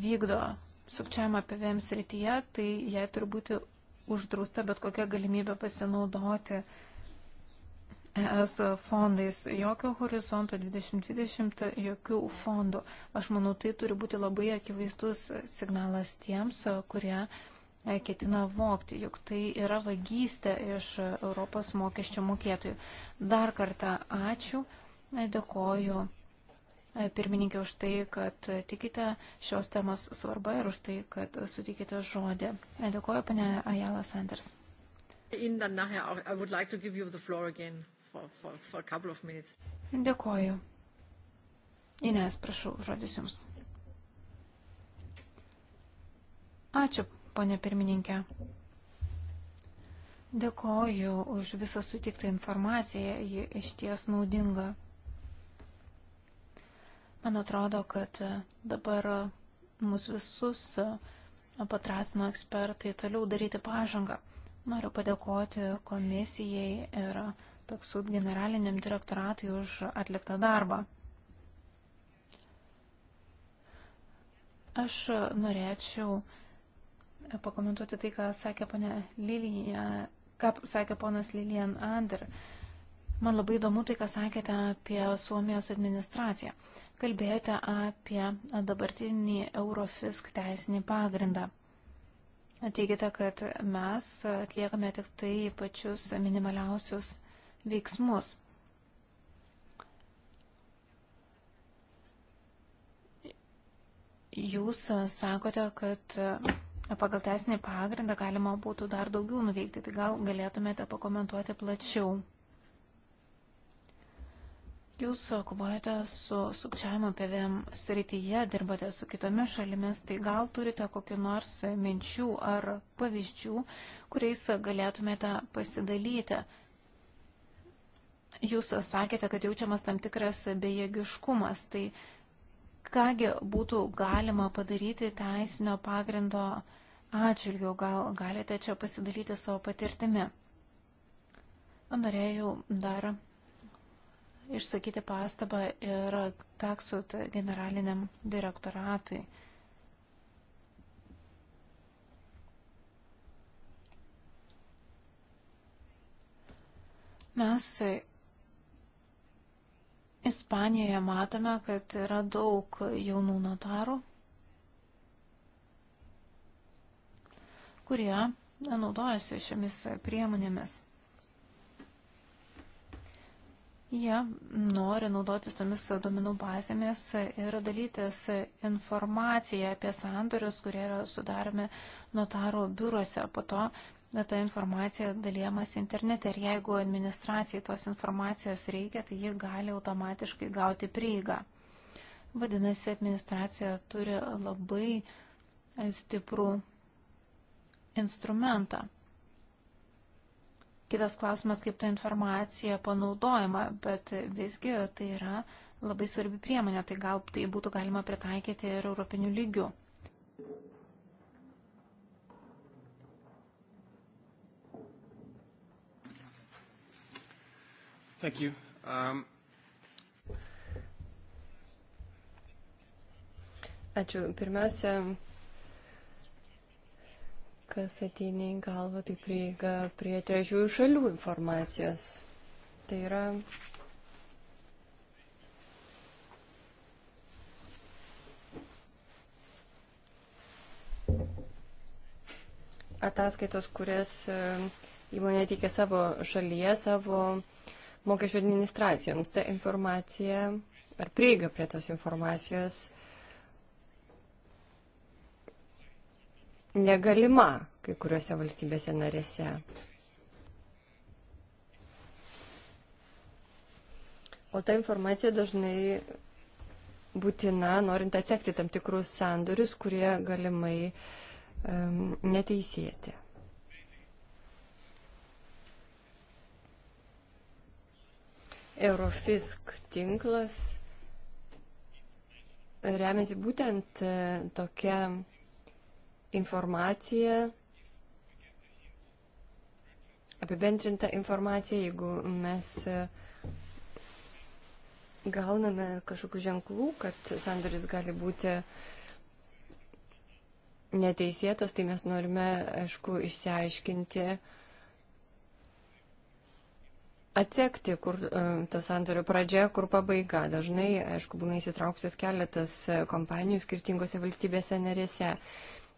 vykdo sukčiavimą PVM srityje, tai jai turi būti uždrausta bet kokia galimybė pasinaudoti ES fondais. Jokio horizonto 2020, jokių fondų. Aš manau, tai turi būti labai akivaizdus signalas tiems, kurie uh, E, ketina vokti, juk tai yra vagystė iš Europos mokesčių mokėtojų. Dar kartą ačiū, e, dėkoju e, pirmininkė už tai, kad tikite šios temos svarbą ir už tai, kad sutikite žodį. Dėkoju, panė Ajala Sanders. Dėkoju. Ines, prašau, žodis jums. Ačiū, ponė pirmininkė. Dėkoju už visą sutiktą informaciją, ji iš ties naudinga. Man atrodo, kad dabar mus visus patrasino ekspertai toliau daryti pažangą. Noriu padėkoti komisijai ir taksud generaliniam direktoratui už atliktą darbą. Aš norėčiau pakomentuoti tai, ką sakė ponia Lilija, ką sakė ponas Lilian Ander. Man labai įdomu tai, ką sakėte apie Suomijos administraciją. Kalbėjote apie dabartinį Eurofisk teisinį pagrindą. Teigite, kad mes atliekame tik tai pačius minimaliausius veiksmus. Jūs sakote, kad pagal teisinį pagrindą galima būtų dar daugiau nuveikti, tai gal galėtumėte pakomentuoti plačiau. Jūs kovojate su sukčiavimo PVM srityje, dirbate su kitomis šalimis, tai gal turite kokiu nors minčių ar pavyzdžių, kuriais galėtumėte pasidalyti. Jūs sakėte, kad jaučiamas tam tikras bejėgiškumas, tai uh, Kągi būtų galima padaryti teisinio pagrindo atžvilgiu, gal galite čia pasidalyti savo patirtimi. Norėjau dar išsakyti pastabą ir taksut generaliniam direktoratui. Mes Ispanijoje matome, kad yra daug jaunų notarų, kurie naudojasi šiomis priemonėmis. Jie nori naudotis tomis domenų bazėmis ir dalytis informaciją apie sandorius, kurie yra sudaromi notarų biuruose. Po to bet ta informacija dalyjamas internete ir jeigu administracijai tos informacijos reikia, tai ji gali automatiškai gauti prieigą. Vadinasi, administracija turi labai stiprų instrumentą. Kitas klausimas, kaip ta informacija panaudojama, bet visgi tai yra labai svarbi priemonė, tai gal tai būtų galima pritaikyti ir europinių lygių. Thank you. Um... Ačiū. Pirmiausia, kas ateina į galvą, tai prieiga prie trečiųjų šalių informacijos. Tai yra. Ataskaitos, kurias e, įmonė teikia savo šalyje, savo mokesčių administracijoms. Ta informacija ar prieiga prie tos informacijos negalima kai kuriuose valstybėse narėse. O ta informacija dažnai būtina, norint atsekti tam tikrus sandorius, kurie galimai um, neteisėti. Eurofisk tinklas remiasi būtent e, tokia informacija, apibendrinta informacija, jeigu mes e, gauname kažkokių ženklų, kad sandoris gali būti neteisėtas, tai mes norime, aišku, išsiaiškinti, atsekti, kur e, to santorio pradžia, kur pabaiga. Dažnai, aišku, būna įsitrauksios keletas e, kompanijų skirtingose valstybėse narėse.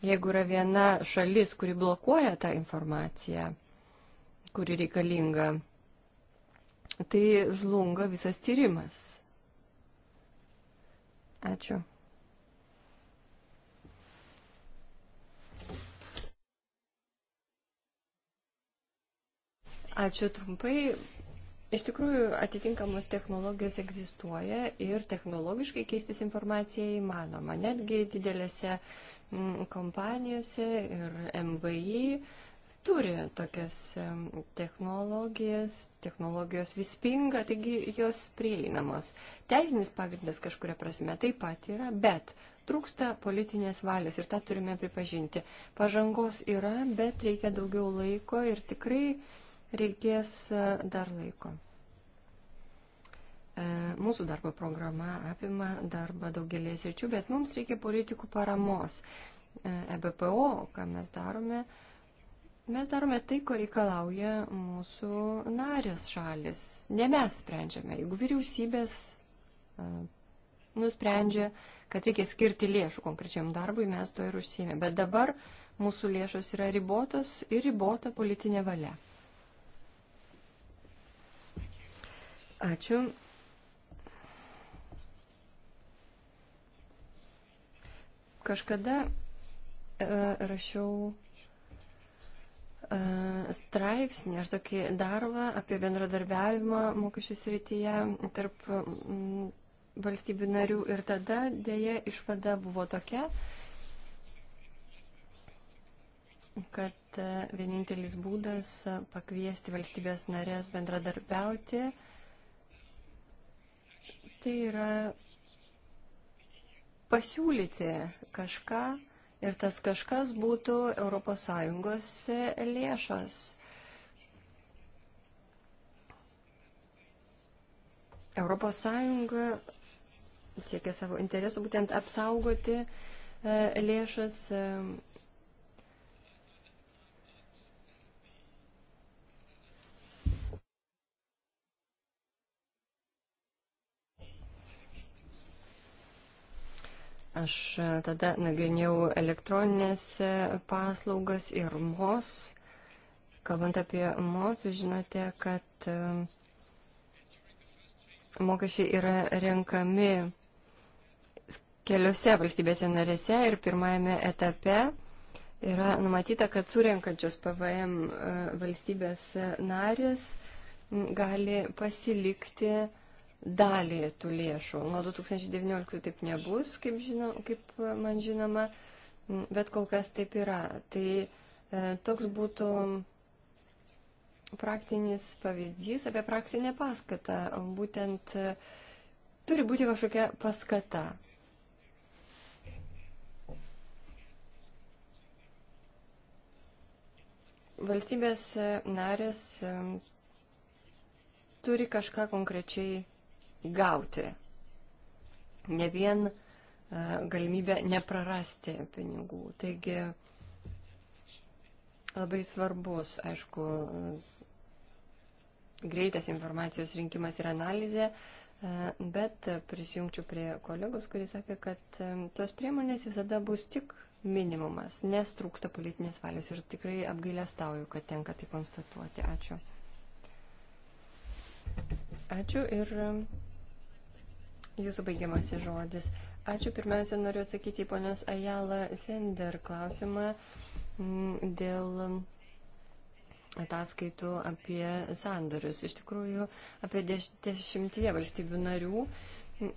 Jeigu yra viena šalis, kuri blokuoja tą informaciją, kuri reikalinga, tai žlunga visas tyrimas. Ačiū. Ačiū trumpai. Iš tikrųjų, atitinkamos technologijos egzistuoja ir technologiškai keistis informacija įmanoma. Netgi didelėse mm, kompanijose ir MVI turi tokias technologijas, technologijos vispinga, taigi jos prieinamos. Teisinis pagrindas kažkuria prasme taip pat yra, bet trūksta politinės valios ir tą turime pripažinti. Pažangos yra, bet reikia daugiau laiko ir tikrai reikės e, dar laiko. E, mūsų darbo programa apima darbą daugelės ryčių, bet mums reikia politikų paramos. EBPO, e ką mes darome, mes darome tai, ko reikalauja mūsų narės šalis. Ne mes sprendžiame. Jeigu vyriausybės nusprendžia, kad reikia skirti lėšų konkrečiam darbui, mes to ir užsime. Bet dabar mūsų lėšos yra ribotos ir ribota politinė valia. Ačiū. Kažkada e, rašiau e, straipsnį, aš tokį darbą apie bendradarbiavimą mokesčių srityje tarp valstybių narių ir tada dėja išvada buvo tokia, kad e, vienintelis būdas pakviesti valstybės narės bendradarbiauti tai yra pasiūlyti kažką ir tas kažkas būtų ES lėšas. ES siekia savo interesų būtent apsaugoti e, lėšas e, Aš e, tada nagrinėjau elektroninės e, paslaugas ir MOS. Kalbant apie MOS, žinote, kad e, mokesčiai yra renkami keliose valstybėse narėse ir pirmajame etape yra numatyta, kad surenkančios PVM valstybės narės gali pasilikti dalį tų lėšų. Nuo 2019 taip nebus, kaip, žino, kaip man žinoma, bet kol kas taip yra. Tai e, toks būtų praktinis pavyzdys apie praktinę paskatą. Būtent e, turi būti kažkokia paskata. Valstybės e, narės e, turi kažką konkrečiai gauti. Ne vien e, galimybė neprarasti pinigų. Taigi labai svarbus, aišku, greitas informacijos rinkimas ir analizė, e, bet prisijungčiau prie kolegos, kuris sakė, kad e, tos priemonės visada bus tik minimumas, nes trūksta politinės valios ir tikrai apgailestauju, kad tenka tai konstatuoti. Ačiū. Ačiū ir Jūsų baigiamasis žodis. Ačiū. Pirmiausia, noriu atsakyti į ponios Ajala Sender klausimą mm, dėl ataskaitų apie sandorius. Iš tikrųjų, apie dešimtie valstybių narių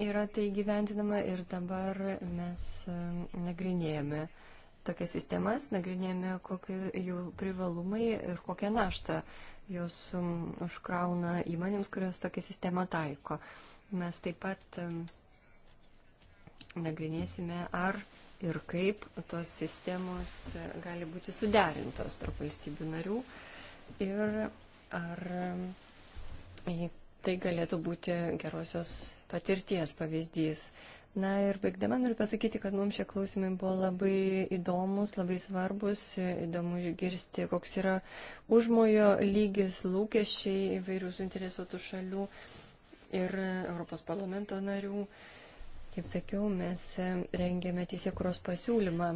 yra tai gyventinama ir dabar mes mm, nagrinėjame tokias sistemas, nagrinėjame, kokie jų privalumai ir kokią naštą jos mm, užkrauna įmonėms, kurios tokią sistemą taiko. Mes taip pat nagrinėsime, ar ir kaip tos sistemos e, gali būti suderintos tarp valstybių narių ir ar tai galėtų būti gerosios patirties pavyzdys. Na ir baigdama noriu pasakyti, kad mums šie klausimai buvo labai įdomus, labai svarbus, įdomu išgirsti, koks yra užmojo lygis, lūkesčiai įvairių suinteresuotų šalių. Uh, ir Europos parlamento narių. Kaip sakiau, mes rengėme teisėkuros pasiūlymą,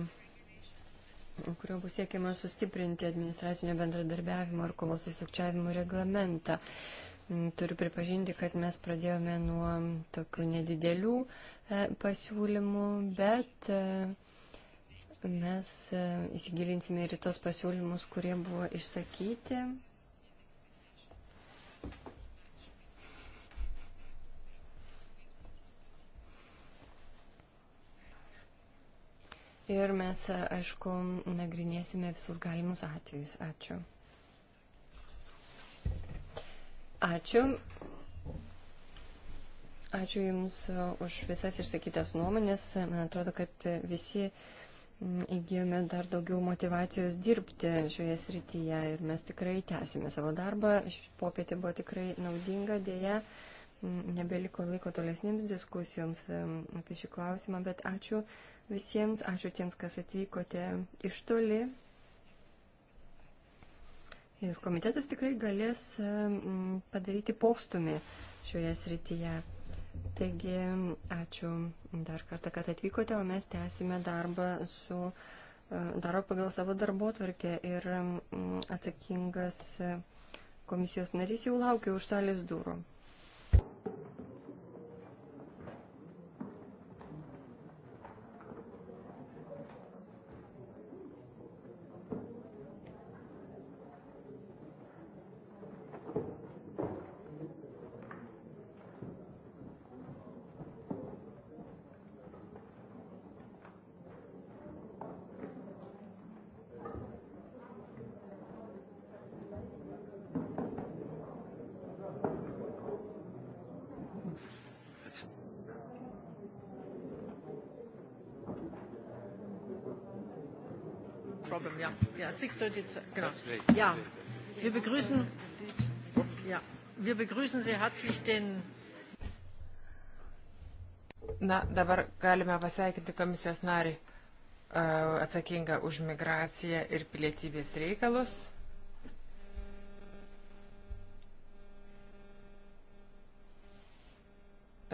kurio bus siekiama sustiprinti administracinio bendradarbiavimo ir kovos su sukčiavimu reglamentą. Turiu pripažinti, kad mes pradėjome nuo tokių nedidelių e, pasiūlymų, bet e, mes e, įsigilinsime ir į tos pasiūlymus, kurie buvo išsakyti Ir mes, aišku, nagrinėsime visus galimus atvejus. Ačiū. Ačiū. Ačiū Jums už visas išsakytas nuomonės. Man atrodo, kad visi įgyjome dar daugiau motivacijos dirbti šioje srityje ir mes tikrai tęsime savo darbą. Popietė buvo tikrai naudinga, dėja nebeliko laiko tolesnėms diskusijoms apie šį klausimą, bet ačiū visiems, ačiū tiems, kas atvykote iš toli. Ir komitetas tikrai galės mm, padaryti postumį šioje srityje. Taigi, ačiū dar kartą, kad atvykote, o mes tęsime darbą su e, daro pagal savo darbo tvarkę ir mm, atsakingas e, komisijos narys jau laukia už salės durų. 6.32. Genau. Ja, wir begrüßen, ja, wir begrüßen Sie herzlich den. Na, dabar galime pasveikinti komisijos narį e, atsakingą už migraciją ir pilietybės reikalus.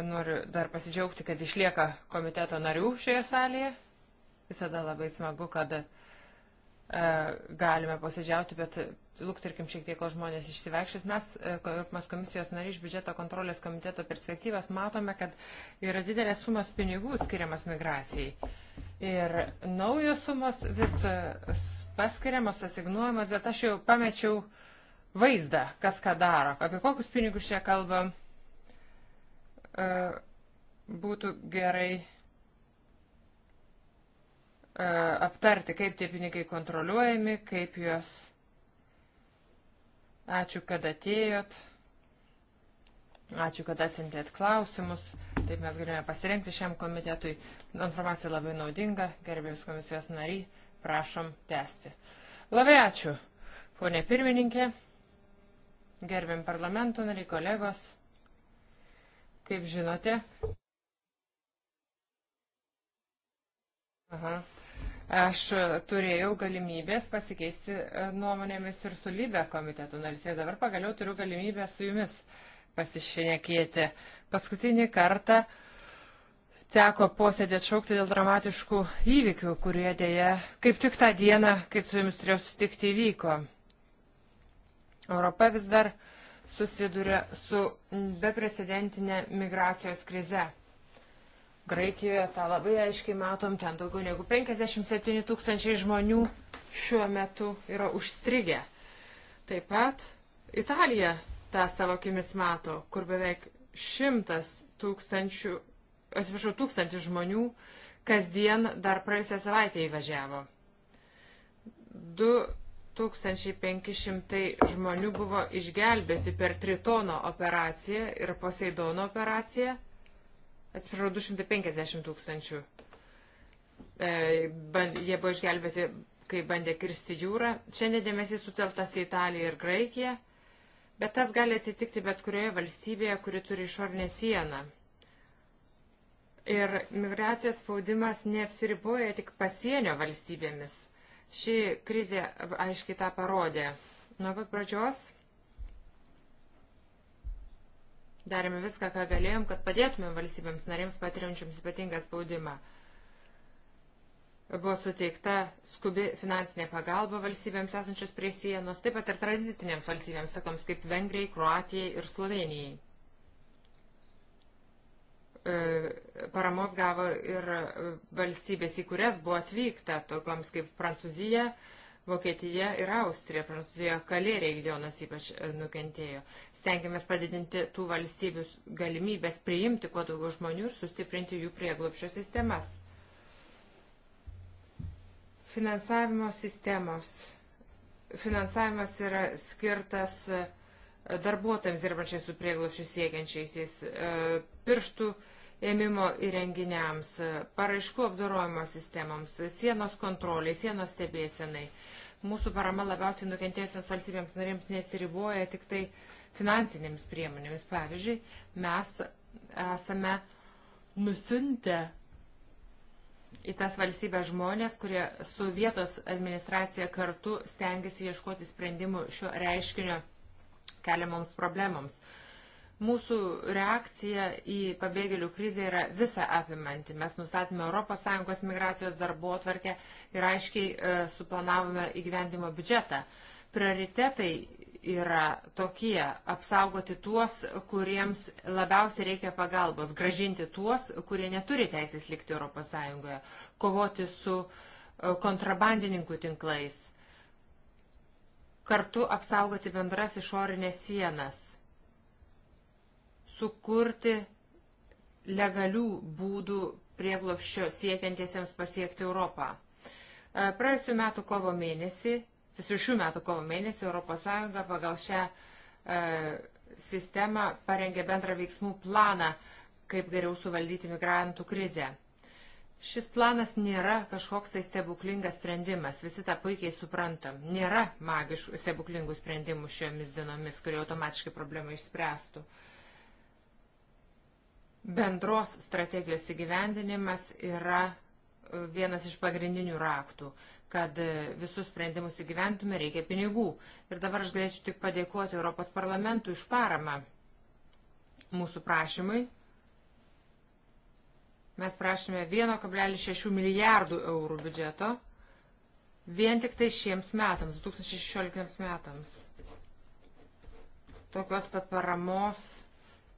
Noriu dar pasidžiaugti, kad išlieka komiteto narių šioje salėje. Visada labai smagu, kad uh, E, galime posėdžiauti, bet lūktarkim šiek tiek, kol žmonės išsiveikščius. Mes, e, Europos komisijos nariai iš biudžeto kontrolės komiteto perspektyvos, matome, kad yra didelės sumos pinigų skiriamas migracijai. Ir naujos sumos vis e, paskiriamos, asignuojamos, bet aš jau pamečiau vaizdą, kas ką daro, apie kokius pinigus čia kalbam. Būtų gerai E, aptarti, kaip tie pinigai kontroliuojami, kaip juos. Ačiū, kad atėjot. Ačiū, kad atsintėt klausimus. Taip mes galime pasirengti šiam komitetui. Informacija labai naudinga. Gerbėjus komisijos nariai, prašom tęsti. Labai ačiū, ponė pirmininkė. Gerbėm parlamento nariai, kolegos. Kaip žinote. Aha. Aš turėjau galimybės pasikeisti e, nuomonėmis ir su Libė komitetu narys ir dabar pagaliau turiu galimybę su jumis pasišinėkėti. Paskutinį kartą teko posėdį atšaukti dėl dramatiškų įvykių, kurie dėja kaip tik tą dieną, kaip su jumis turėjau sutikti, įvyko. Europa vis dar susiduria su beprecedentinė migracijos krize. Graikijoje tą labai aiškiai matom, ten daugiau negu 57 tūkstančiai žmonių šiuo metu yra užstrigę. Taip pat Italija tą savo akimis mato, kur beveik šimtas tūkstančių, atsiprašau, tūkstantis žmonių kasdien dar praėjusią savaitę įvažiavo. 2500 žmonių buvo išgelbėti per Tritono operaciją ir Poseidono operaciją atsiprašau, 250 tūkstančių. E, jie buvo išgelbėti, kai bandė kirsti jūrą. Šiandien dėmesys suteltas į Italiją ir Graikiją, bet tas gali atsitikti bet kurioje valstybėje, kuri turi išornę sieną. Ir migracijos spaudimas neapsiriboja tik pasienio valstybėmis. Ši krizė aiškiai tą parodė. Nuo pat pradžios Darėme viską, ką galėjom, kad padėtumėm valstybėms narėms patiriančiams ypatingą spaudimą. Buvo suteikta skubi finansinė pagalba valstybėms esančios prie sienos, taip pat ir tranzitinėms valstybėms, tokioms kaip Vengrijai, Kroatijai ir Slovenijai. E, paramos gavo ir valstybės, į kurias buvo atvykta, tokioms kaip Prancūzija, Vokietija ir Austrija, Prancūzijoje Kalė regionas ypač e, nukentėjo stengiamės padidinti tų valstybių galimybės priimti kuo daugiau žmonių ir sustiprinti jų prieglopščio sistemas. Finansavimo sistemos. Finansavimas yra skirtas e, darbuotojams dirbančiai su prieglopščiu siekiančiais, e, pirštų ėmimo įrenginiams, e, paraiškų apdorojimo sistemoms, sienos kontroliai, sienos stebėsenai. Mūsų parama labiausiai nukentėjusiams valstybėms narėms neatsiriboja tik tai uh, finansinėms priemonėmis. Pavyzdžiui, mes esame nusintę į tas valstybės žmonės, kurie su vietos administracija kartu stengiasi ieškoti sprendimų šio reiškinio keliamoms problemams. Mūsų reakcija į pabėgėlių krizę yra visa apimanti. Mes nustatėme ES migracijos darbo atvarkę ir aiškiai e, suplanavome įgyvendimo biudžetą. Prioritetai yra tokie - apsaugoti tuos, kuriems labiausiai reikia pagalbos, gražinti tuos, kurie neturi teisės likti ES, kovoti su e, kontrabandininkų tinklais, kartu apsaugoti bendras išorinės sienas, sukurti legalių būdų prieglopščio siekiantiesiems pasiekti Europą. E, praėjusiu metu kovo mėnesį Tiesiog šių metų kovo mėnesį ES pagal šią e, sistemą parengė bendrą veiksmų planą, kaip geriau suvaldyti migrantų krizę. Šis planas nėra kažkoks tai stebuklingas sprendimas, visi tą puikiai suprantam. Nėra magiškų stebuklingų sprendimų šiomis dienomis, kurie automatiškai problemą išspręstų. Bendros strategijos įgyvendinimas yra vienas iš pagrindinių raktų, kad visus sprendimus įgyventume, reikia pinigų. Ir dabar aš galėčiau tik padėkoti Europos parlamentui už paramą mūsų prašymui. Mes prašėme 1,6 milijardų eurų biudžeto vien tik tai šiems metams, 2016 metams. Tokios pat paramos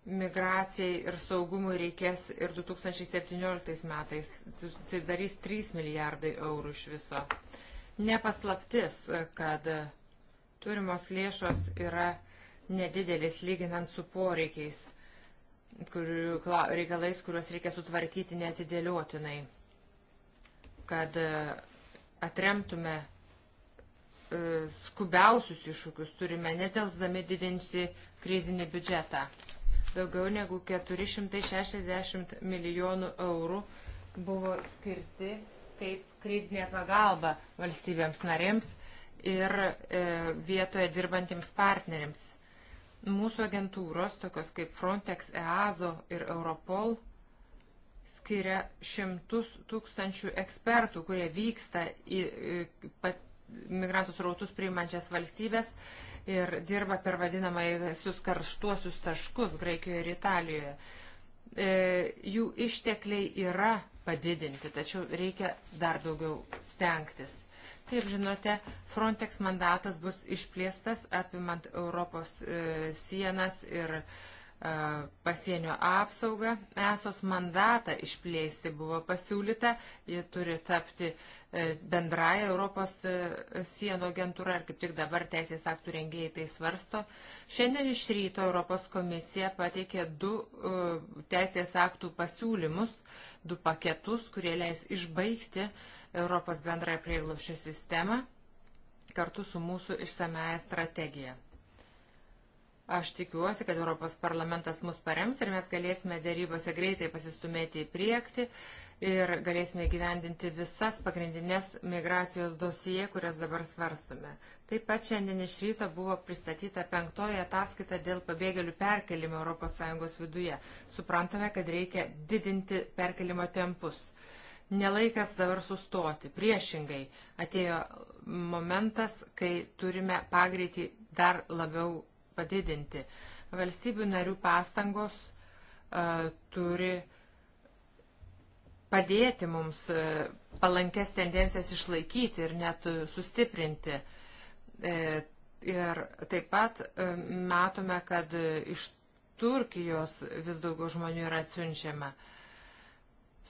migracijai ir saugumui reikės ir 2017 metais. Tai darys 3 milijardai eurų iš viso. Nepaslaptis, kad turimos lėšos yra nedidelis lyginant su poreikiais, kurių, reikalais, kuriuos reikia sutvarkyti netidėliotinai, kad e, atremtume e, skubiausius iššūkius turime nedelsdami didinti krizinį biudžetą daugiau negu 460 milijonų eurų buvo skirti kaip krizinė pagalba valstybėms narėms ir e, vietoje dirbantiems partneriams. Mūsų agentūros, tokios kaip Frontex, EASO ir Europol, skiria šimtus tūkstančių ekspertų, kurie vyksta į, į e, pat, migrantus rautus priimančias valstybės ir dirba per vadinamai suskarštuosius taškus Graikijoje ir Italijoje. E, jų ištekliai yra padidinti, tačiau reikia dar daugiau stengtis. Kaip žinote, Frontex mandatas bus išplėstas apimant Europos e, sienas ir e, pasienio apsaugą. ESOS mandatą išplėsti buvo pasiūlyta, ji turi tapti e, E, bendraja Europos e, sienų agentūra ir kaip tik dabar teisės aktų rengėjai tai svarsto. Šiandien iš ryto Europos komisija pateikė du e, teisės aktų pasiūlymus, du paketus, kurie leis išbaigti Europos bendrąją prieglaušio sistemą kartu su mūsų išsamea strategija. Aš tikiuosi, kad Europos parlamentas mus parems ir mes galėsime dėrybose greitai pasistumėti į priekti ir galėsime gyvendinti visas pagrindinės migracijos dosije, kurias dabar svarstome. Taip pat šiandien iš ryto buvo pristatyta penktoji ataskaita dėl pabėgėlių perkelimo ES viduje. Suprantame, kad reikia didinti perkelimo tempus. Nelaikas dabar sustoti. Priešingai atėjo momentas, kai turime pagreitį dar labiau padidinti. Valstybių narių pastangos uh, turi uh, padėti mums e, palankes tendencijas išlaikyti ir net e, sustiprinti. E, ir taip pat matome, kad iš Turkijos vis daugiau žmonių yra atsiunčiama.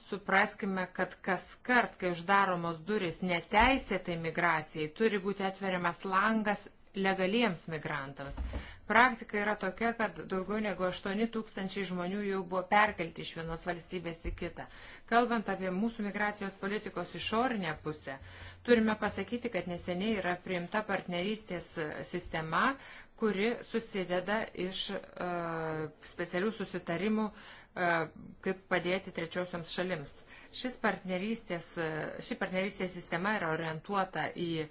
Supraskime, kad kas kart, kai uždaromos duris neteisėtai migracijai, turi būti atveriamas langas legaliems migrantams. Praktika yra tokia, kad daugiau negu 8 tūkstančiai žmonių jau buvo perkelti iš vienos valstybės į kitą. Kalbant apie mūsų migracijos politikos išorinę pusę, turime pasakyti, kad neseniai yra priimta partnerystės sistema, kuri susideda iš uh, specialių susitarimų, uh, kaip padėti trečiosioms šalims. Šis partnerystės, e, ši partnerystės sistema yra orientuota į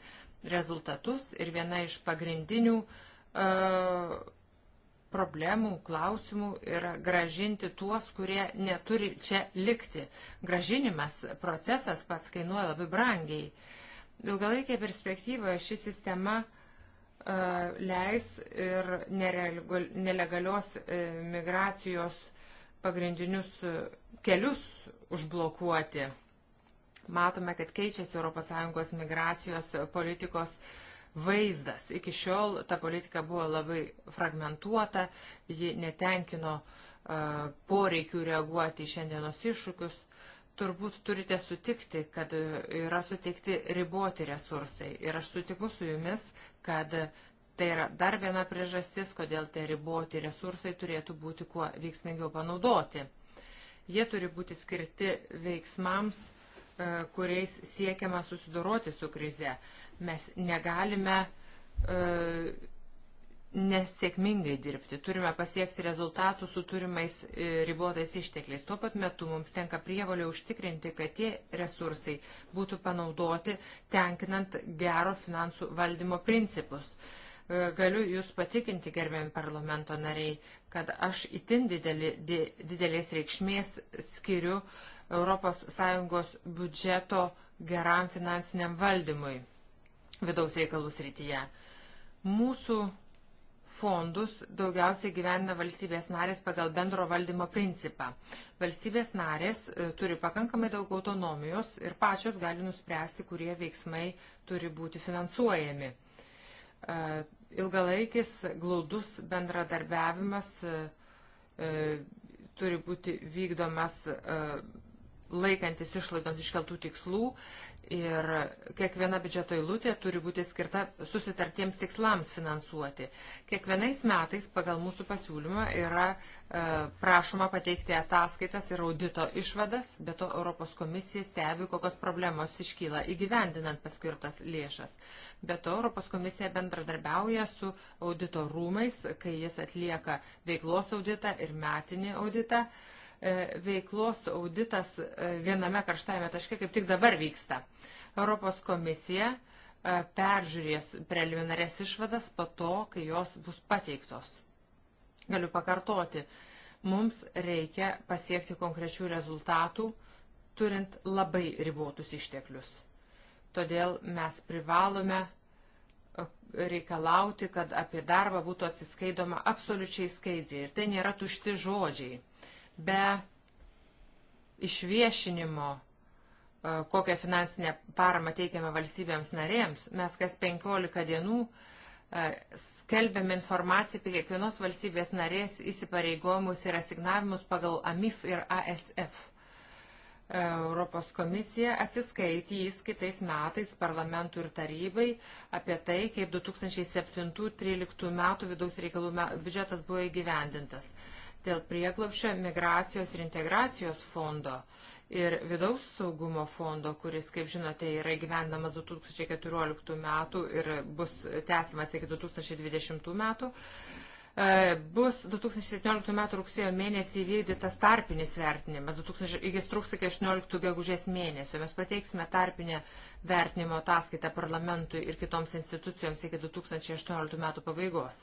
rezultatus ir viena iš pagrindinių uh, E, problemų, klausimų ir gražinti tuos, kurie neturi čia likti. Gražinimas, procesas pats kainuoja labai brangiai. Ilgalaikėje perspektyvoje ši sistema uh, leis ir nelegalios uh, migracijos pagrindinius uh, kelius užblokuoti. Matome, kad keičiasi ES migracijos politikos uh, vaizdas. Iki šiol ta politika buvo labai fragmentuota, ji netenkino poreikių reaguoti į šiandienos iššūkius. Turbūt turite sutikti, kad e, yra suteikti riboti resursai. Ir aš sutiku su jumis, kad tai yra dar viena priežastis, kodėl tie riboti resursai turėtų būti kuo veiksmingiau panaudoti. Jie turi būti skirti veiksmams, E, kuriais siekiama susidoroti su krize. Mes negalime e, nesėkmingai dirbti. Turime pasiekti rezultatų su turimais e, ribotais ištekliais. Tuo pat metu mums tenka prievalio užtikrinti, kad tie resursai būtų panaudoti tenkinant gero finansų valdymo principus. Galiu Jūs patikinti, gerbėjami parlamento nariai, kad aš itin didelį, didelės reikšmės skiriu uh, ES biudžeto geram finansiniam valdymui vidaus reikalų srityje. Mūsų fondus daugiausiai gyvena valstybės narės pagal bendro valdymo principą. Valstybės narės e, turi pakankamai daug autonomijos ir pačios gali nuspręsti, kurie veiksmai turi būti finansuojami. E, ilgalaikis glaudus bendradarbiavimas e, turi būti vykdomas laikantis išlaidoms iškeltų tikslų ir kiekviena biudžeto eilutė turi būti skirta susitartiems tikslams finansuoti. Kiekvienais metais pagal mūsų pasiūlymą yra e, prašoma pateikti ataskaitas ir audito išvadas, bet to Europos komisija stebi, kokios problemos iškyla įgyvendinant paskirtas lėšas. Bet to Europos komisija bendradarbiauja su audito rūmais, kai jis atlieka veiklos auditą ir metinį auditą. E, E, veiklos auditas e, viename karštajame taške kaip tik dabar vyksta. Europos komisija e, peržiūrės preliminarės išvadas po to, kai jos bus pateiktos. Galiu pakartoti, mums reikia pasiekti konkrečių rezultatų, turint labai ribotus išteklius. Todėl mes privalome reikalauti, kad apie darbą būtų atsiskaidoma absoliučiai skaidriai. Ir tai nėra tušti žodžiai be išviešinimo, e, kokią finansinę paramą teikiame valstybėms narėms, mes kas 15 dienų e, skelbiam informaciją apie kiekvienos valstybės narės įsipareigojimus ir asignavimus pagal AMIF ir ASF. E, Europos komisija atsiskaitys kitais metais parlamentų ir tarybai apie tai, kaip 2007-2013 metų vidaus reikalų biudžetas buvo įgyvendintas dėl prieglapščio migracijos ir integracijos fondo ir vidaus saugumo fondo, kuris, kaip žinote, yra gyvendamas 2014 metų ir bus tęsiamas iki 2020 metų. E, bus 2017 metų rugsėjo mėnesį įvykdytas tarpinis vertinimas, 2000, jis truks iki 18 gegužės mėnesio. Mes pateiksime tarpinę vertinimo ataskaitą parlamentui ir kitoms institucijoms iki 2018 metų pabaigos.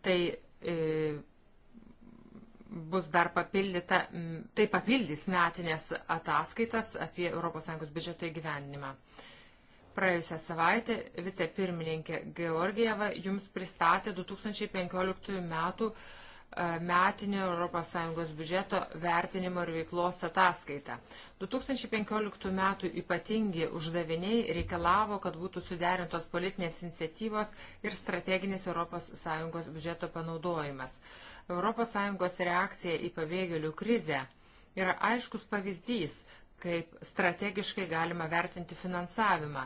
Tai e, bus dar papildyta, tai papildys metinės ataskaitas apie ES biudžeto įgyvendinimą. Praėjusią savaitę vicepirmininkė Georgieva jums pristatė 2015 metų e, metinio ES biudžeto vertinimo ir veiklos ataskaitą. 2015 metų ypatingi uždaviniai reikalavo, kad būtų suderintos politinės iniciatyvos ir strateginis ES biudžeto panaudojimas. ES reakcija į pabėgėlių krizę yra aiškus pavyzdys, kaip strategiškai galima vertinti finansavimą.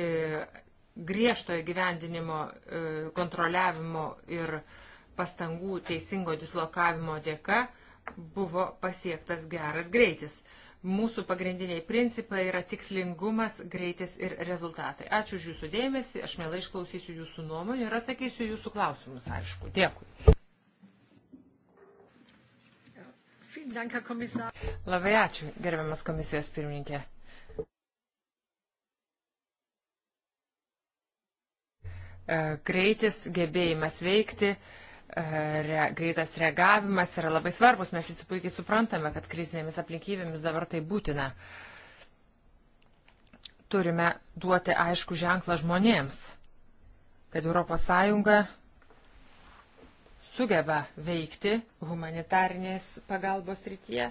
E, Griežtojo gyvendinimo, e, kontroliavimo ir pastangų teisingo dislokavimo dėka buvo pasiektas geras greitis. Mūsų pagrindiniai principai yra tikslingumas, greitis ir rezultatai. Ačiū už Jūsų dėmesį, aš mielai išklausysiu Jūsų nuomonę ir atsakysiu Jūsų klausimus, aišku. Dėkui. Labai ačiū, gerbiamas komisijos pirmininkė. E, greitis, gebėjimas veikti, e, re, greitas reagavimas yra labai svarbus. Mes visi puikiai suprantame, kad krizinėmis aplinkybėmis dabar tai būtina. Turime duoti aišku ženklą žmonėms, kad ES sugeba veikti humanitarnės pagalbos rytyje.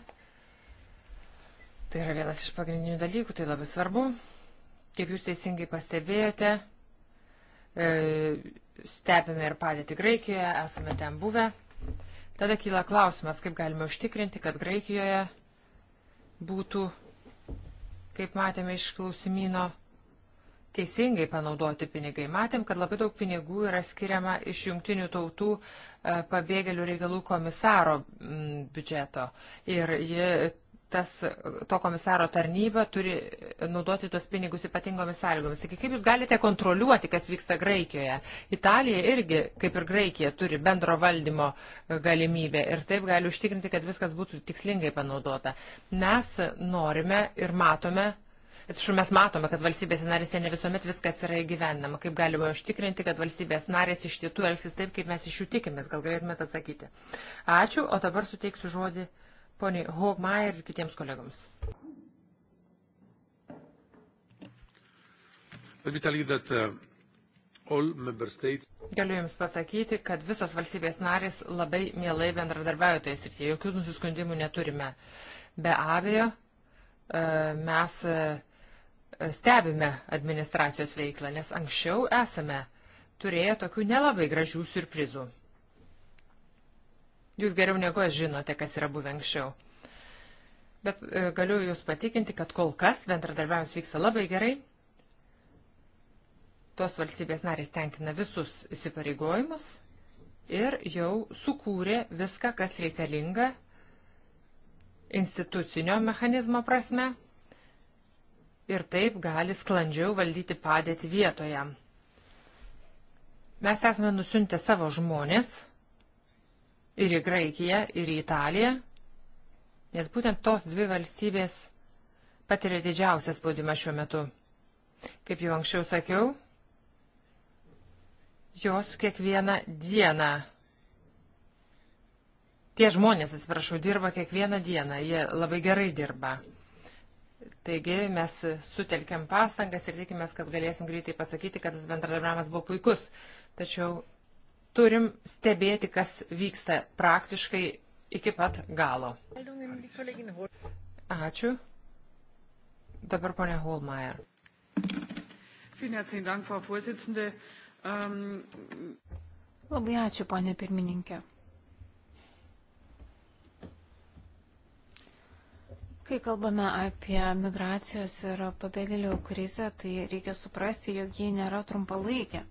Tai yra vienas iš pagrindinių dalykų, tai labai svarbu. Kaip jūs teisingai pastebėjote, e, stebime ir padėti Graikijoje, esame ten buvę. Tada kyla klausimas, kaip galime užtikrinti, kad Graikijoje būtų, kaip matėme iš klausimino, teisingai panaudoti pinigai. Matėm, kad labai daug pinigų yra skiriama iš jungtinių tautų e, pabėgėlių reikalų komisaro biudžeto. Ir ji, tas, to komisaro tarnyba turi naudoti tos pinigus ypatingomis sąlygomis. Taigi, kaip jūs galite kontroliuoti, kas vyksta Graikijoje? Italija irgi, kaip ir Graikija, turi bendro valdymo e, galimybę ir taip gali užtikrinti, kad viskas būtų tikslingai panaudota. Mes norime ir matome Atsiprašau, mes matome, kad valstybės narėse ne visuomet viskas yra įgyvendama. Kaip galima užtikrinti, kad valstybės narės iš tiesų elgsis taip, kaip mes iš jų tikimės? Gal galėtumėte atsakyti? Ačiū, o dabar suteiksiu žodį poniai Hogmai ir kitiems kolegoms. Uh, Galiu Jums pasakyti, kad visos valstybės narės labai mielai bendradarbiauja toje srityje, jokių nusiskundimų neturime. Be abejo, uh, mes uh, stebime administracijos veiklą, nes anksčiau esame turėję tokių nelabai gražių surprizų. Jūs geriau negu aš žinote, kas yra buvę anksčiau. Bet e, galiu Jūs patikinti, kad kol kas bendradarbiavimas vyksta labai gerai. Tos valstybės narės tenkina visus įsipareigojimus ir jau sukūrė viską, kas reikalinga institucinio mechanizmo prasme ir taip gali sklandžiau valdyti padėtį vietoje. Mes esame nusiuntę savo žmonės ir į Graikiją, ir į Italiją, nes būtent tos dvi valstybės patiria didžiausią spaudimą šiuo metu. Kaip jau anksčiau sakiau, jos kiekvieną dieną Tie žmonės, atsiprašau, dirba kiekvieną dieną, jie labai gerai dirba. Taigi mes sutelkiam pastangas ir tikimės, kad galėsim greitai pasakyti, kad tas bendradarbiavimas buvo puikus. Tačiau turim stebėti, kas vyksta praktiškai iki pat galo. Ačiū. Dabar ponia Holmeier. Ähm, Labai ačiū, ponė pirmininkė. Kai kalbame apie migracijos ir pabėgėlių krizę, tai reikia suprasti, jog ji nėra trumpalaikė.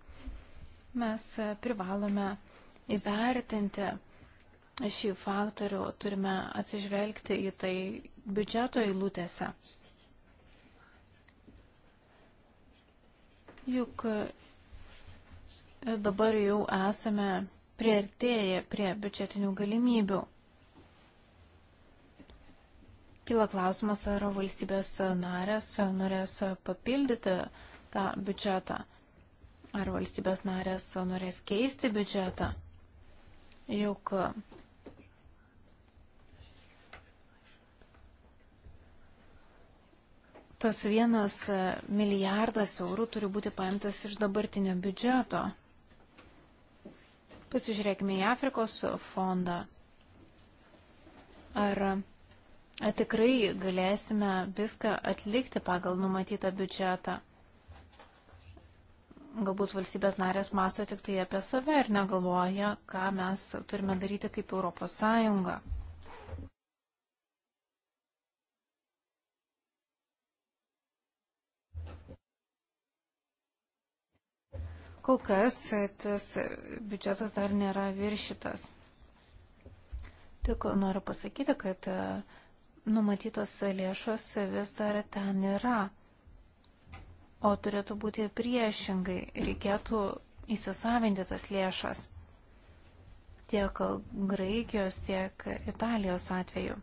Mes privalome įvertinti šį faktorių, turime atsižvelgti į tai biudžeto eilutėse. Juk dabar jau esame prieartėję prie biudžetinių galimybių. Kila klausimas, ar valstybės narės norės papildyti tą biudžetą, ar valstybės narės norės keisti biudžetą. Juk tas vienas milijardas eurų turi būti paimtas iš dabartinio biudžeto. Pasižiūrėkime į Afrikos fondą. Ar tikrai galėsime viską atlikti pagal numatytą biudžetą. Galbūt valstybės narės masto tik tai apie save ir negalvoja, ką mes turime daryti kaip Europos Sąjunga. Kol kas tas biudžetas dar nėra viršytas. Tik noriu pasakyti, kad uh, numatytos lėšos vis dar ten yra. O turėtų būti priešingai, reikėtų įsisavinti tas lėšas tiek Graikijos, tiek Italijos atveju.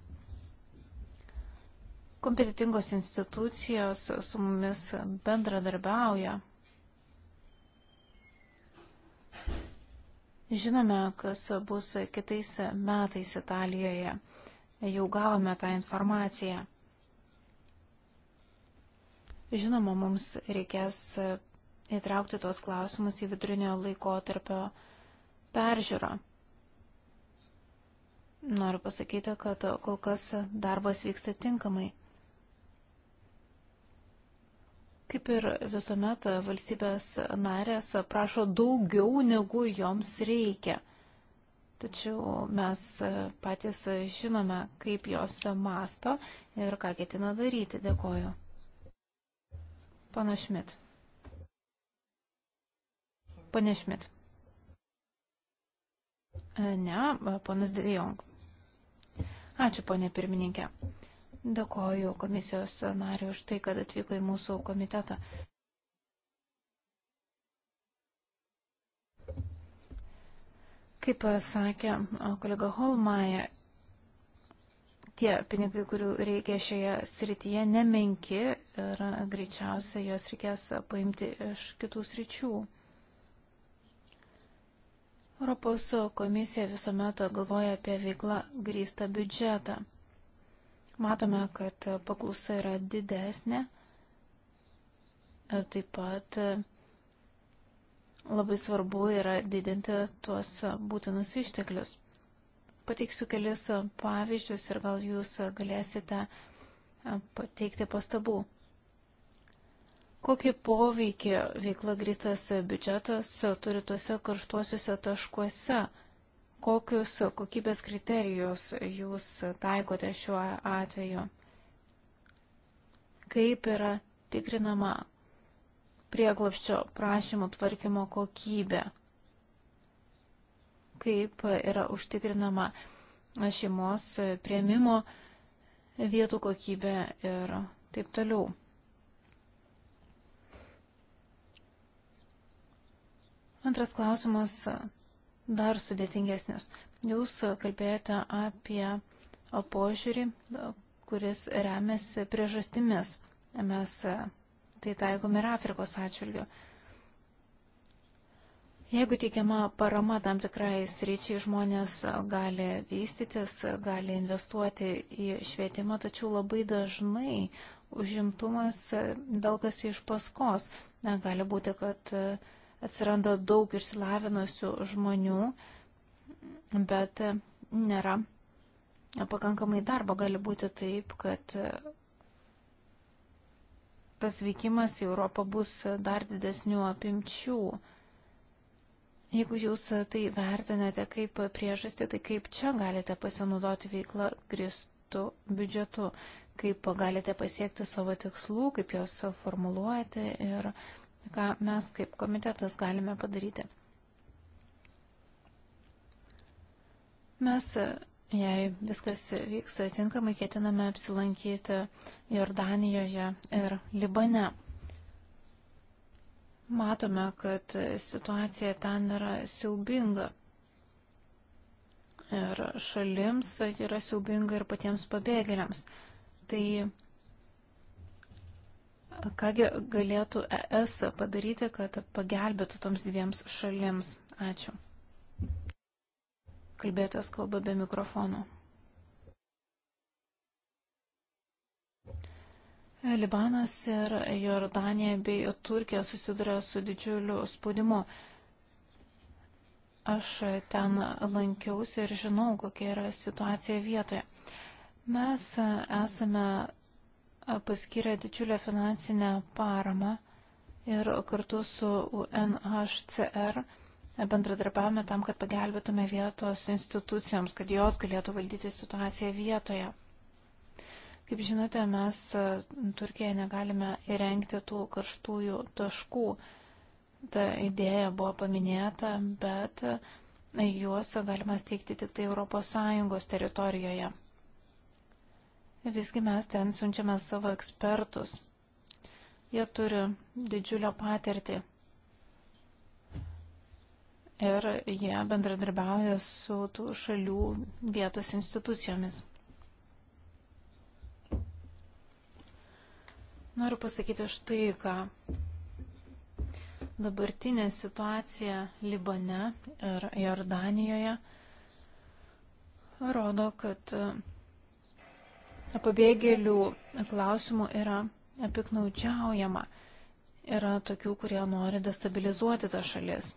Kompetitingos institucijos su mumis bendradarbiauja. Žinome, kas bus kitais metais Italijoje jau gavome tą informaciją. Žinoma, mums reikės įtraukti tos klausimus į vidurinio laikotarpio peržiūrą. Noriu pasakyti, kad kol kas darbas vyksta tinkamai. Kaip ir visuomet, valstybės narės prašo daugiau, negu joms reikia – tačiau mes e, patys žinome, kaip jos masto ir ką ketina daryti. Dėkoju. Pana Šmit. Pane Šmit. E, ne, e, ponas Dijong. Ačiū, ponė pirmininkė. Dėkoju komisijos nariu už tai, kad atvyko į mūsų komitetą. Kaip e, sakė kolega Holmaja, tie pinigai, kurių reikia šioje srityje, nemenki ir greičiausiai juos reikės paimti iš kitų sričių. Europos komisija visuomet galvoja apie veiklą grįstą biudžetą. Matome, kad paklausa yra didesnė ir taip pat labai svarbu yra didinti tuos būtinus išteklius. Pateiksiu kelis pavyzdžius ir gal jūs galėsite pateikti pastabų. Kokį poveikį veikla grįstas biudžetas turi tuose karštuosiuose taškuose? Kokius kokybės kriterijus jūs taikote šiuo atveju? Kaip yra tikrinama prieglapščio prašymų tvarkymo kokybė, kaip yra užtikrinama šeimos prieimimo vietų kokybė ir taip toliau. Antras klausimas dar sudėtingesnis. Jūs kalbėjote apie požiūrį, kuris remiasi priežastimis. Mes tai taikom ir Afrikos atšvilgiu. Jeigu teikiama parama tam tikrai sričiai, žmonės gali vystytis, gali investuoti į švietimą, tačiau labai dažnai užimtumas velkasi iš paskos. Na, gali būti, kad atsiranda daug išsilavinusių žmonių, bet nėra pakankamai darbo. Gali būti taip, kad tas vykimas į Europą bus dar didesnių apimčių. Jeigu jūs tai vertinate kaip priežastį, tai kaip čia galite pasinaudoti veiklą gristų biudžetu, kaip galite pasiekti savo tikslų, kaip juos formuluoti ir ką mes kaip komitetas galime padaryti. Mes Jei viskas vyks tinkamai, ketiname apsilankyti Jordanijoje ir Libane. Matome, kad situacija ten yra siaubinga. Ir šalims yra siaubinga ir patiems pabėgėliams. Tai kągi galėtų ES padaryti, kad pagelbėtų toms dviems šalims? Ačiū. Kalbėtas kalba be mikrofono. Libanas ir Jordanija bei Turkija susiduria su didžiuliu spaudimu. Aš ten lankiausi ir žinau, kokia yra situacija vietoje. Mes esame paskyrę didžiulę finansinę paramą ir kartu su UNHCR bendradarbiavome tam, kad pagelbėtume vietos institucijoms, kad jos galėtų valdyti situaciją vietoje. Kaip žinote, mes e, Turkijoje negalime įrengti tų karštųjų taškų. Ta idėja buvo paminėta, bet e, juos galima steigti tik tai ES teritorijoje. Visgi mes ten siunčiame savo ekspertus. Jie turi didžiulę patirtį ir jie bendradarbiauja su tų šalių vietos institucijomis. Noriu pasakyti štai ką. Dabartinė situacija Libane ir Jordanijoje rodo, kad e, pabėgėlių klausimų yra piknaudžiaujama. Yra tokių, kurie nori destabilizuoti tą šalis.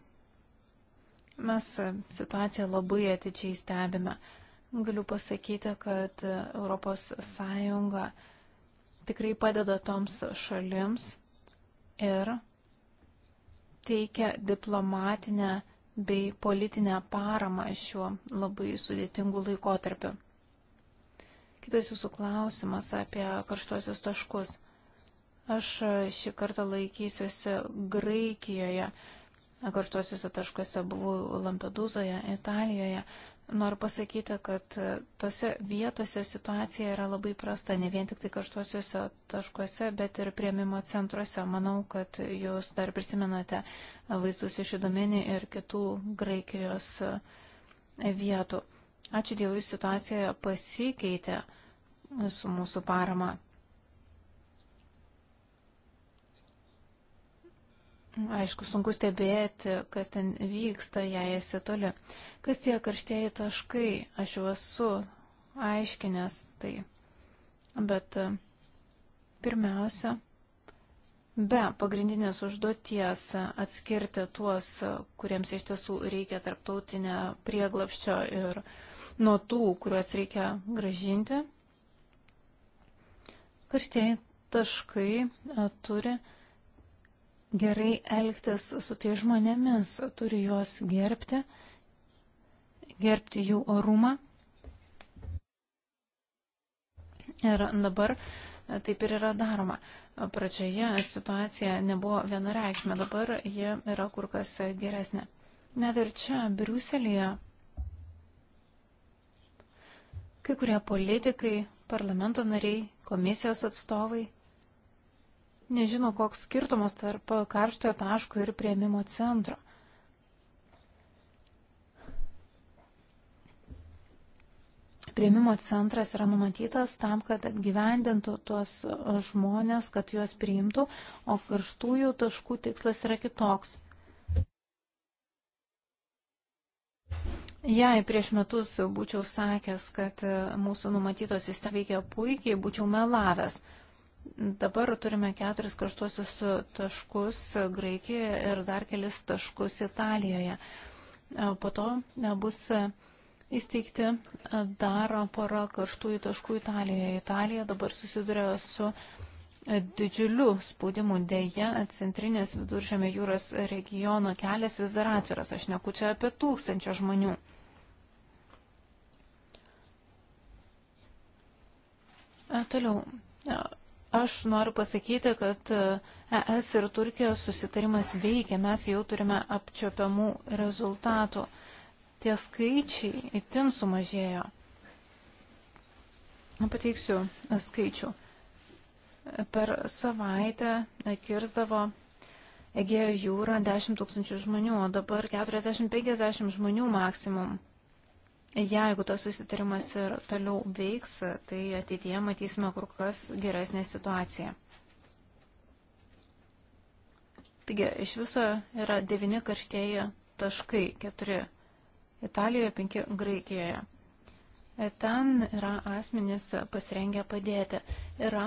Mes e, situaciją labai atidžiai stebime. Galiu pasakyti, kad ES tikrai padeda toms šalims ir teikia diplomatinę bei politinę paramą šiuo labai sudėtingu laikotarpiu. Kitas jūsų klausimas apie karštuosius taškus. Aš šį kartą laikysiuosi Graikijoje karštuosiuose taškuose, buvau Lampedūzoje, Italijoje. Noriu pasakyti, kad tose vietose situacija yra labai prasta, ne vien tik tai karštuosiuose taškuose, bet ir prieimimo centruose. Manau, kad jūs dar prisimenate vaizdus iš įdomenį ir kitų Graikijos vietų. Ačiū Dievui, situacija pasikeitė su mūsų parama. Aišku, sunku stebėti, kas ten vyksta, jei esi toli. Kas tie karštieji taškai, aš jau esu aiškinęs tai. Bet e, pirmiausia, be pagrindinės užduoties atskirti tuos, kuriems iš tiesų reikia tarptautinę prieglapščio ir nuo tų, kuriuos reikia gražinti, karštieji taškai e, turi gerai elgtis su tai žmonėmis, turi juos gerbti, gerbti jų orumą. Ir dabar taip ir yra daroma. Pradžioje situacija nebuvo vienareikšmė, dabar ji yra kur kas geresnė. Net ir čia, Briuselėje, kai kurie politikai, parlamento nariai, komisijos atstovai nežino, koks skirtumas tarp karštojo taško ir prieimimo centro. Prieimimo centras yra numatytas tam, kad apgyvendintų tuos žmonės, kad juos priimtų, o karštųjų taškų tikslas yra kitoks. Jei prieš metus būčiau sakęs, kad mūsų numatytos sistema veikia puikiai, būčiau melavęs. Dabar turime keturis karštuosius taškus Graikijoje ir dar kelis taškus Italijoje. Po to bus įsteigti dar porą karštųjų taškų Italijoje. Italija dabar susiduria su didžiuliu spaudimu dėja centrinės viduržėme jūros regiono kelias vis dar atviras. Aš neku čia apie tūkstančią žmonių. Toliau. Aš noriu pasakyti, kad ES e ir Turkijos susitarimas veikia, mes jau turime apčiopiamų rezultatų. Tie skaičiai itin sumažėjo. Pateiksiu e, skaičių. Per savaitę e, kirzdavo Egėjo jūrą 10 tūkstančių žmonių, o dabar 40-50 žmonių maksimum. Jeigu tas susitarimas ir toliau veiks, tai ateityje matysime kur kas geresnę situaciją. Taigi, iš viso yra devini karštieji taškai, keturi Italijoje, penki Graikijoje. E, ten yra asmenys pasirengę padėti. Yra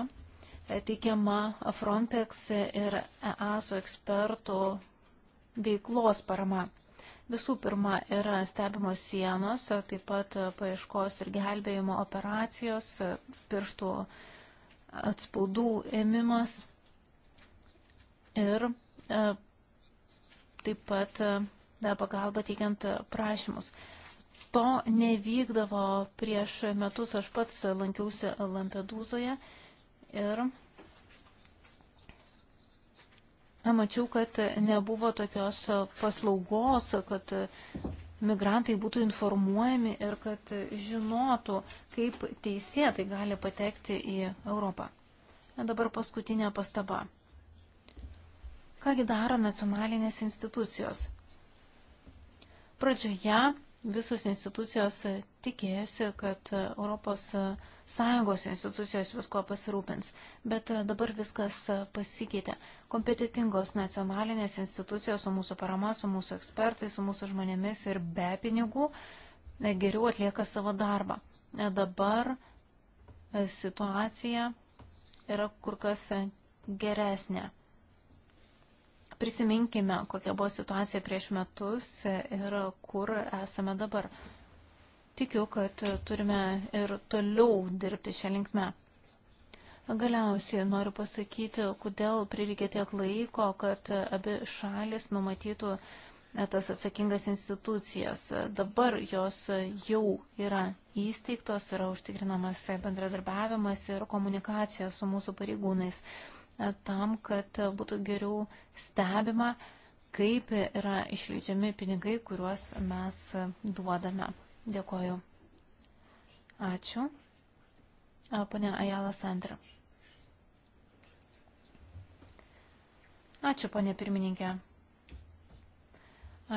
e, teikiama Frontex ir EASO ekspertų veiklos parama. Visų pirma, yra stebimos sienos, taip pat paieškos ir gelbėjimo operacijos, pirštų atspaudų ėmimas ir e, taip pat e, pagalba teikiant prašymus. To nevykdavo prieš metus, aš pats lankiausi Lampedūzoje ir mačiau, kad nebuvo tokios e, paslaugos, kad e, migrantai būtų informuojami ir kad žinotų, kaip teisėtai gali patekti į Europą. Dabar paskutinė pastaba. Kągi daro nacionalinės institucijos? Pradžioje visos institucijos tikėjosi, kad Europos Sąjungos sąjungos institucijos visko pasirūpins. Bet e, dabar viskas e, pasikeitė. Kompetitingos nacionalinės institucijos su mūsų parama, su mūsų ekspertais, su mūsų žmonėmis ir be pinigų e, geriau atlieka savo darbą. Dabar situacija yra kur kas geresnė. Prisiminkime, kokia buvo situacija prieš metus ir kur esame dabar. Tikiu, kad turime ir toliau dirbti šią linkmę. Galiausiai noriu pasakyti, kodėl prireikė tiek laiko, kad abi šalis numatytų tas atsakingas institucijas. Dabar jos jau yra įsteigtos, yra užtikrinamas bendradarbiavimas ir komunikacija su mūsų pareigūnais e, tam, kad būtų geriau stebima, kaip yra išleidžiami pinigai, kuriuos mes duodame. Dėkoju. Ačiū. Pane Ajala Sandra. Ačiū, ponė pirmininkė.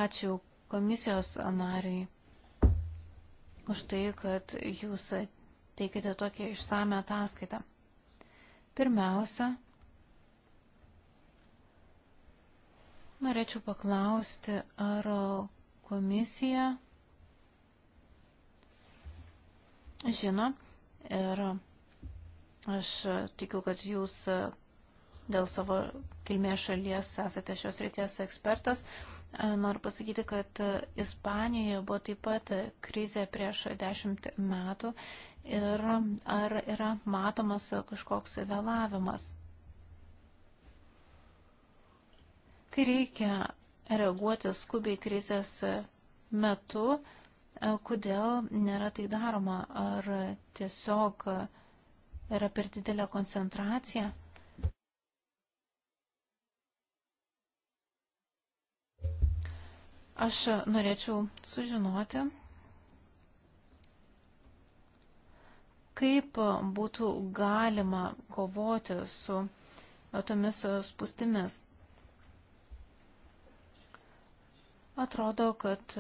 Ačiū komisijos nariai už tai, kad jūs teikite tokią išsame ataskaitą. Pirmiausia, norėčiau paklausti, ar komisija žino ir aš tikiu, kad jūs dėl savo kilmės šalies esate šios ryties ekspertas. Noriu pasakyti, kad Ispanijoje buvo taip pat krizė prieš dešimt metų ir ar yra matomas kažkoks vėlavimas. Kai reikia reaguoti skubiai krizės metu, Kodėl nėra tai daroma? Ar tiesiog yra per didelė koncentracija? Aš norėčiau sužinoti, kaip būtų galima kovoti su tomis spūstimis. Atrodo, kad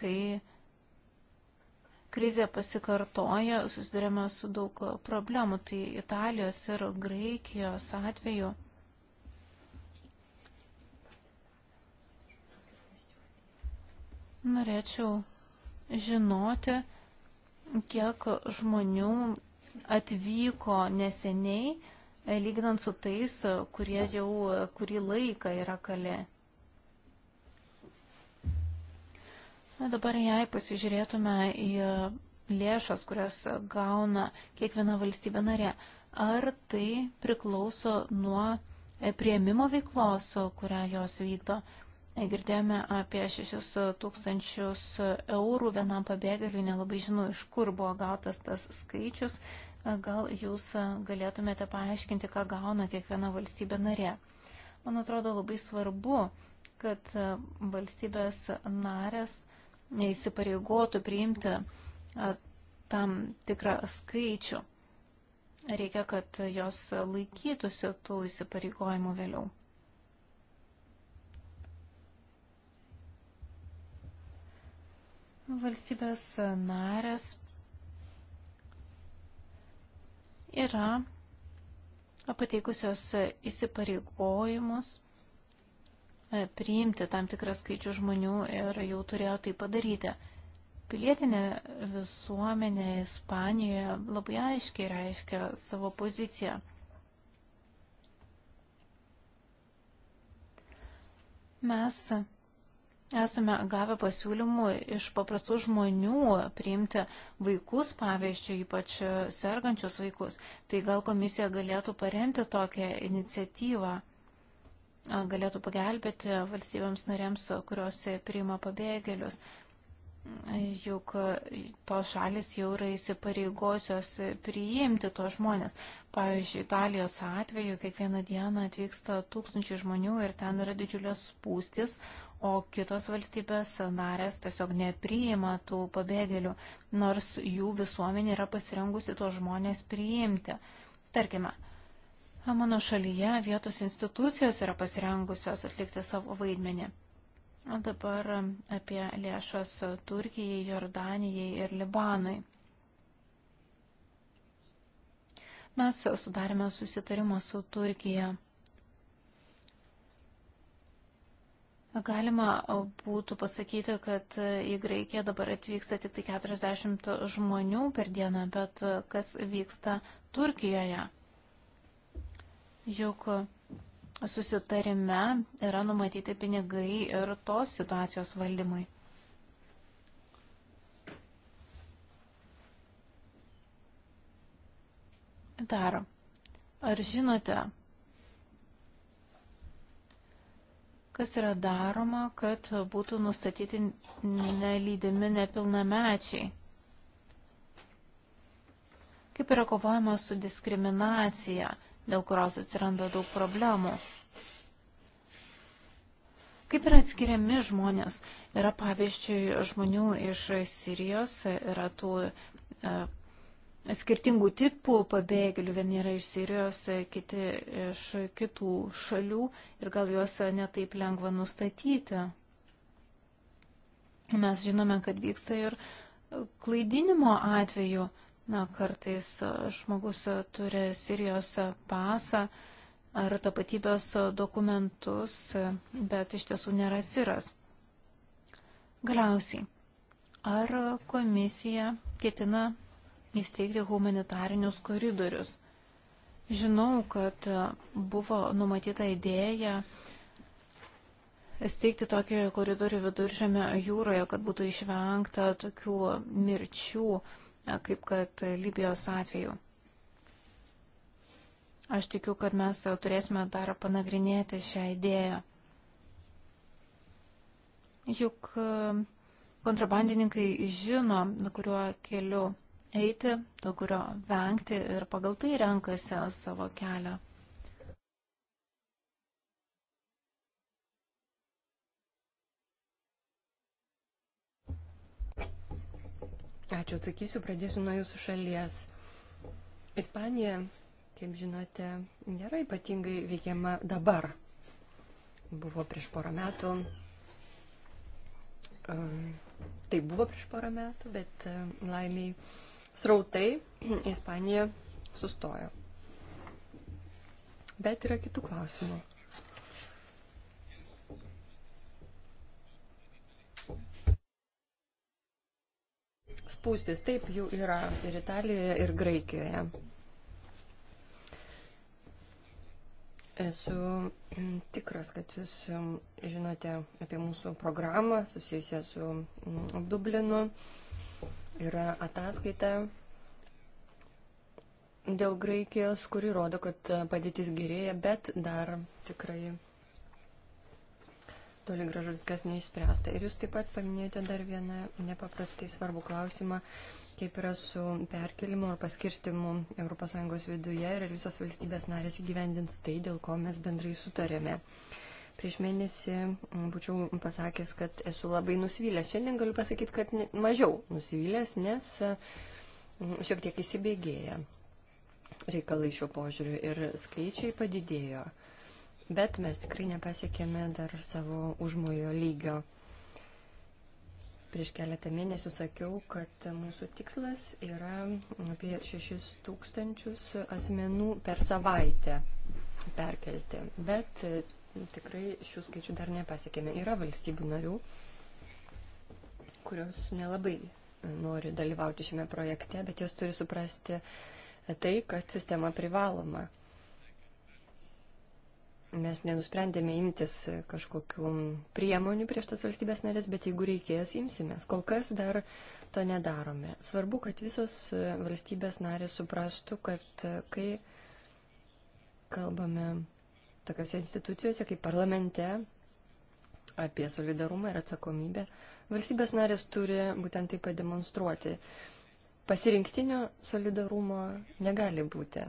kai krizė pasikartoja, susidurėme su daug problemų, tai Italijos ir Graikijos atveju. Norėčiau žinoti, kiek žmonių atvyko neseniai, lyginant su tais, kurie jau kurį laiką yra kalė. Na dabar jei pasižiūrėtume į e, lėšas, kurias gauna kiekviena valstybė narė, ar tai priklauso nuo e, prieimimo veiklos, kurią jos vykdo. E, girdėjome apie 6 tūkstančius eurų vienam pabėgėliui, nelabai žinau, iš kur buvo gautas tas skaičius. Gal jūs galėtumėte paaiškinti, ką gauna kiekviena valstybė narė. Man atrodo labai svarbu, kad valstybės narės neįsipareigotų priimti tam tikrą skaičių. Reikia, kad jos laikytųsi tų įsipareigojimų vėliau. Valstybės narės yra pateikusios įsipareigojimus E, priimti tam tikrą skaičių žmonių ir jau turėjo tai padaryti. Pilietinė visuomenė Ispanijoje labai aiškiai reiškia savo poziciją. Mes esame gavę pasiūlymų iš paprastų žmonių priimti vaikus, pavyzdžiui, ypač sergančius vaikus. Tai gal komisija galėtų paremti tokią iniciatyvą galėtų pagelbėti valstybėms narėms, kurios priima pabėgėlius. Juk tos šalis jau yra įsipareigosios priimti tos žmonės. Pavyzdžiui, Italijos atveju kiekvieną dieną atvyksta tūkstančiai žmonių ir ten yra didžiulės spūstis, o kitos valstybės narės tiesiog nepriima tų pabėgėlių, nors jų visuomenė yra pasirengusi tuos žmonės priimti. Tarkime, Mano šalyje vietos institucijos yra pasirengusios atlikti savo vaidmenį. Dabar apie lėšas Turkijai, Jordanijai ir Libanui. Mes sudarėme susitarimą su Turkija. Galima būtų pasakyti, kad į Graikiją dabar atvyksta tik 40 tai žmonių per dieną, bet kas vyksta Turkijoje? juk susitarime yra numatyti pinigai ir tos situacijos valdymui. Dar, ar žinote, kas yra daroma, kad būtų nustatyti nelydimi nepilnamečiai? Kaip yra kovojama su diskriminacija? dėl kurios atsiranda daug problemų. Kaip yra atskiriami žmonės? Yra pavyzdžiui žmonių iš Sirijos, yra tų e, skirtingų tipų pabėgėlių, vieni yra iš Sirijos, kiti iš kitų šalių ir gal juos netaip lengva nustatyti. Mes žinome, kad vyksta ir klaidinimo atveju. E, Na, kartais žmogus turi Sirijos pasą ar tapatybės dokumentus, bet iš tiesų nėra Siras. Galiausiai, ar komisija ketina įsteigti humanitarinius koridorius? Žinau, kad buvo numatyta idėja steigti tokį koridorių viduržėme jūroje, kad būtų išvengta tokių mirčių kaip kad Libijos atveju. Aš tikiu, kad mes turėsime dar panagrinėti šią idėją. Juk e, kontrabandininkai žino, kuriuo keliu eiti, to kurio vengti ir pagal tai renkasi savo kelią. Ačiū, atsakysiu, pradėsiu nuo jūsų šalies. Ispanija, kaip žinote, nėra ypatingai veikiama dabar. Buvo prieš porą metų. Tai buvo prieš porą metų, bet laimiai srautai Ispanija sustojo. Bet yra kitų klausimų. spūstis. Taip jų yra ir Italijoje, ir Graikijoje. Esu tikras, kad jūs um, žinote apie mūsų programą susijusią su mm, Dublinu. Yra ataskaita dėl Graikijos, kuri rodo, kad padėtis gerėja, bet dar tikrai toli gražu viskas neišspręsta. Ir jūs taip pat paminėjote dar vieną nepaprastai svarbų klausimą, kaip yra su perkelimu ar paskirstimu ES viduje ir visos valstybės narės įgyvendins tai, dėl ko mes bendrai sutarėme. Prieš mėnesį būčiau pasakęs, kad esu labai nusivylęs. Šiandien galiu pasakyti, kad mažiau nusivylęs, nes šiek tiek įsibėgėja reikalai šiuo požiūriu ir skaičiai padidėjo bet mes tikrai nepasiekėme dar savo užmojo lygio. Prieš keletą mėnesių sakiau, kad mūsų tikslas yra apie 6 tūkstančius asmenų per savaitę perkelti, bet tikrai šių skaičių dar nepasiekėme. Yra valstybių narių, kurios nelabai nori dalyvauti šiame projekte, bet jos turi suprasti tai, kad sistema privaloma mes nenusprendėme imtis kažkokių priemonių prieš tas valstybės narės, bet jeigu reikės, imsimės. Kol kas dar to nedarome. Svarbu, kad visos valstybės narės suprastų, kad kai kalbame tokiose institucijose kaip parlamente apie solidarumą ir atsakomybę, valstybės narės turi būtent tai pademonstruoti. Pasirinktinio solidarumo negali būti.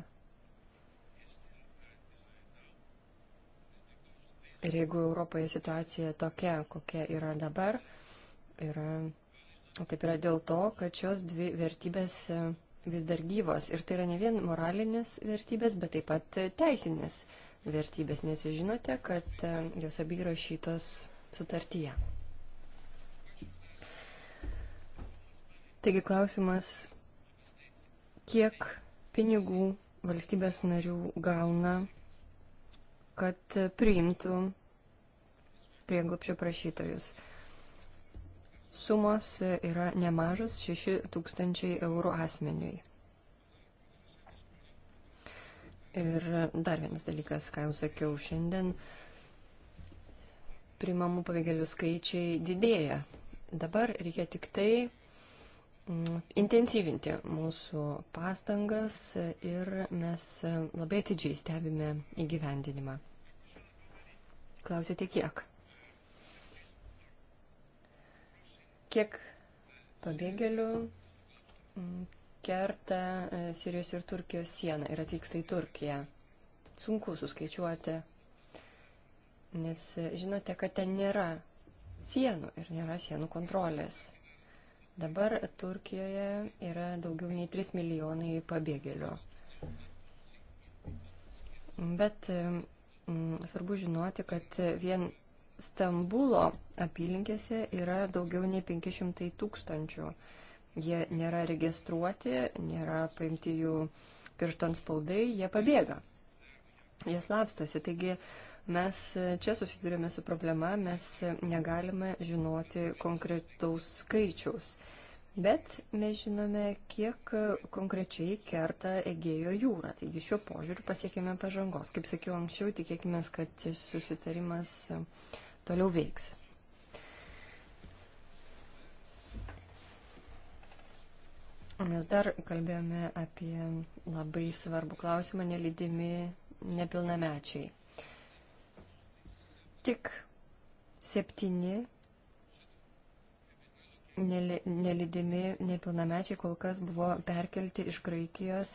Ir jeigu Europoje situacija tokia, kokia yra dabar, yra, taip yra dėl to, kad šios dvi vertybės e, vis dar gyvos. Ir tai yra ne vien moralinės vertybės, bet taip pat teisinės vertybės, nes jūs žinote, kad e, jos abi yra šitos sutartyje. Taigi klausimas, kiek pinigų valstybės narių gauna kad priimtų prieglopšio prašytojus. Sumos yra nemažas 6 tūkstančiai eurų asmeniui. Ir dar vienas dalykas, ką jau sakiau, šiandien primamų pabėgėlių skaičiai didėja. Dabar reikia tik tai mm, intensyvinti mūsų pastangas ir mes labai atidžiai stebime įgyvendinimą. Klausėte kiek? Kiek pabėgėlių mm, kerta e, Sirijos ir Turkijos sieną ir atvyksta į Turkiją? Sunku suskaičiuoti, nes e, žinote, kad ten nėra sienų ir nėra sienų kontrolės. Dabar Turkijoje yra daugiau nei 3 milijonai pabėgėlių. Bet e, Mm, svarbu žinoti, kad vien Stambulo apylinkėse yra daugiau nei 500 tūkstančių. Jie nėra registruoti, nėra paimti jų pirštant spaudai, jie pabėga. Jie slapstosi. Taigi mes čia susidurėme su problema, mes negalime žinoti konkretaus skaičiaus. Bet mes žinome, kiek konkrečiai kerta Egėjo jūra. Taigi šiuo požiūriu pasiekėme pažangos. Kaip sakiau anksčiau, tikėkime, kad šis susitarimas toliau veiks. Mes dar kalbėjome apie labai svarbų klausimą nelydimi nepilnamečiai. Tik septyni nelidimi nepilnamečiai kol kas buvo perkelti iš Graikijos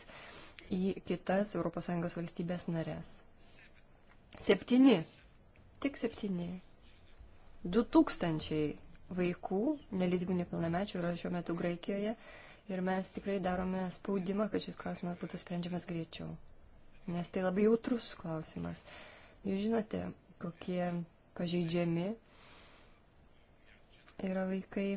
į kitas ES valstybės narės. Septyni. Tik septyni. Du tūkstančiai vaikų, nelydimų nepilnamečių yra šiuo metu Graikijoje ir mes tikrai darome spaudimą, kad šis klausimas būtų sprendžiamas greičiau. Nes tai labai jautrus klausimas. Jūs žinote, kokie pažeidžiami yra vaikai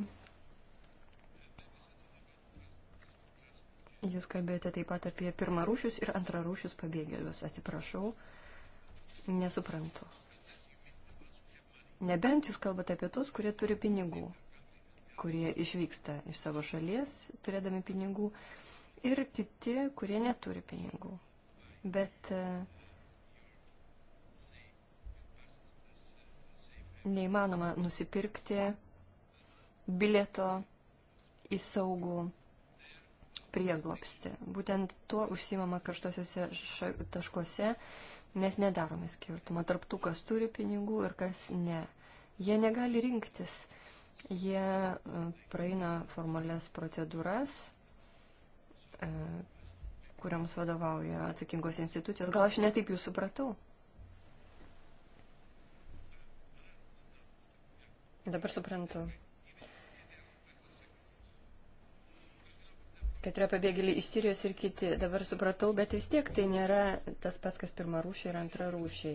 Jūs kalbėjote taip pat apie pirmarūšius ir antrarūšius pabėgėlius. Atsiprašau, nesuprantu. Nebent jūs kalbate apie tos, kurie turi pinigų, kurie išvyksta iš savo šalies turėdami pinigų ir kiti, kurie neturi pinigų. Bet e, neįmanoma nusipirkti bilieto į saugų prieglopsti. Būtent tuo užsimama karštosiuose taškuose. Mes nedarome skirtumą tarp tų, kas turi pinigų ir kas ne. Jie negali rinktis. Jie e, praeina formalias procedūras, e, kuriams vadovauja atsakingos institucijos. Gal aš netaip jūs supratau? Dabar suprantu. kad yra pabėgėliai iš Sirijos ir kiti. Dabar supratau, bet vis tiek tai nėra tas pats, kas pirmą rūšį ir antrą rūšį.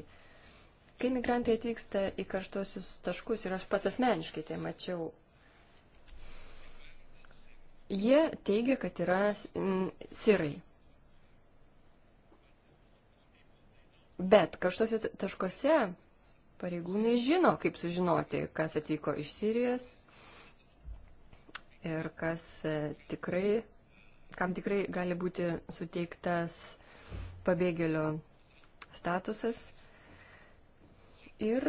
Kai migrantai atvyksta į karštuosius taškus ir aš pats asmeniškai tai mačiau, jie teigia, kad yra sirai. Bet karštuosiuose taškuose pareigūnai žino, kaip sužinoti, kas atvyko iš Sirijos ir kas e, tikrai kam tikrai gali būti suteiktas pabėgėlio statusas ir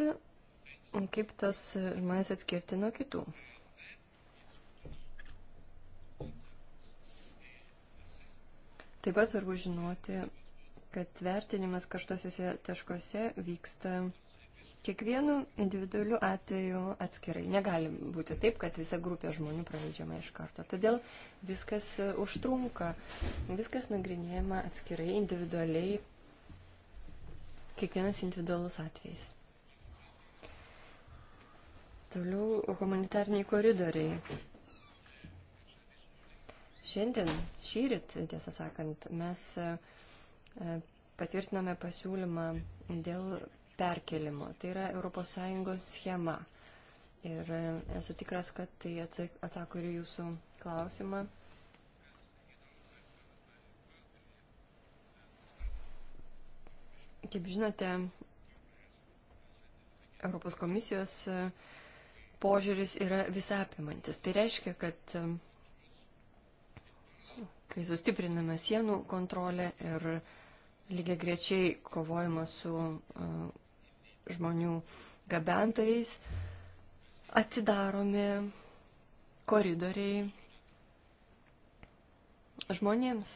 kaip tas žmonės atskirti nuo kitų. Taip pat svarbu žinoti, kad vertinimas karštosiuose taškuose vyksta Kiekvienu individualiu atveju atskirai. Negali būti taip, kad visa grupė žmonių praleidžiama iš karto. Todėl viskas e, užtrunka, viskas nagrinėjama atskirai, individualiai, kiekvienas individualus atvejis. Toliau humanitarniai koridoriai. Šiandien, šyrit, tiesą sakant, mes e, e, patvirtiname pasiūlymą dėl perkelimo. Tai yra ES schema. Ir e, esu tikras, kad tai atsako ir jūsų klausimą. Kaip žinote, Europos komisijos e, požiūris yra visapimantis. Tai reiškia, kad e, kai sustipriname sienų kontrolę ir lygiai grečiai kovojama su žmonių gabentojais, atidaromi koridoriai žmonėms.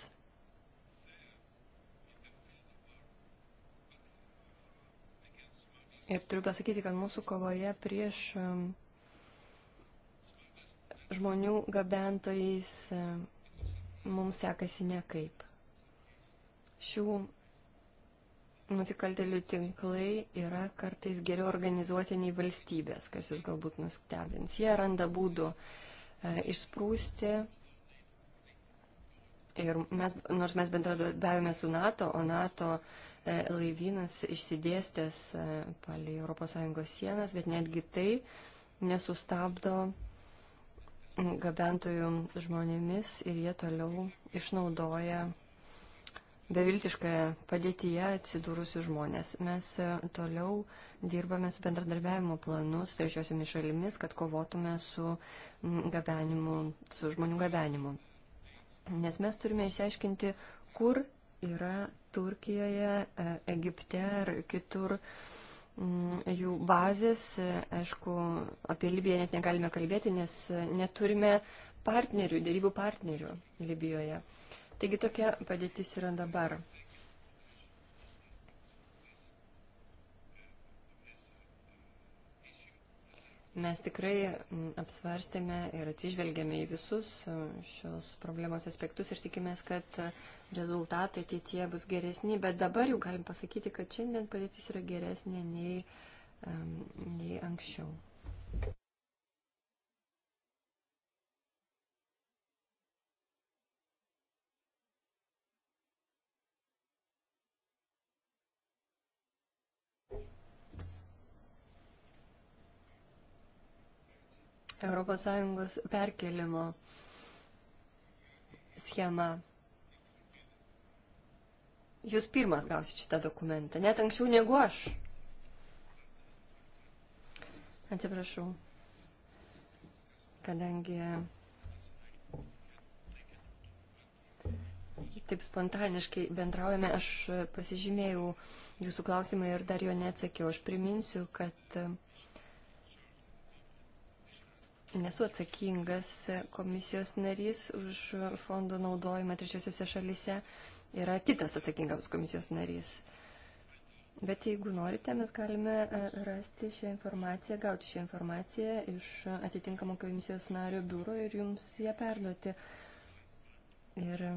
Ir turiu pasakyti, kad mūsų kovoje prieš um, žmonių gabentojais um, mums sekasi nekaip. Šių nusikaltelių tinklai yra kartais geriau organizuoti nei valstybės, kas jūs galbūt nustebins. Jie randa būdų e, išsprūsti. Ir mes, nors mes bendradarbiavime su NATO, o NATO e, laivynas išsidėstęs e, palei ES sienas, bet netgi tai nesustabdo gabentojų žmonėmis ir jie toliau išnaudoja beviltiškoje padėtyje atsidūrusius žmonės. Mes e, toliau dirbame su bendradarbiavimo planu su trečiosiomis šalimis, kad kovotume su, gabenimu, su žmonių gabenimu. Nes mes turime išsiaiškinti, kur yra Turkijoje, e, Egipte ar kitur jų bazės. E, aišku, apie Libiją net negalime kalbėti, nes neturime partnerių, dėrybų partnerių Libijoje. Taigi tokia padėtis yra dabar. Mes tikrai apsvarstėme ir atsižvelgėme į visus e, šios problemos aspektus ir tikimės, kad e, rezultatai ateitie bus geresni, bet dabar jau galim pasakyti, kad šiandien padėtis yra geresnė nei, nei anksčiau. ES perkelimo schema. Jūs pirmas gausit šitą dokumentą, net anksčiau negu aš. Atsiprašau, kadangi taip spontaniškai bendraujame, aš pasižymėjau jūsų klausimą ir dar jo neatsakiau. Aš priminsiu, kad nesu atsakingas komisijos narys už fondų naudojimą trečiosiuose šalyse, yra kitas atsakingas komisijos narys. Bet jeigu norite, mes galime e, rasti šią informaciją, gauti šią informaciją iš atitinkamo komisijos nario biuro ir jums ją perduoti. Ir e,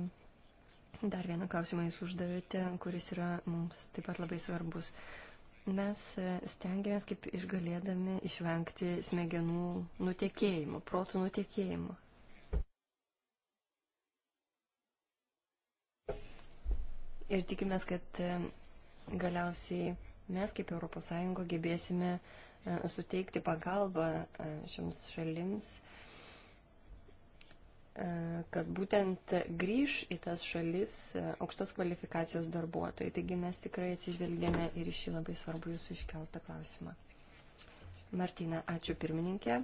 dar vieną klausimą jūs uždavėte, kuris yra mums taip pat labai svarbus. Uh, mes e, stengiamės kaip išgalėdami išvengti smegenų nutekėjimo, protų nutekėjimo. Ir tikimės, kad e, galiausiai mes kaip ES gebėsime e, suteikti pagalbą šioms šalims E, kad būtent grįž į tas šalis e, aukštos kvalifikacijos darbuotojai. Taigi mes tikrai atsižvelgėme ir į šį labai svarbų jūsų iškeltą klausimą. Martina, ačiū pirmininkė.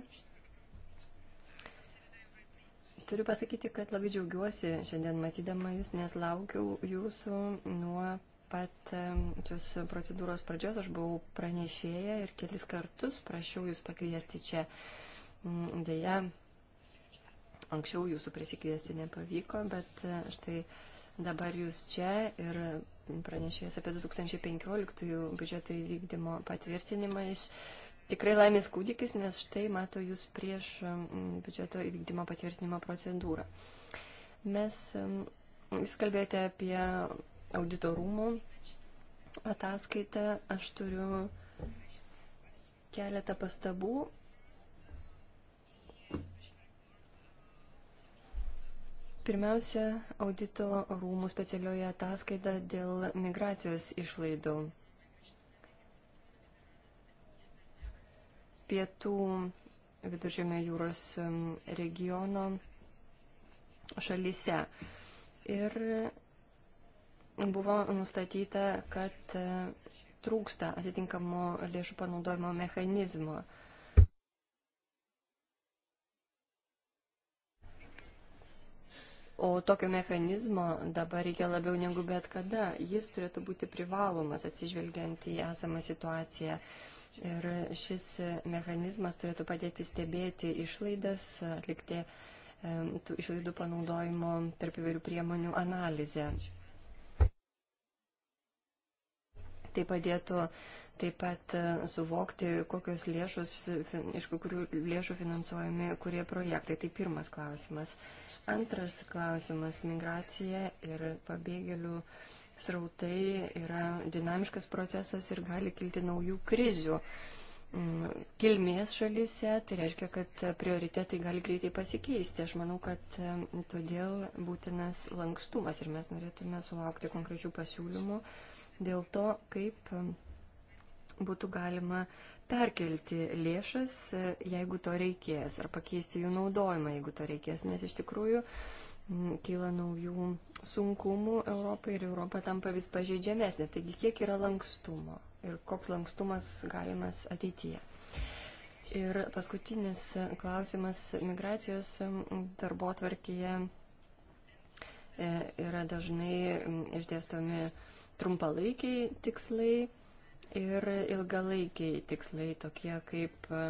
Turiu pasakyti, kad labai džiaugiuosi šiandien matydama jūs, nes laukiau jūsų nuo pat jūsų e, procedūros pradžios. Aš buvau pranešėja ir kelis kartus prašiau jūs pakviesti čia. Mm, Deja, Anksčiau jūsų prisikviesti nepavyko, bet e, štai dabar jūs čia ir pranešėjęs apie 2015 biudžeto įvykdymo patvirtinimą. Jis tikrai laimės kūdikis, nes štai mato jūs prieš biudžeto įvykdymo patvirtinimo procedūrą. Mes, jūs kalbėjote apie auditorumų ataskaitą, aš turiu keletą pastabų Pirmiausia, audito rūmų specialioje ataskaita dėl migracijos išlaidų. Pietų viduržėme jūros um, regiono šalyse. Ir buvo nustatyta, kad uh, trūksta atitinkamo lėšų panaudojimo mechanizmo. O tokio mechanizmo dabar reikia labiau negu bet kada. Jis turėtų būti privalomas atsižvelgiant į esamą situaciją. Ir šis mechanizmas turėtų padėti stebėti išlaidas, atlikti tų išlaidų panaudojimo tarp įvairių priemonių analizę. Tai padėtų taip pat e, suvokti, kokios lėšos, iš kokių lėšų finansuojami kurie projektai. Tai pirmas klausimas. Antras klausimas - migracija ir pabėgėlių srautai yra dinamiškas procesas ir gali kilti naujų krizių. Mm, kilmės šalyse, tai reiškia, kad prioritetai gali greitai pasikeisti. Aš manau, kad todėl būtinas lankstumas ir mes norėtume sulaukti konkrečių pasiūlymų dėl to, kaip būtų galima perkelti lėšas, e, jeigu to reikės, ar pakeisti jų naudojimą, jeigu to reikės, nes iš tikrųjų kyla naujų sunkumų Europai ir Europa tampa vis pažeidžiamesnė. Taigi, kiek yra lankstumo ir koks lankstumas galimas ateityje. Ir paskutinis klausimas migracijos darbo tvarkyje e, yra dažnai išdėstomi trumpalaikiai tikslai ir ilgalaikiai tikslai tokie kaip e,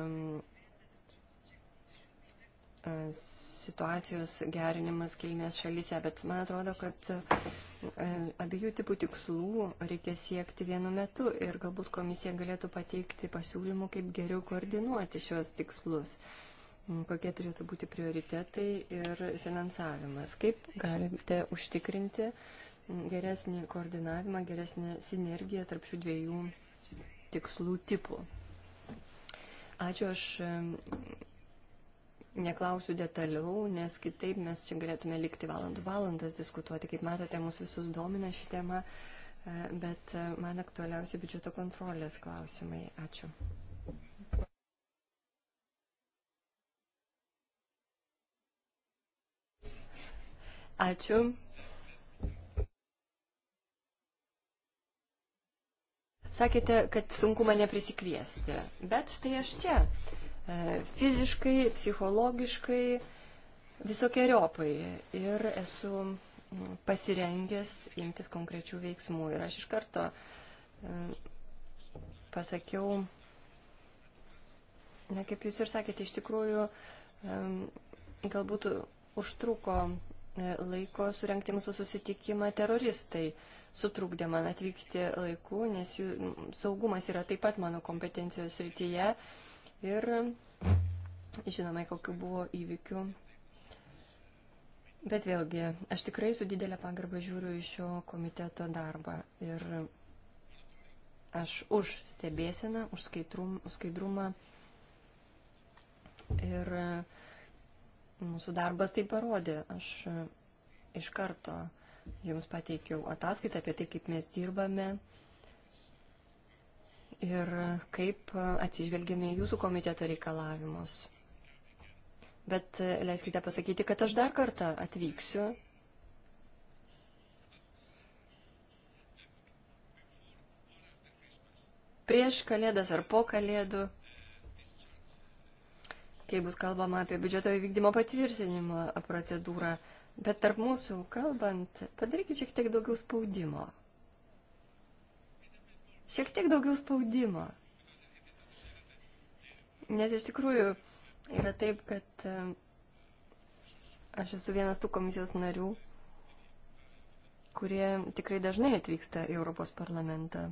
situacijos gerinimas kilmės šalyse, bet man atrodo, kad e, abiejų tipų tikslų reikia siekti vienu metu ir galbūt komisija galėtų pateikti pasiūlymų, kaip geriau koordinuoti šios tikslus, mm, kokie turėtų būti prioritetai ir finansavimas, kaip galite užtikrinti mm, geresnį koordinavimą, geresnę sinergiją tarp šių dviejų tikslų tipų. Ačiū, aš neklausiu detaliau, nes kitaip mes čia galėtume likti valandų valandas diskutuoti. Kaip matote, mūsų visus domina ši tema, e, bet e, man aktualiausi biudžeto kontrolės klausimai. Ačiū. Ačiū. Sakėte, kad sunku mane prisikviesti, bet štai aš čia. E, fiziškai, psichologiškai, visokiojopai. Ir esu pasirengęs imtis konkrečių veiksmų. Ir aš iš karto e, pasakiau, na kaip jūs ir sakėte, iš tikrųjų e, galbūt užtruko E, laiko surenkti mūsų susitikimą teroristai. Sutrūkdė man atvykti laiku, nes jų saugumas yra taip pat mano kompetencijos rytyje. Ir žinoma, kokiu buvo įvykiu. Bet vėlgi, aš tikrai su didelė pagarba žiūriu į šio komiteto darbą. Ir aš už stebėseną, už skaidrum, skaidrumą. Ir uh, Mūsų darbas tai parodė. Aš e, iš karto jums pateikiau ataskaitą apie tai, kaip mes dirbame ir kaip atsižvelgėme į jūsų komiteto reikalavimus. Bet e, leiskite pasakyti, kad aš dar kartą atvyksiu prieš kalėdas ar po kalėdų kai bus kalbama apie biudžeto įvykdymo patvirtinimo procedūrą. Bet tarp mūsų kalbant, padarykit šiek tiek daugiau spaudimo. Šiek tiek daugiau spaudimo. Nes iš tikrųjų yra taip, kad e, aš esu vienas tų komisijos narių, kurie tikrai dažnai atvyksta į Europos parlamentą.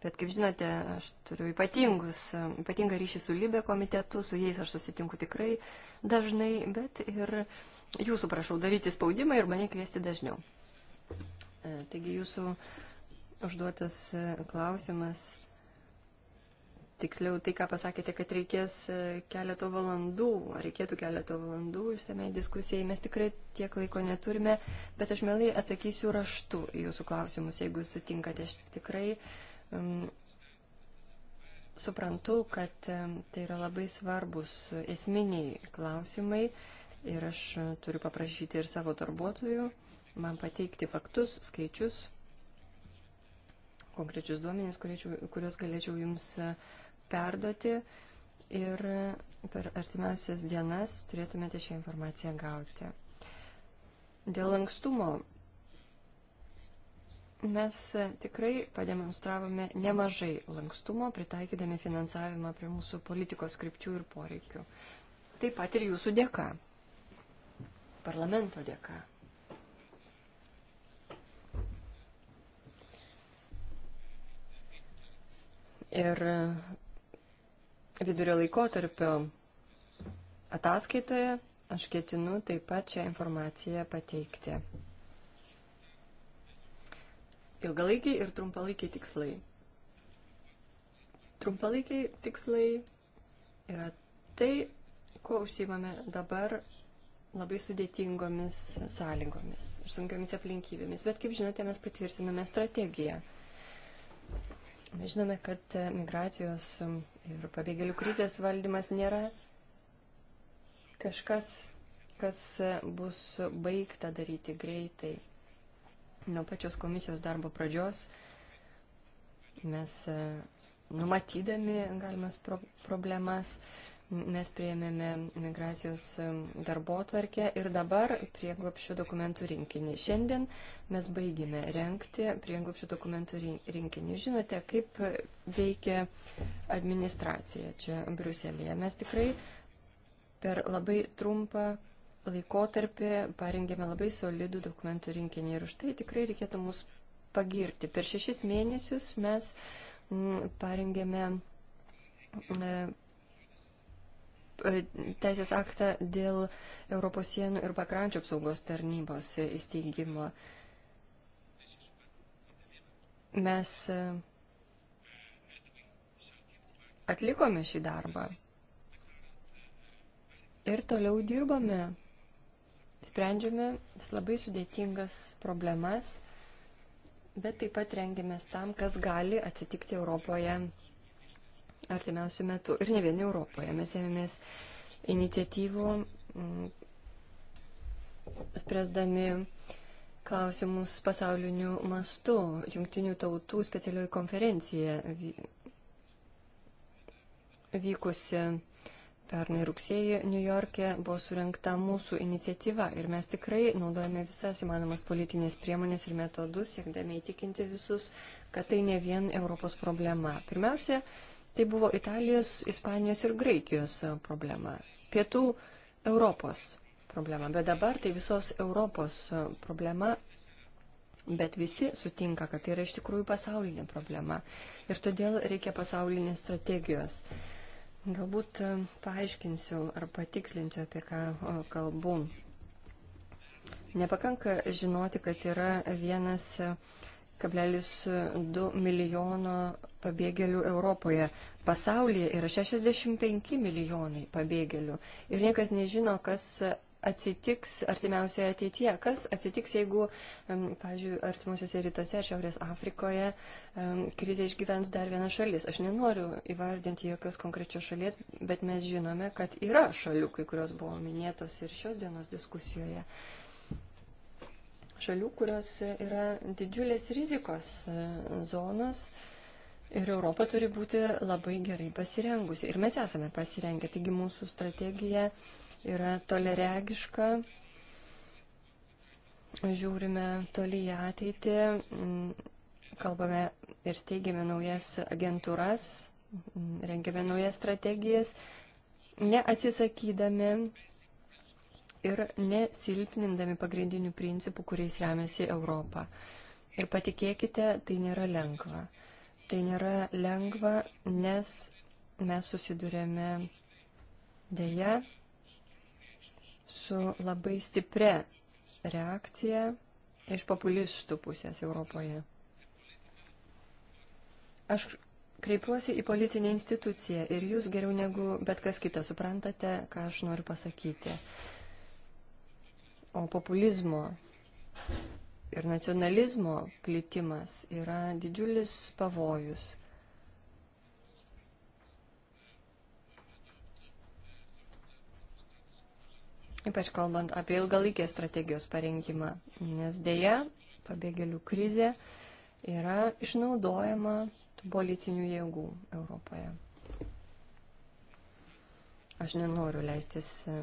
Bet kaip žinote, aš turiu ypatingus, ypatingą ryšį su Libė komitetu, su jais aš susitinku tikrai dažnai, bet ir jūsų prašau daryti spaudimą ir mane kviesti dažniau. E, taigi jūsų užduotas e, klausimas, tiksliau tai, ką pasakėte, kad reikės e, keleto valandų, ar reikėtų keleto valandų išsamei diskusijai, mes tikrai tiek laiko neturime, bet aš mielai atsakysiu raštu į jūsų klausimus, jeigu sutinkate, aš tikrai. Uh, suprantu, kad tai yra labai svarbus esminiai klausimai ir aš turiu paprašyti ir savo darbuotojų man pateikti faktus, skaičius, konkrečius duomenys, kuriuos galėčiau jums e, perduoti ir per artimiausias dienas turėtumėte šią informaciją gauti. Dėl lankstumo Mes tikrai pademonstravome nemažai lankstumo, pritaikydami finansavimą prie mūsų politikos skripčių ir poreikių. Taip pat ir jūsų dėka, parlamento dėka. Ir vidurio laikotarpio ataskaitoje aš ketinu taip pat šią informaciją pateikti. Ilgalaikiai ir trumpalaikiai tikslai. Trumpalaikiai tikslai yra tai, kuo užsimame dabar labai sudėtingomis sąlygomis ir sunkiomis aplinkybėmis. Bet kaip žinote, mes patvirtiname strategiją. Mes žinome, kad migracijos ir pabėgėlių krizės valdymas nėra kažkas, kas bus baigta daryti greitai. Nuo pačios komisijos darbo pradžios mes e, numatydami galimas pro problemas, mes prieėmėme migracijos e, darbo tvarkę ir dabar prieglopščių dokumentų rinkinį. Šiandien mes baigėme renkti prieglopščių dokumentų rinkinį. Žinote, kaip veikia administracija čia Briuselėje. Mes tikrai per labai trumpą laikotarpį parengėme labai solidų dokumentų rinkinį ir už tai tikrai reikėtų mus pagirti. Per šešis mėnesius mes mm, parengėme e, e, teisės aktą dėl Europos sienų ir pakrančių apsaugos tarnybos įsteigimo. Mes e, atlikome šį darbą ir toliau dirbame Sprendžiame labai sudėtingas problemas, bet taip pat rengiamės tam, kas gali atsitikti Europoje artimiausių metų. Ir ne vieni Europoje. Mes ėmėmės iniciatyvų, mm, spręsdami klausimus pasauliniu mastu. Jungtinių tautų specialioji konferencija vykusi Pernai rugsėjį New York'e buvo surinkta mūsų iniciatyva ir mes tikrai naudojame visas įmanomas politinės priemonės ir metodus, siekdami įtikinti visus, kad tai ne vien Europos problema. Pirmiausia, tai buvo Italijos, Ispanijos ir Graikijos problema. Pietų Europos problema. Bet dabar tai visos Europos problema. Bet visi sutinka, kad tai yra iš tikrųjų pasaulinė problema. Ir todėl reikia pasaulinės strategijos. Uh, Galbūt e, paaiškinsiu ar patikslinsiu, apie ką e, kalbu. Nepakanka žinoti, kad yra vienas e, kablelis 2 milijono pabėgėlių Europoje. Pasaulyje yra 65 milijonai pabėgėlių. Ir niekas nežino, kas atsitiks artimiausioje ateityje? Kas atsitiks, jeigu, pavyzdžiui, artimuosiuose rytuose ar Šiaurės Afrikoje krizė išgyvens dar viena šalis? Aš nenoriu įvardinti jokios konkrečios šalies, bet mes žinome, kad yra šalių, kai kurios buvo minėtos ir šios dienos diskusijoje. Šalių, kurios yra didžiulės rizikos e, zonos. Ir Europa turi būti labai gerai pasirengusi. Ir mes esame pasirengę. Taigi mūsų strategija uh, yra toleregiška. Žiūrime toli į ateitį, mm, kalbame ir steigiame naujas agentūras, mm, rengiame naujas strategijas, neatsisakydami ir nesilpnindami pagrindinių principų, kuriais remiasi Europą. Ir patikėkite, tai nėra lengva. Tai nėra lengva, nes mes susidurėme dėja su labai stipria reakcija iš populistų pusės Europoje. Aš kreipiuosi į politinę instituciją ir jūs geriau negu bet kas kita suprantate, ką aš noriu pasakyti. O populizmo ir nacionalizmo plitimas yra didžiulis pavojus. ypač kalbant apie ilgalaikės strategijos parengimą, nes dėja pabėgėlių krizė yra išnaudojama politinių jėgų Europoje. Aš nenoriu leistis e,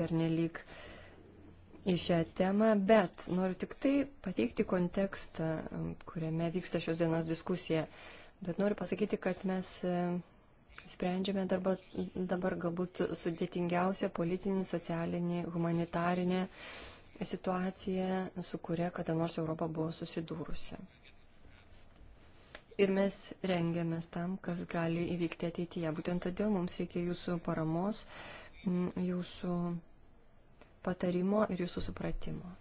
pernelyg į šią temą, bet noriu tik tai pateikti kontekstą, kuriame vyksta šios dienos diskusija. Bet noriu pasakyti, kad mes e, Sprendžiame dabar, dabar galbūt sudėtingiausią politinį, socialinį, humanitarinę situaciją, su kuria kada nors Europa buvo susidūrusi. Ir mes rengiamės tam, kas gali įvykti ateityje. Būtent todėl mums reikia jūsų paramos, jūsų patarimo ir jūsų supratimo.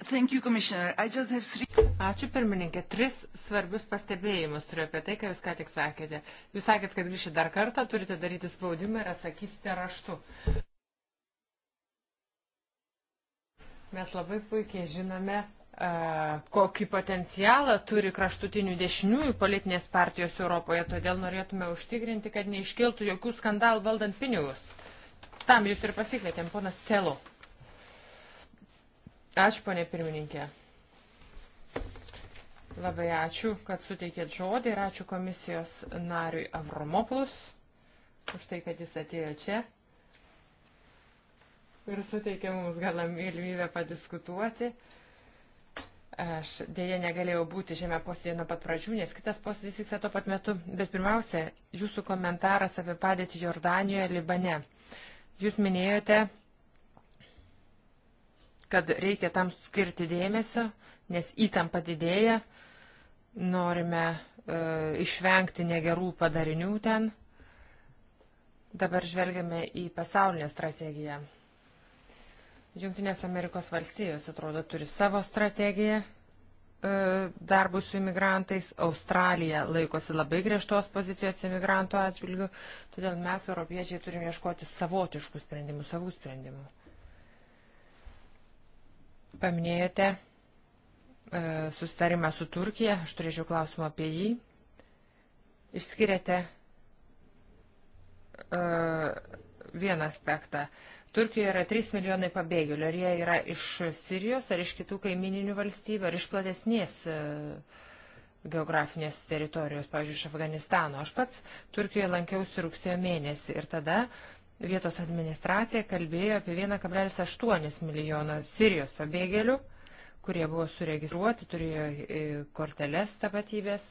Thank you, Commissioner. I just have three... Ačiū pirmininkė. Tris svarbius pastebėjimus turiu apie tai, ką Jūs ką tik sakėte. Jūs sakėt, kad grįšite dar kartą, turite daryti spaudimą ir atsakysite raštu. Mes labai puikiai žinome, kokį potencialą turi kraštutinių dešiniųjų politinės partijos Europoje, todėl norėtume užtikrinti, kad neiškiltų jokių skandalų valdant pinigus. Tam jūs ir pasikvietėm, ponas Celo. Ačiū, ponė pirmininkė. Labai ačiū, kad suteikėt žodį ir ačiū komisijos nariui Avromopulus už tai, kad jis atėjo čia ir suteikė mums galimybę padiskutuoti. Aš dėja negalėjau būti šiame posėdėje nuo pat pradžių, nes kitas posėdis vyksta tuo pat metu. Bet pirmiausia, jūsų komentaras apie padėtį Jordanijoje, Libane. Jūs minėjote, kad reikia tam skirti dėmesio, nes įtampa didėja, norime e, išvengti negerų padarinių ten. Dabar žvelgiame į pasaulinę strategiją. Junktinės Amerikos valstijos, atrodo, turi savo strategiją e, darbų su imigrantais. Australija laikosi labai griežtos pozicijos imigrantų atžvilgių, todėl mes, europiečiai, turime ieškoti savotiškų sprendimų, savų sprendimų. Paminėjote e, susitarimą su Turkija, aš turėčiau klausimą apie jį. Išskiriate e, vieną aspektą. Turkijoje yra 3 milijonai pabėgėlių. Ar jie yra iš Sirijos, ar iš kitų kaimininių valstybių, ar iš platesnės e, geografinės teritorijos, pavyzdžiui, iš Afganistano. Aš pats Turkijoje lankiausi rugsėjo mėnesį ir tada Vietos administracija kalbėjo apie 1,8 milijono Sirijos pabėgėlių, kurie buvo suregistruoti, turėjo e, korteles tapatybės.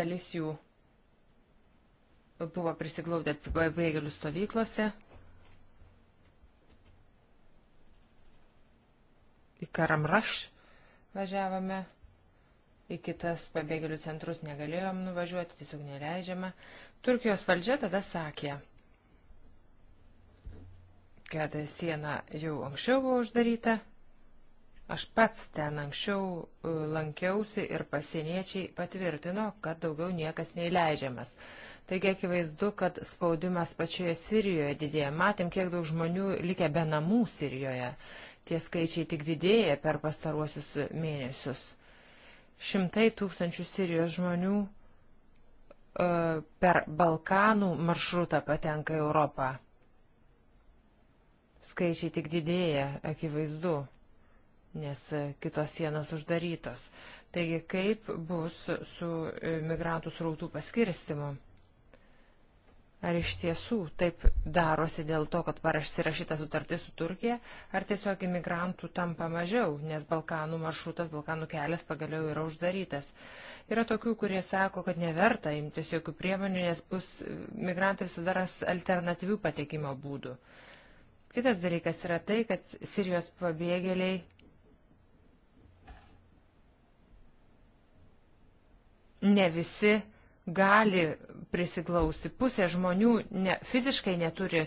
Dalis jų buvo prisiglaudę pabėgėlių stovyklose. Į Karamraš važiavome į kitas pabėgėlių centrus negalėjom nuvažiuoti, tiesiog neleidžiama. Turkijos valdžia tada sakė, kad siena jau anksčiau buvo uždaryta. Aš pats ten anksčiau e, lankiausi ir pasieniečiai patvirtino, kad daugiau niekas neįleidžiamas. Taigi akivaizdu, kad spaudimas pačioje Sirijoje didėja. Matėm, kiek daug žmonių likę be namų Sirijoje. Tie skaičiai tik didėja per pastaruosius mėnesius. Šimtai tūkstančių Sirijos žmonių e, per Balkanų maršrutą patenka į Europą. Skaičiai tik didėja, akivaizdu, nes e, kitos sienos uždarytos. Taigi kaip bus su e, migrantų srautų paskirstimu? Ar iš tiesų taip darosi dėl to, kad parašyta sutartis su Turkija, ar tiesiog imigrantų tampa mažiau, nes Balkanų maršrutas, Balkanų kelias pagaliau yra uždarytas. Yra tokių, kurie sako, kad neverta imtis jokių priemonių, nes bus migrantai visada ras alternatyvių patekimo būdų. Kitas dalykas yra tai, kad Sirijos pabėgėliai ne visi gali prisiglausti. Pusė žmonių ne, fiziškai neturi,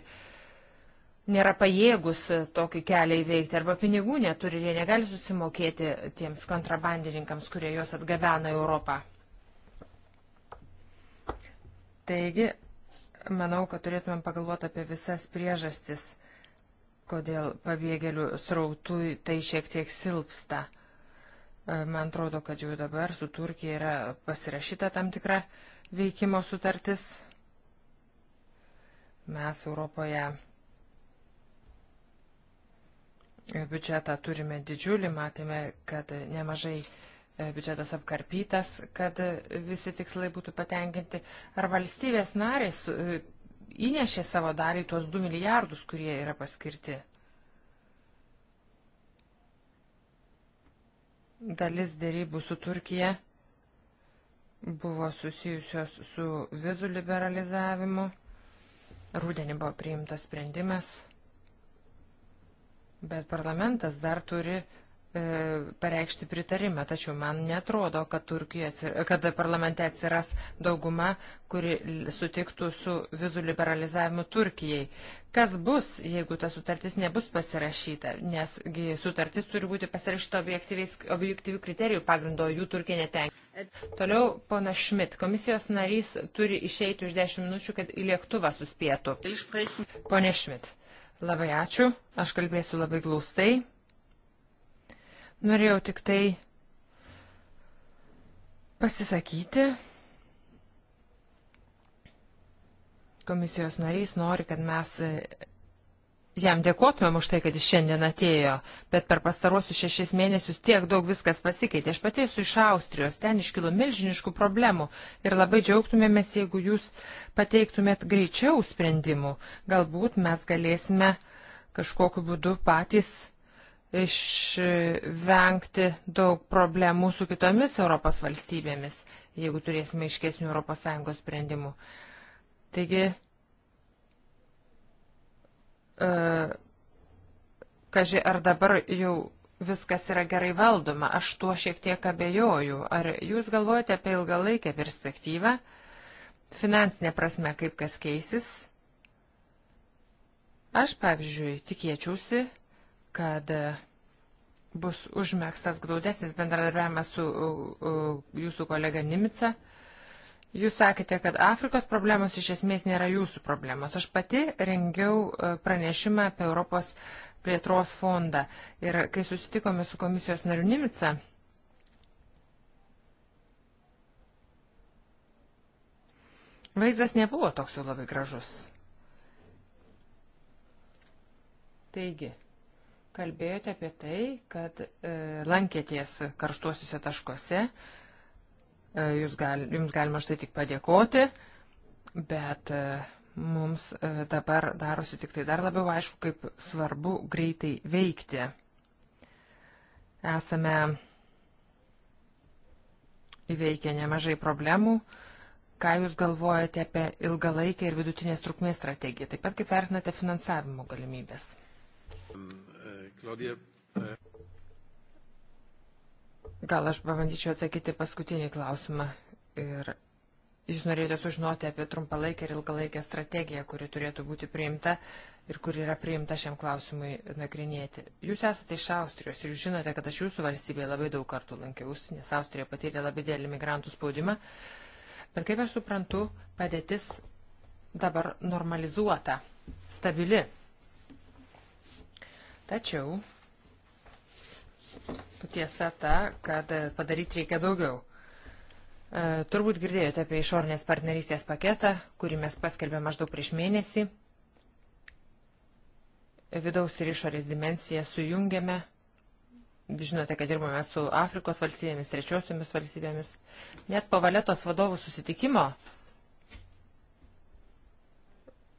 nėra pajėgus tokį kelią įveikti arba pinigų neturi, jie negali susimokėti tiems kontrabandininkams, kurie juos atgabena į Europą. Taigi, manau, kad turėtumėm pagalvoti apie visas priežastis, kodėl pabėgėlių srautui tai šiek tiek silpsta man atrodo, kad jau dabar su Turkija yra pasirašyta tam tikra veikimo sutartis. Mes Europoje biudžetą turime didžiulį, matėme, kad nemažai e, biudžetas apkarpytas, kad visi tikslai būtų patenkinti. Ar valstybės narės e, įnešė savo dalį tuos 2 milijardus, kurie yra paskirti? Dalis dėrybų su Turkija buvo susijusios su vizų liberalizavimu. Rūdienį buvo priimtas sprendimas, bet parlamentas dar turi E, pareikšti pritarimą, tačiau man netrodo, kad, Turkija, kad parlamente atsiras dauguma, kuri sutiktų su vizų liberalizavimu Turkijai. Kas bus, jeigu ta sutartis nebus pasirašyta, nes sutartis turi būti pasirašyta objektyvių kriterijų pagrindo, jų Turkija netenkia. Toliau, pona Šmit, komisijos narys turi išeiti už 10 minučių, kad į lėktuvą suspėtų. Tai Pone Šmit, labai ačiū, aš kalbėsiu labai glaustai Norėjau tik tai pasisakyti. Komisijos narys nori, kad mes e, jam dėkotumėm už tai, kad jis šiandien atėjo, bet per pastaruosius šešis mėnesius tiek daug viskas pasikeitė. Aš pati esu iš Austrijos, ten iškilo milžiniškų problemų ir labai džiaugtumėmės, jeigu jūs pateiktumėt greičiau sprendimų. Galbūt mes galėsime kažkokiu būdu patys išvengti daug problemų su kitomis Europos valstybėmis, jeigu turėsime iškesnių ES sprendimų. Taigi, e, kaži, ar dabar jau viskas yra gerai valdoma, aš tuo šiek tiek abejoju. Ar jūs galvojate apie ilgalaikę perspektyvą, finansinė prasme, kaip kas keisis? Aš, pavyzdžiui, tikėčiausi, kad e, bus užmėgstas glaudesnis bendradarbiavimas su jūsų kolega Nimica. Jūs sakėte, kad Afrikos problemos iš esmės nėra jūsų problemos. Aš pati rengiau e, pranešimą apie Europos plėtros fondą. Ir kai susitikome su komisijos nariu Nimica, vaizdas nebuvo toks jau labai gražus. Taigi, kalbėjote apie tai, kad e, lankėties karštuosiuose taškuose. E, jūs gal, jums galima štai tik padėkoti, bet e, mums e, dabar darosi tik tai dar labiau aišku, kaip svarbu greitai veikti. Esame įveikę nemažai problemų. Ką Jūs galvojate apie ilgalaikę ir vidutinės trukmės strategiją, taip pat kaip vertinate finansavimo galimybės? Mm. Klaudija. E. Gal aš pabandyčiau atsakyti paskutinį klausimą. Ir jūs norėjote sužinoti apie trumpalaikę ir ilgalaikę strategiją, kuri turėtų būti priimta ir kur yra priimta šiam klausimui nagrinėti. Jūs esate iš Austrijos ir jūs žinote, kad aš jūsų valstybėje labai daug kartų lankiausi, nes Austrija patyrė labai dėlį migrantų spaudimą. Bet kaip aš suprantu, padėtis dabar normalizuota, stabili. Tačiau tiesa ta, kad padaryti reikia daugiau. E, turbūt girdėjote apie išorinės partnerystės paketą, kurį mes paskelbėme maždaug prieš mėnesį. Vidaus ir išorės dimenciją sujungėme. Žinote, kad dirbame su Afrikos valstybėmis, trečiosiomis valstybėmis. Net po valetos vadovų susitikimo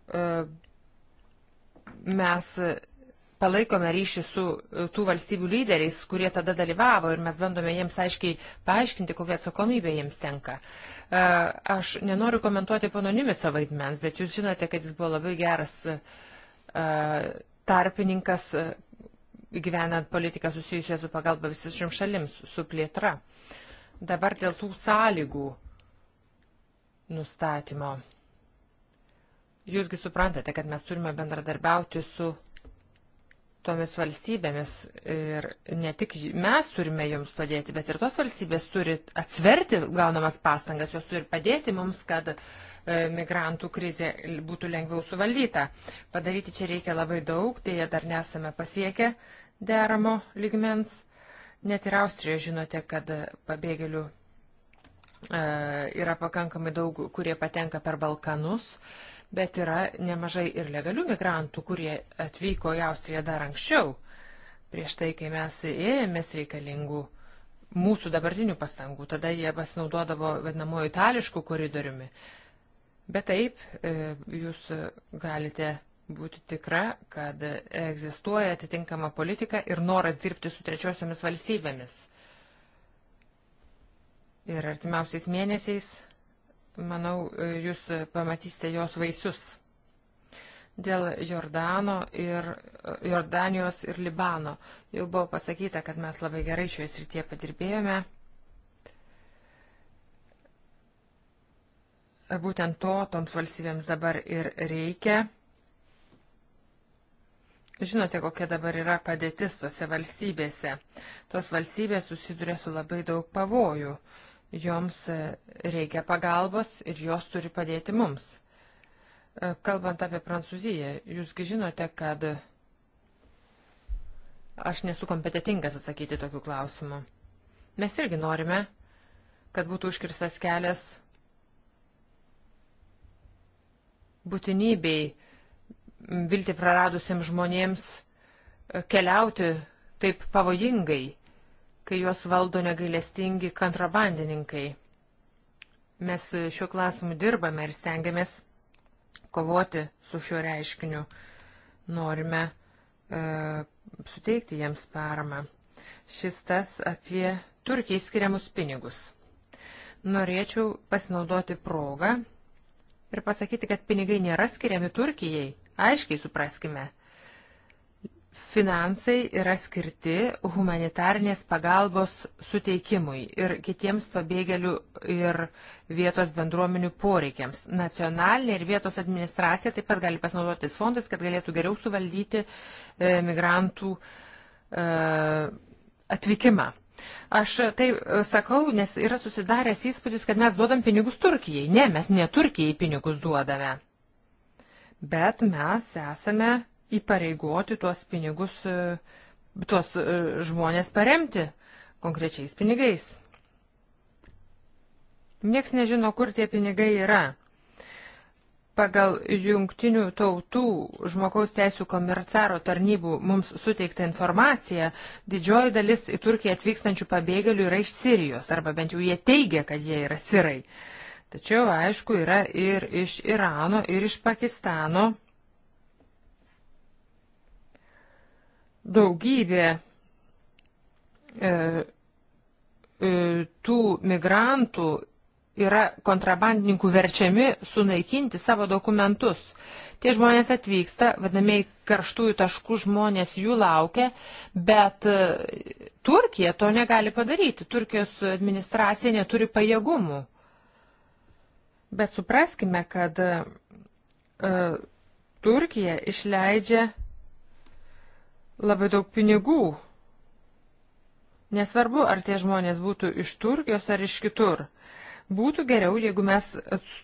e, mes palaikome ryšį su e, tų valstybių lyderiais, kurie tada dalyvavo ir mes bandome jiems aiškiai paaiškinti, kokia atsakomybė jiems tenka. E, aš nenoriu komentuoti pono Nimico vaidmens, bet jūs žinote, kad jis buvo labai geras e, tarpininkas gyvenant politiką susijusią su pagalba visiškim šalims, su plėtra. Dabar dėl tų sąlygų nustatymo. Jūsgi suprantate, kad mes turime bendradarbiauti su tomis valstybėmis ir ne tik mes turime jums padėti, bet ir tos valstybės turi atsverti gaunamas pastangas, jos turi padėti mums, kad e, migrantų krizė būtų lengviau suvaldyta. Padaryti čia reikia labai daug, tai dar nesame pasiekę deramo ligmens. Net ir Austrija žinote, kad pabėgėlių e, yra pakankamai daug, kurie patenka per Balkanus. Uh, bet yra nemažai ir legalių migrantų, kurie atvyko į Austriją dar anksčiau, prieš tai, kai mes ėmėmės reikalingų mūsų dabartinių pastangų. Tada jie pasinaudodavo vadinamojo itališkų koridoriumi. Bet taip, e, jūs galite būti tikra, kad egzistuoja atitinkama politika ir noras dirbti su trečiosiomis valstybėmis. Ir artimiausiais mėnesiais manau, jūs pamatysite jos vaisius dėl Jordano ir Jordanijos ir Libano. Jau buvo pasakyta, kad mes labai gerai šioje srityje padirbėjome. Būtent to toms valstybėms dabar ir reikia. Žinote, kokia dabar yra padėtis tose valstybėse. Tos valstybės susiduria su labai daug pavojų. Uh, Joms e, reikia pagalbos ir jos turi padėti mums. E, kalbant apie Prancūziją, jūsgi žinote, kad aš nesu kompetitingas atsakyti tokių klausimų. Mes irgi norime, kad būtų užkirstas kelias būtinybei vilti praradusiems žmonėms keliauti taip pavojingai kai juos valdo negailestingi kontrabandininkai. Mes šiuo klausimu dirbame ir stengiamės kovoti su šiuo reiškiniu. Norime e, suteikti jiems paramą. Šis tas apie Turkijai skiriamus pinigus. Norėčiau pasinaudoti progą ir pasakyti, kad pinigai nėra skiriami Turkijai. Aiškiai supraskime. Finansai yra skirti humanitarnės pagalbos suteikimui ir kitiems pabėgėlių ir vietos bendruomenių poreikiams. Nacionalinė ir vietos administracija taip pat gali pasinaudotis fondais, kad galėtų geriau suvaldyti e, migrantų e, atvykimą. Aš tai sakau, nes yra susidaręs įspūdis, kad mes duodam pinigus Turkijai. Ne, mes ne Turkijai pinigus duodame. Bet mes esame įpareigoti tuos pinigus, e, tuos e, žmonės paremti konkrečiais pinigais. Niekas nežino, kur tie pinigai yra. Pagal jungtinių tautų žmogaus teisų komisaro tarnybų mums suteiktą informaciją, didžioji dalis į Turkiją atvykstančių pabėgėlių yra iš Sirijos, arba bent jau jie teigia, kad jie yra sirai. Tačiau, aišku, yra ir iš Irano, ir iš Pakistano Daugybė e, e, tų migrantų yra kontrabandininkų verčiami sunaikinti savo dokumentus. Tie žmonės atvyksta, vadinamiai karštųjų taškų žmonės jų laukia, bet e, Turkija to negali padaryti. Turkijos administracija neturi pajėgumų. Bet supraskime, kad uh, Turkija išleidžia labai daug pinigų. Nesvarbu, ar tie žmonės būtų iš Turkijos ar iš kitur. Būtų geriau, jeigu mes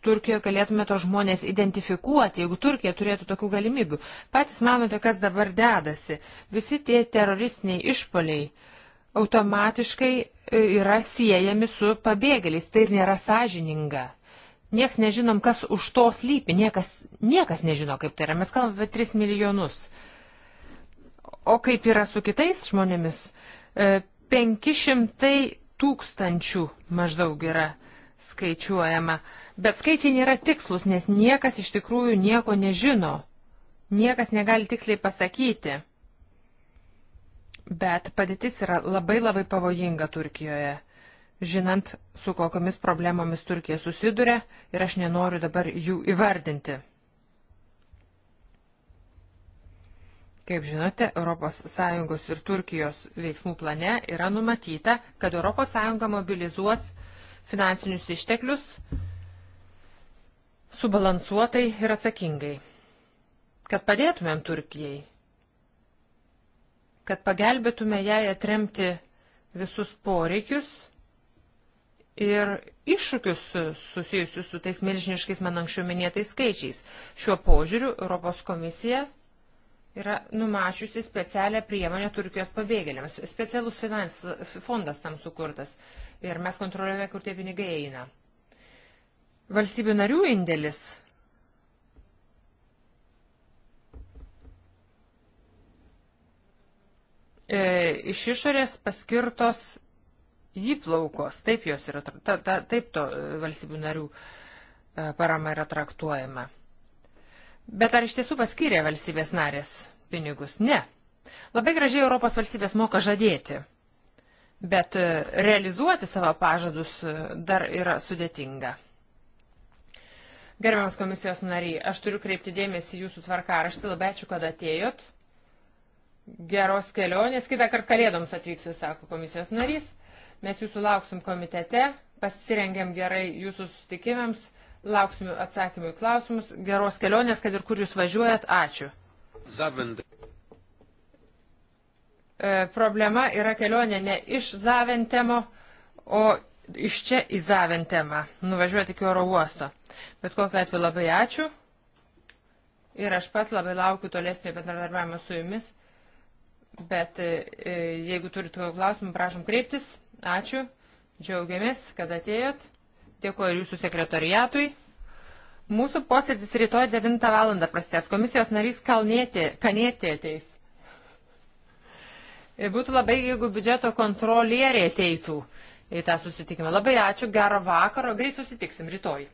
Turkijoje galėtume tos žmonės identifikuoti, jeigu Turkija turėtų tokių galimybių. Patys manote, kas dabar dedasi. Visi tie teroristiniai išpoliai automatiškai e, yra siejami su pabėgėliais. Tai ir nėra sąžininga. Niekas nežinom, kas už to slypi. Niekas, niekas nežino, kaip tai yra. Mes kalbame apie 3 milijonus. Uh, O kaip yra su kitais žmonėmis? 500 e, tūkstančių maždaug yra skaičiuojama. Bet skaičiai nėra tikslus, nes niekas iš tikrųjų nieko nežino. Niekas negali tiksliai pasakyti. Bet padėtis yra labai labai pavojinga Turkijoje žinant, su kokiamis problemomis Turkija susiduria ir aš nenoriu dabar jų įvardinti. Kaip žinote, ES ir Turkijos veiksmų plane yra numatyta, kad ES mobilizuos finansinius išteklius subalansuotai ir atsakingai, kad padėtumėm Turkijai, kad pagelbėtume jai atremti visus poreikius ir iššūkius susijusius su tais milžiniškais man anksčiau minėtais skaičiais. Šiuo požiūriu Europos komisija yra numačiusi specialią priemonę Turkijos pabėgėliams. Specialus finans, fondas tam sukurtas ir mes kontroliuojame, kur tie pinigai eina. Valstybių narių indėlis. E, iš išorės paskirtos įplaukos, taip jos yra, ta, ta, taip to e, valstybių narių e, parama yra traktuojama. Bet ar iš tiesų paskyrė valstybės narės pinigus? Ne. Labai gražiai Europos valstybės moka žadėti. Bet e, realizuoti savo pažadus e, dar yra sudėtinga. Gerbiamas komisijos nariai, aš turiu kreipti dėmesį jūsų tvarkaraštį. Labai ačiū, kad atėjot. Geros kelionės. Kitą kartą kalėdoms atvyksiu, sako komisijos narys. Mes jūsų lauksim komitete. Pasirengėm gerai jūsų sustikimams. Lauksime atsakymų į klausimus. Geros kelionės, kad ir kur jūs važiuojat. Ačiū. Zavend. E, problema yra kelionė ne iš Zaventemo, o iš čia į Zaventemą. Nuvažiuoti iki oro uosto. Bet kokiu atveju labai ačiū. Ir aš pats labai laukiu tolesnio bendradarbiavimo su jumis. Bet e, e, jeigu turite klausimų, prašom kreiptis. Ačiū. Džiaugiamės, kad atėjot. Dėkuoju ir jūsų sekretoriatui. Mūsų posėdis rytoj 9 val. prasidės. Komisijos narys Kalnėtė, Kanėtė ateis. Ir būtų labai, jeigu biudžeto kontrolieriai ateitų į tą susitikimą. Labai ačiū, gero vakaro, greit susitiksim rytoj.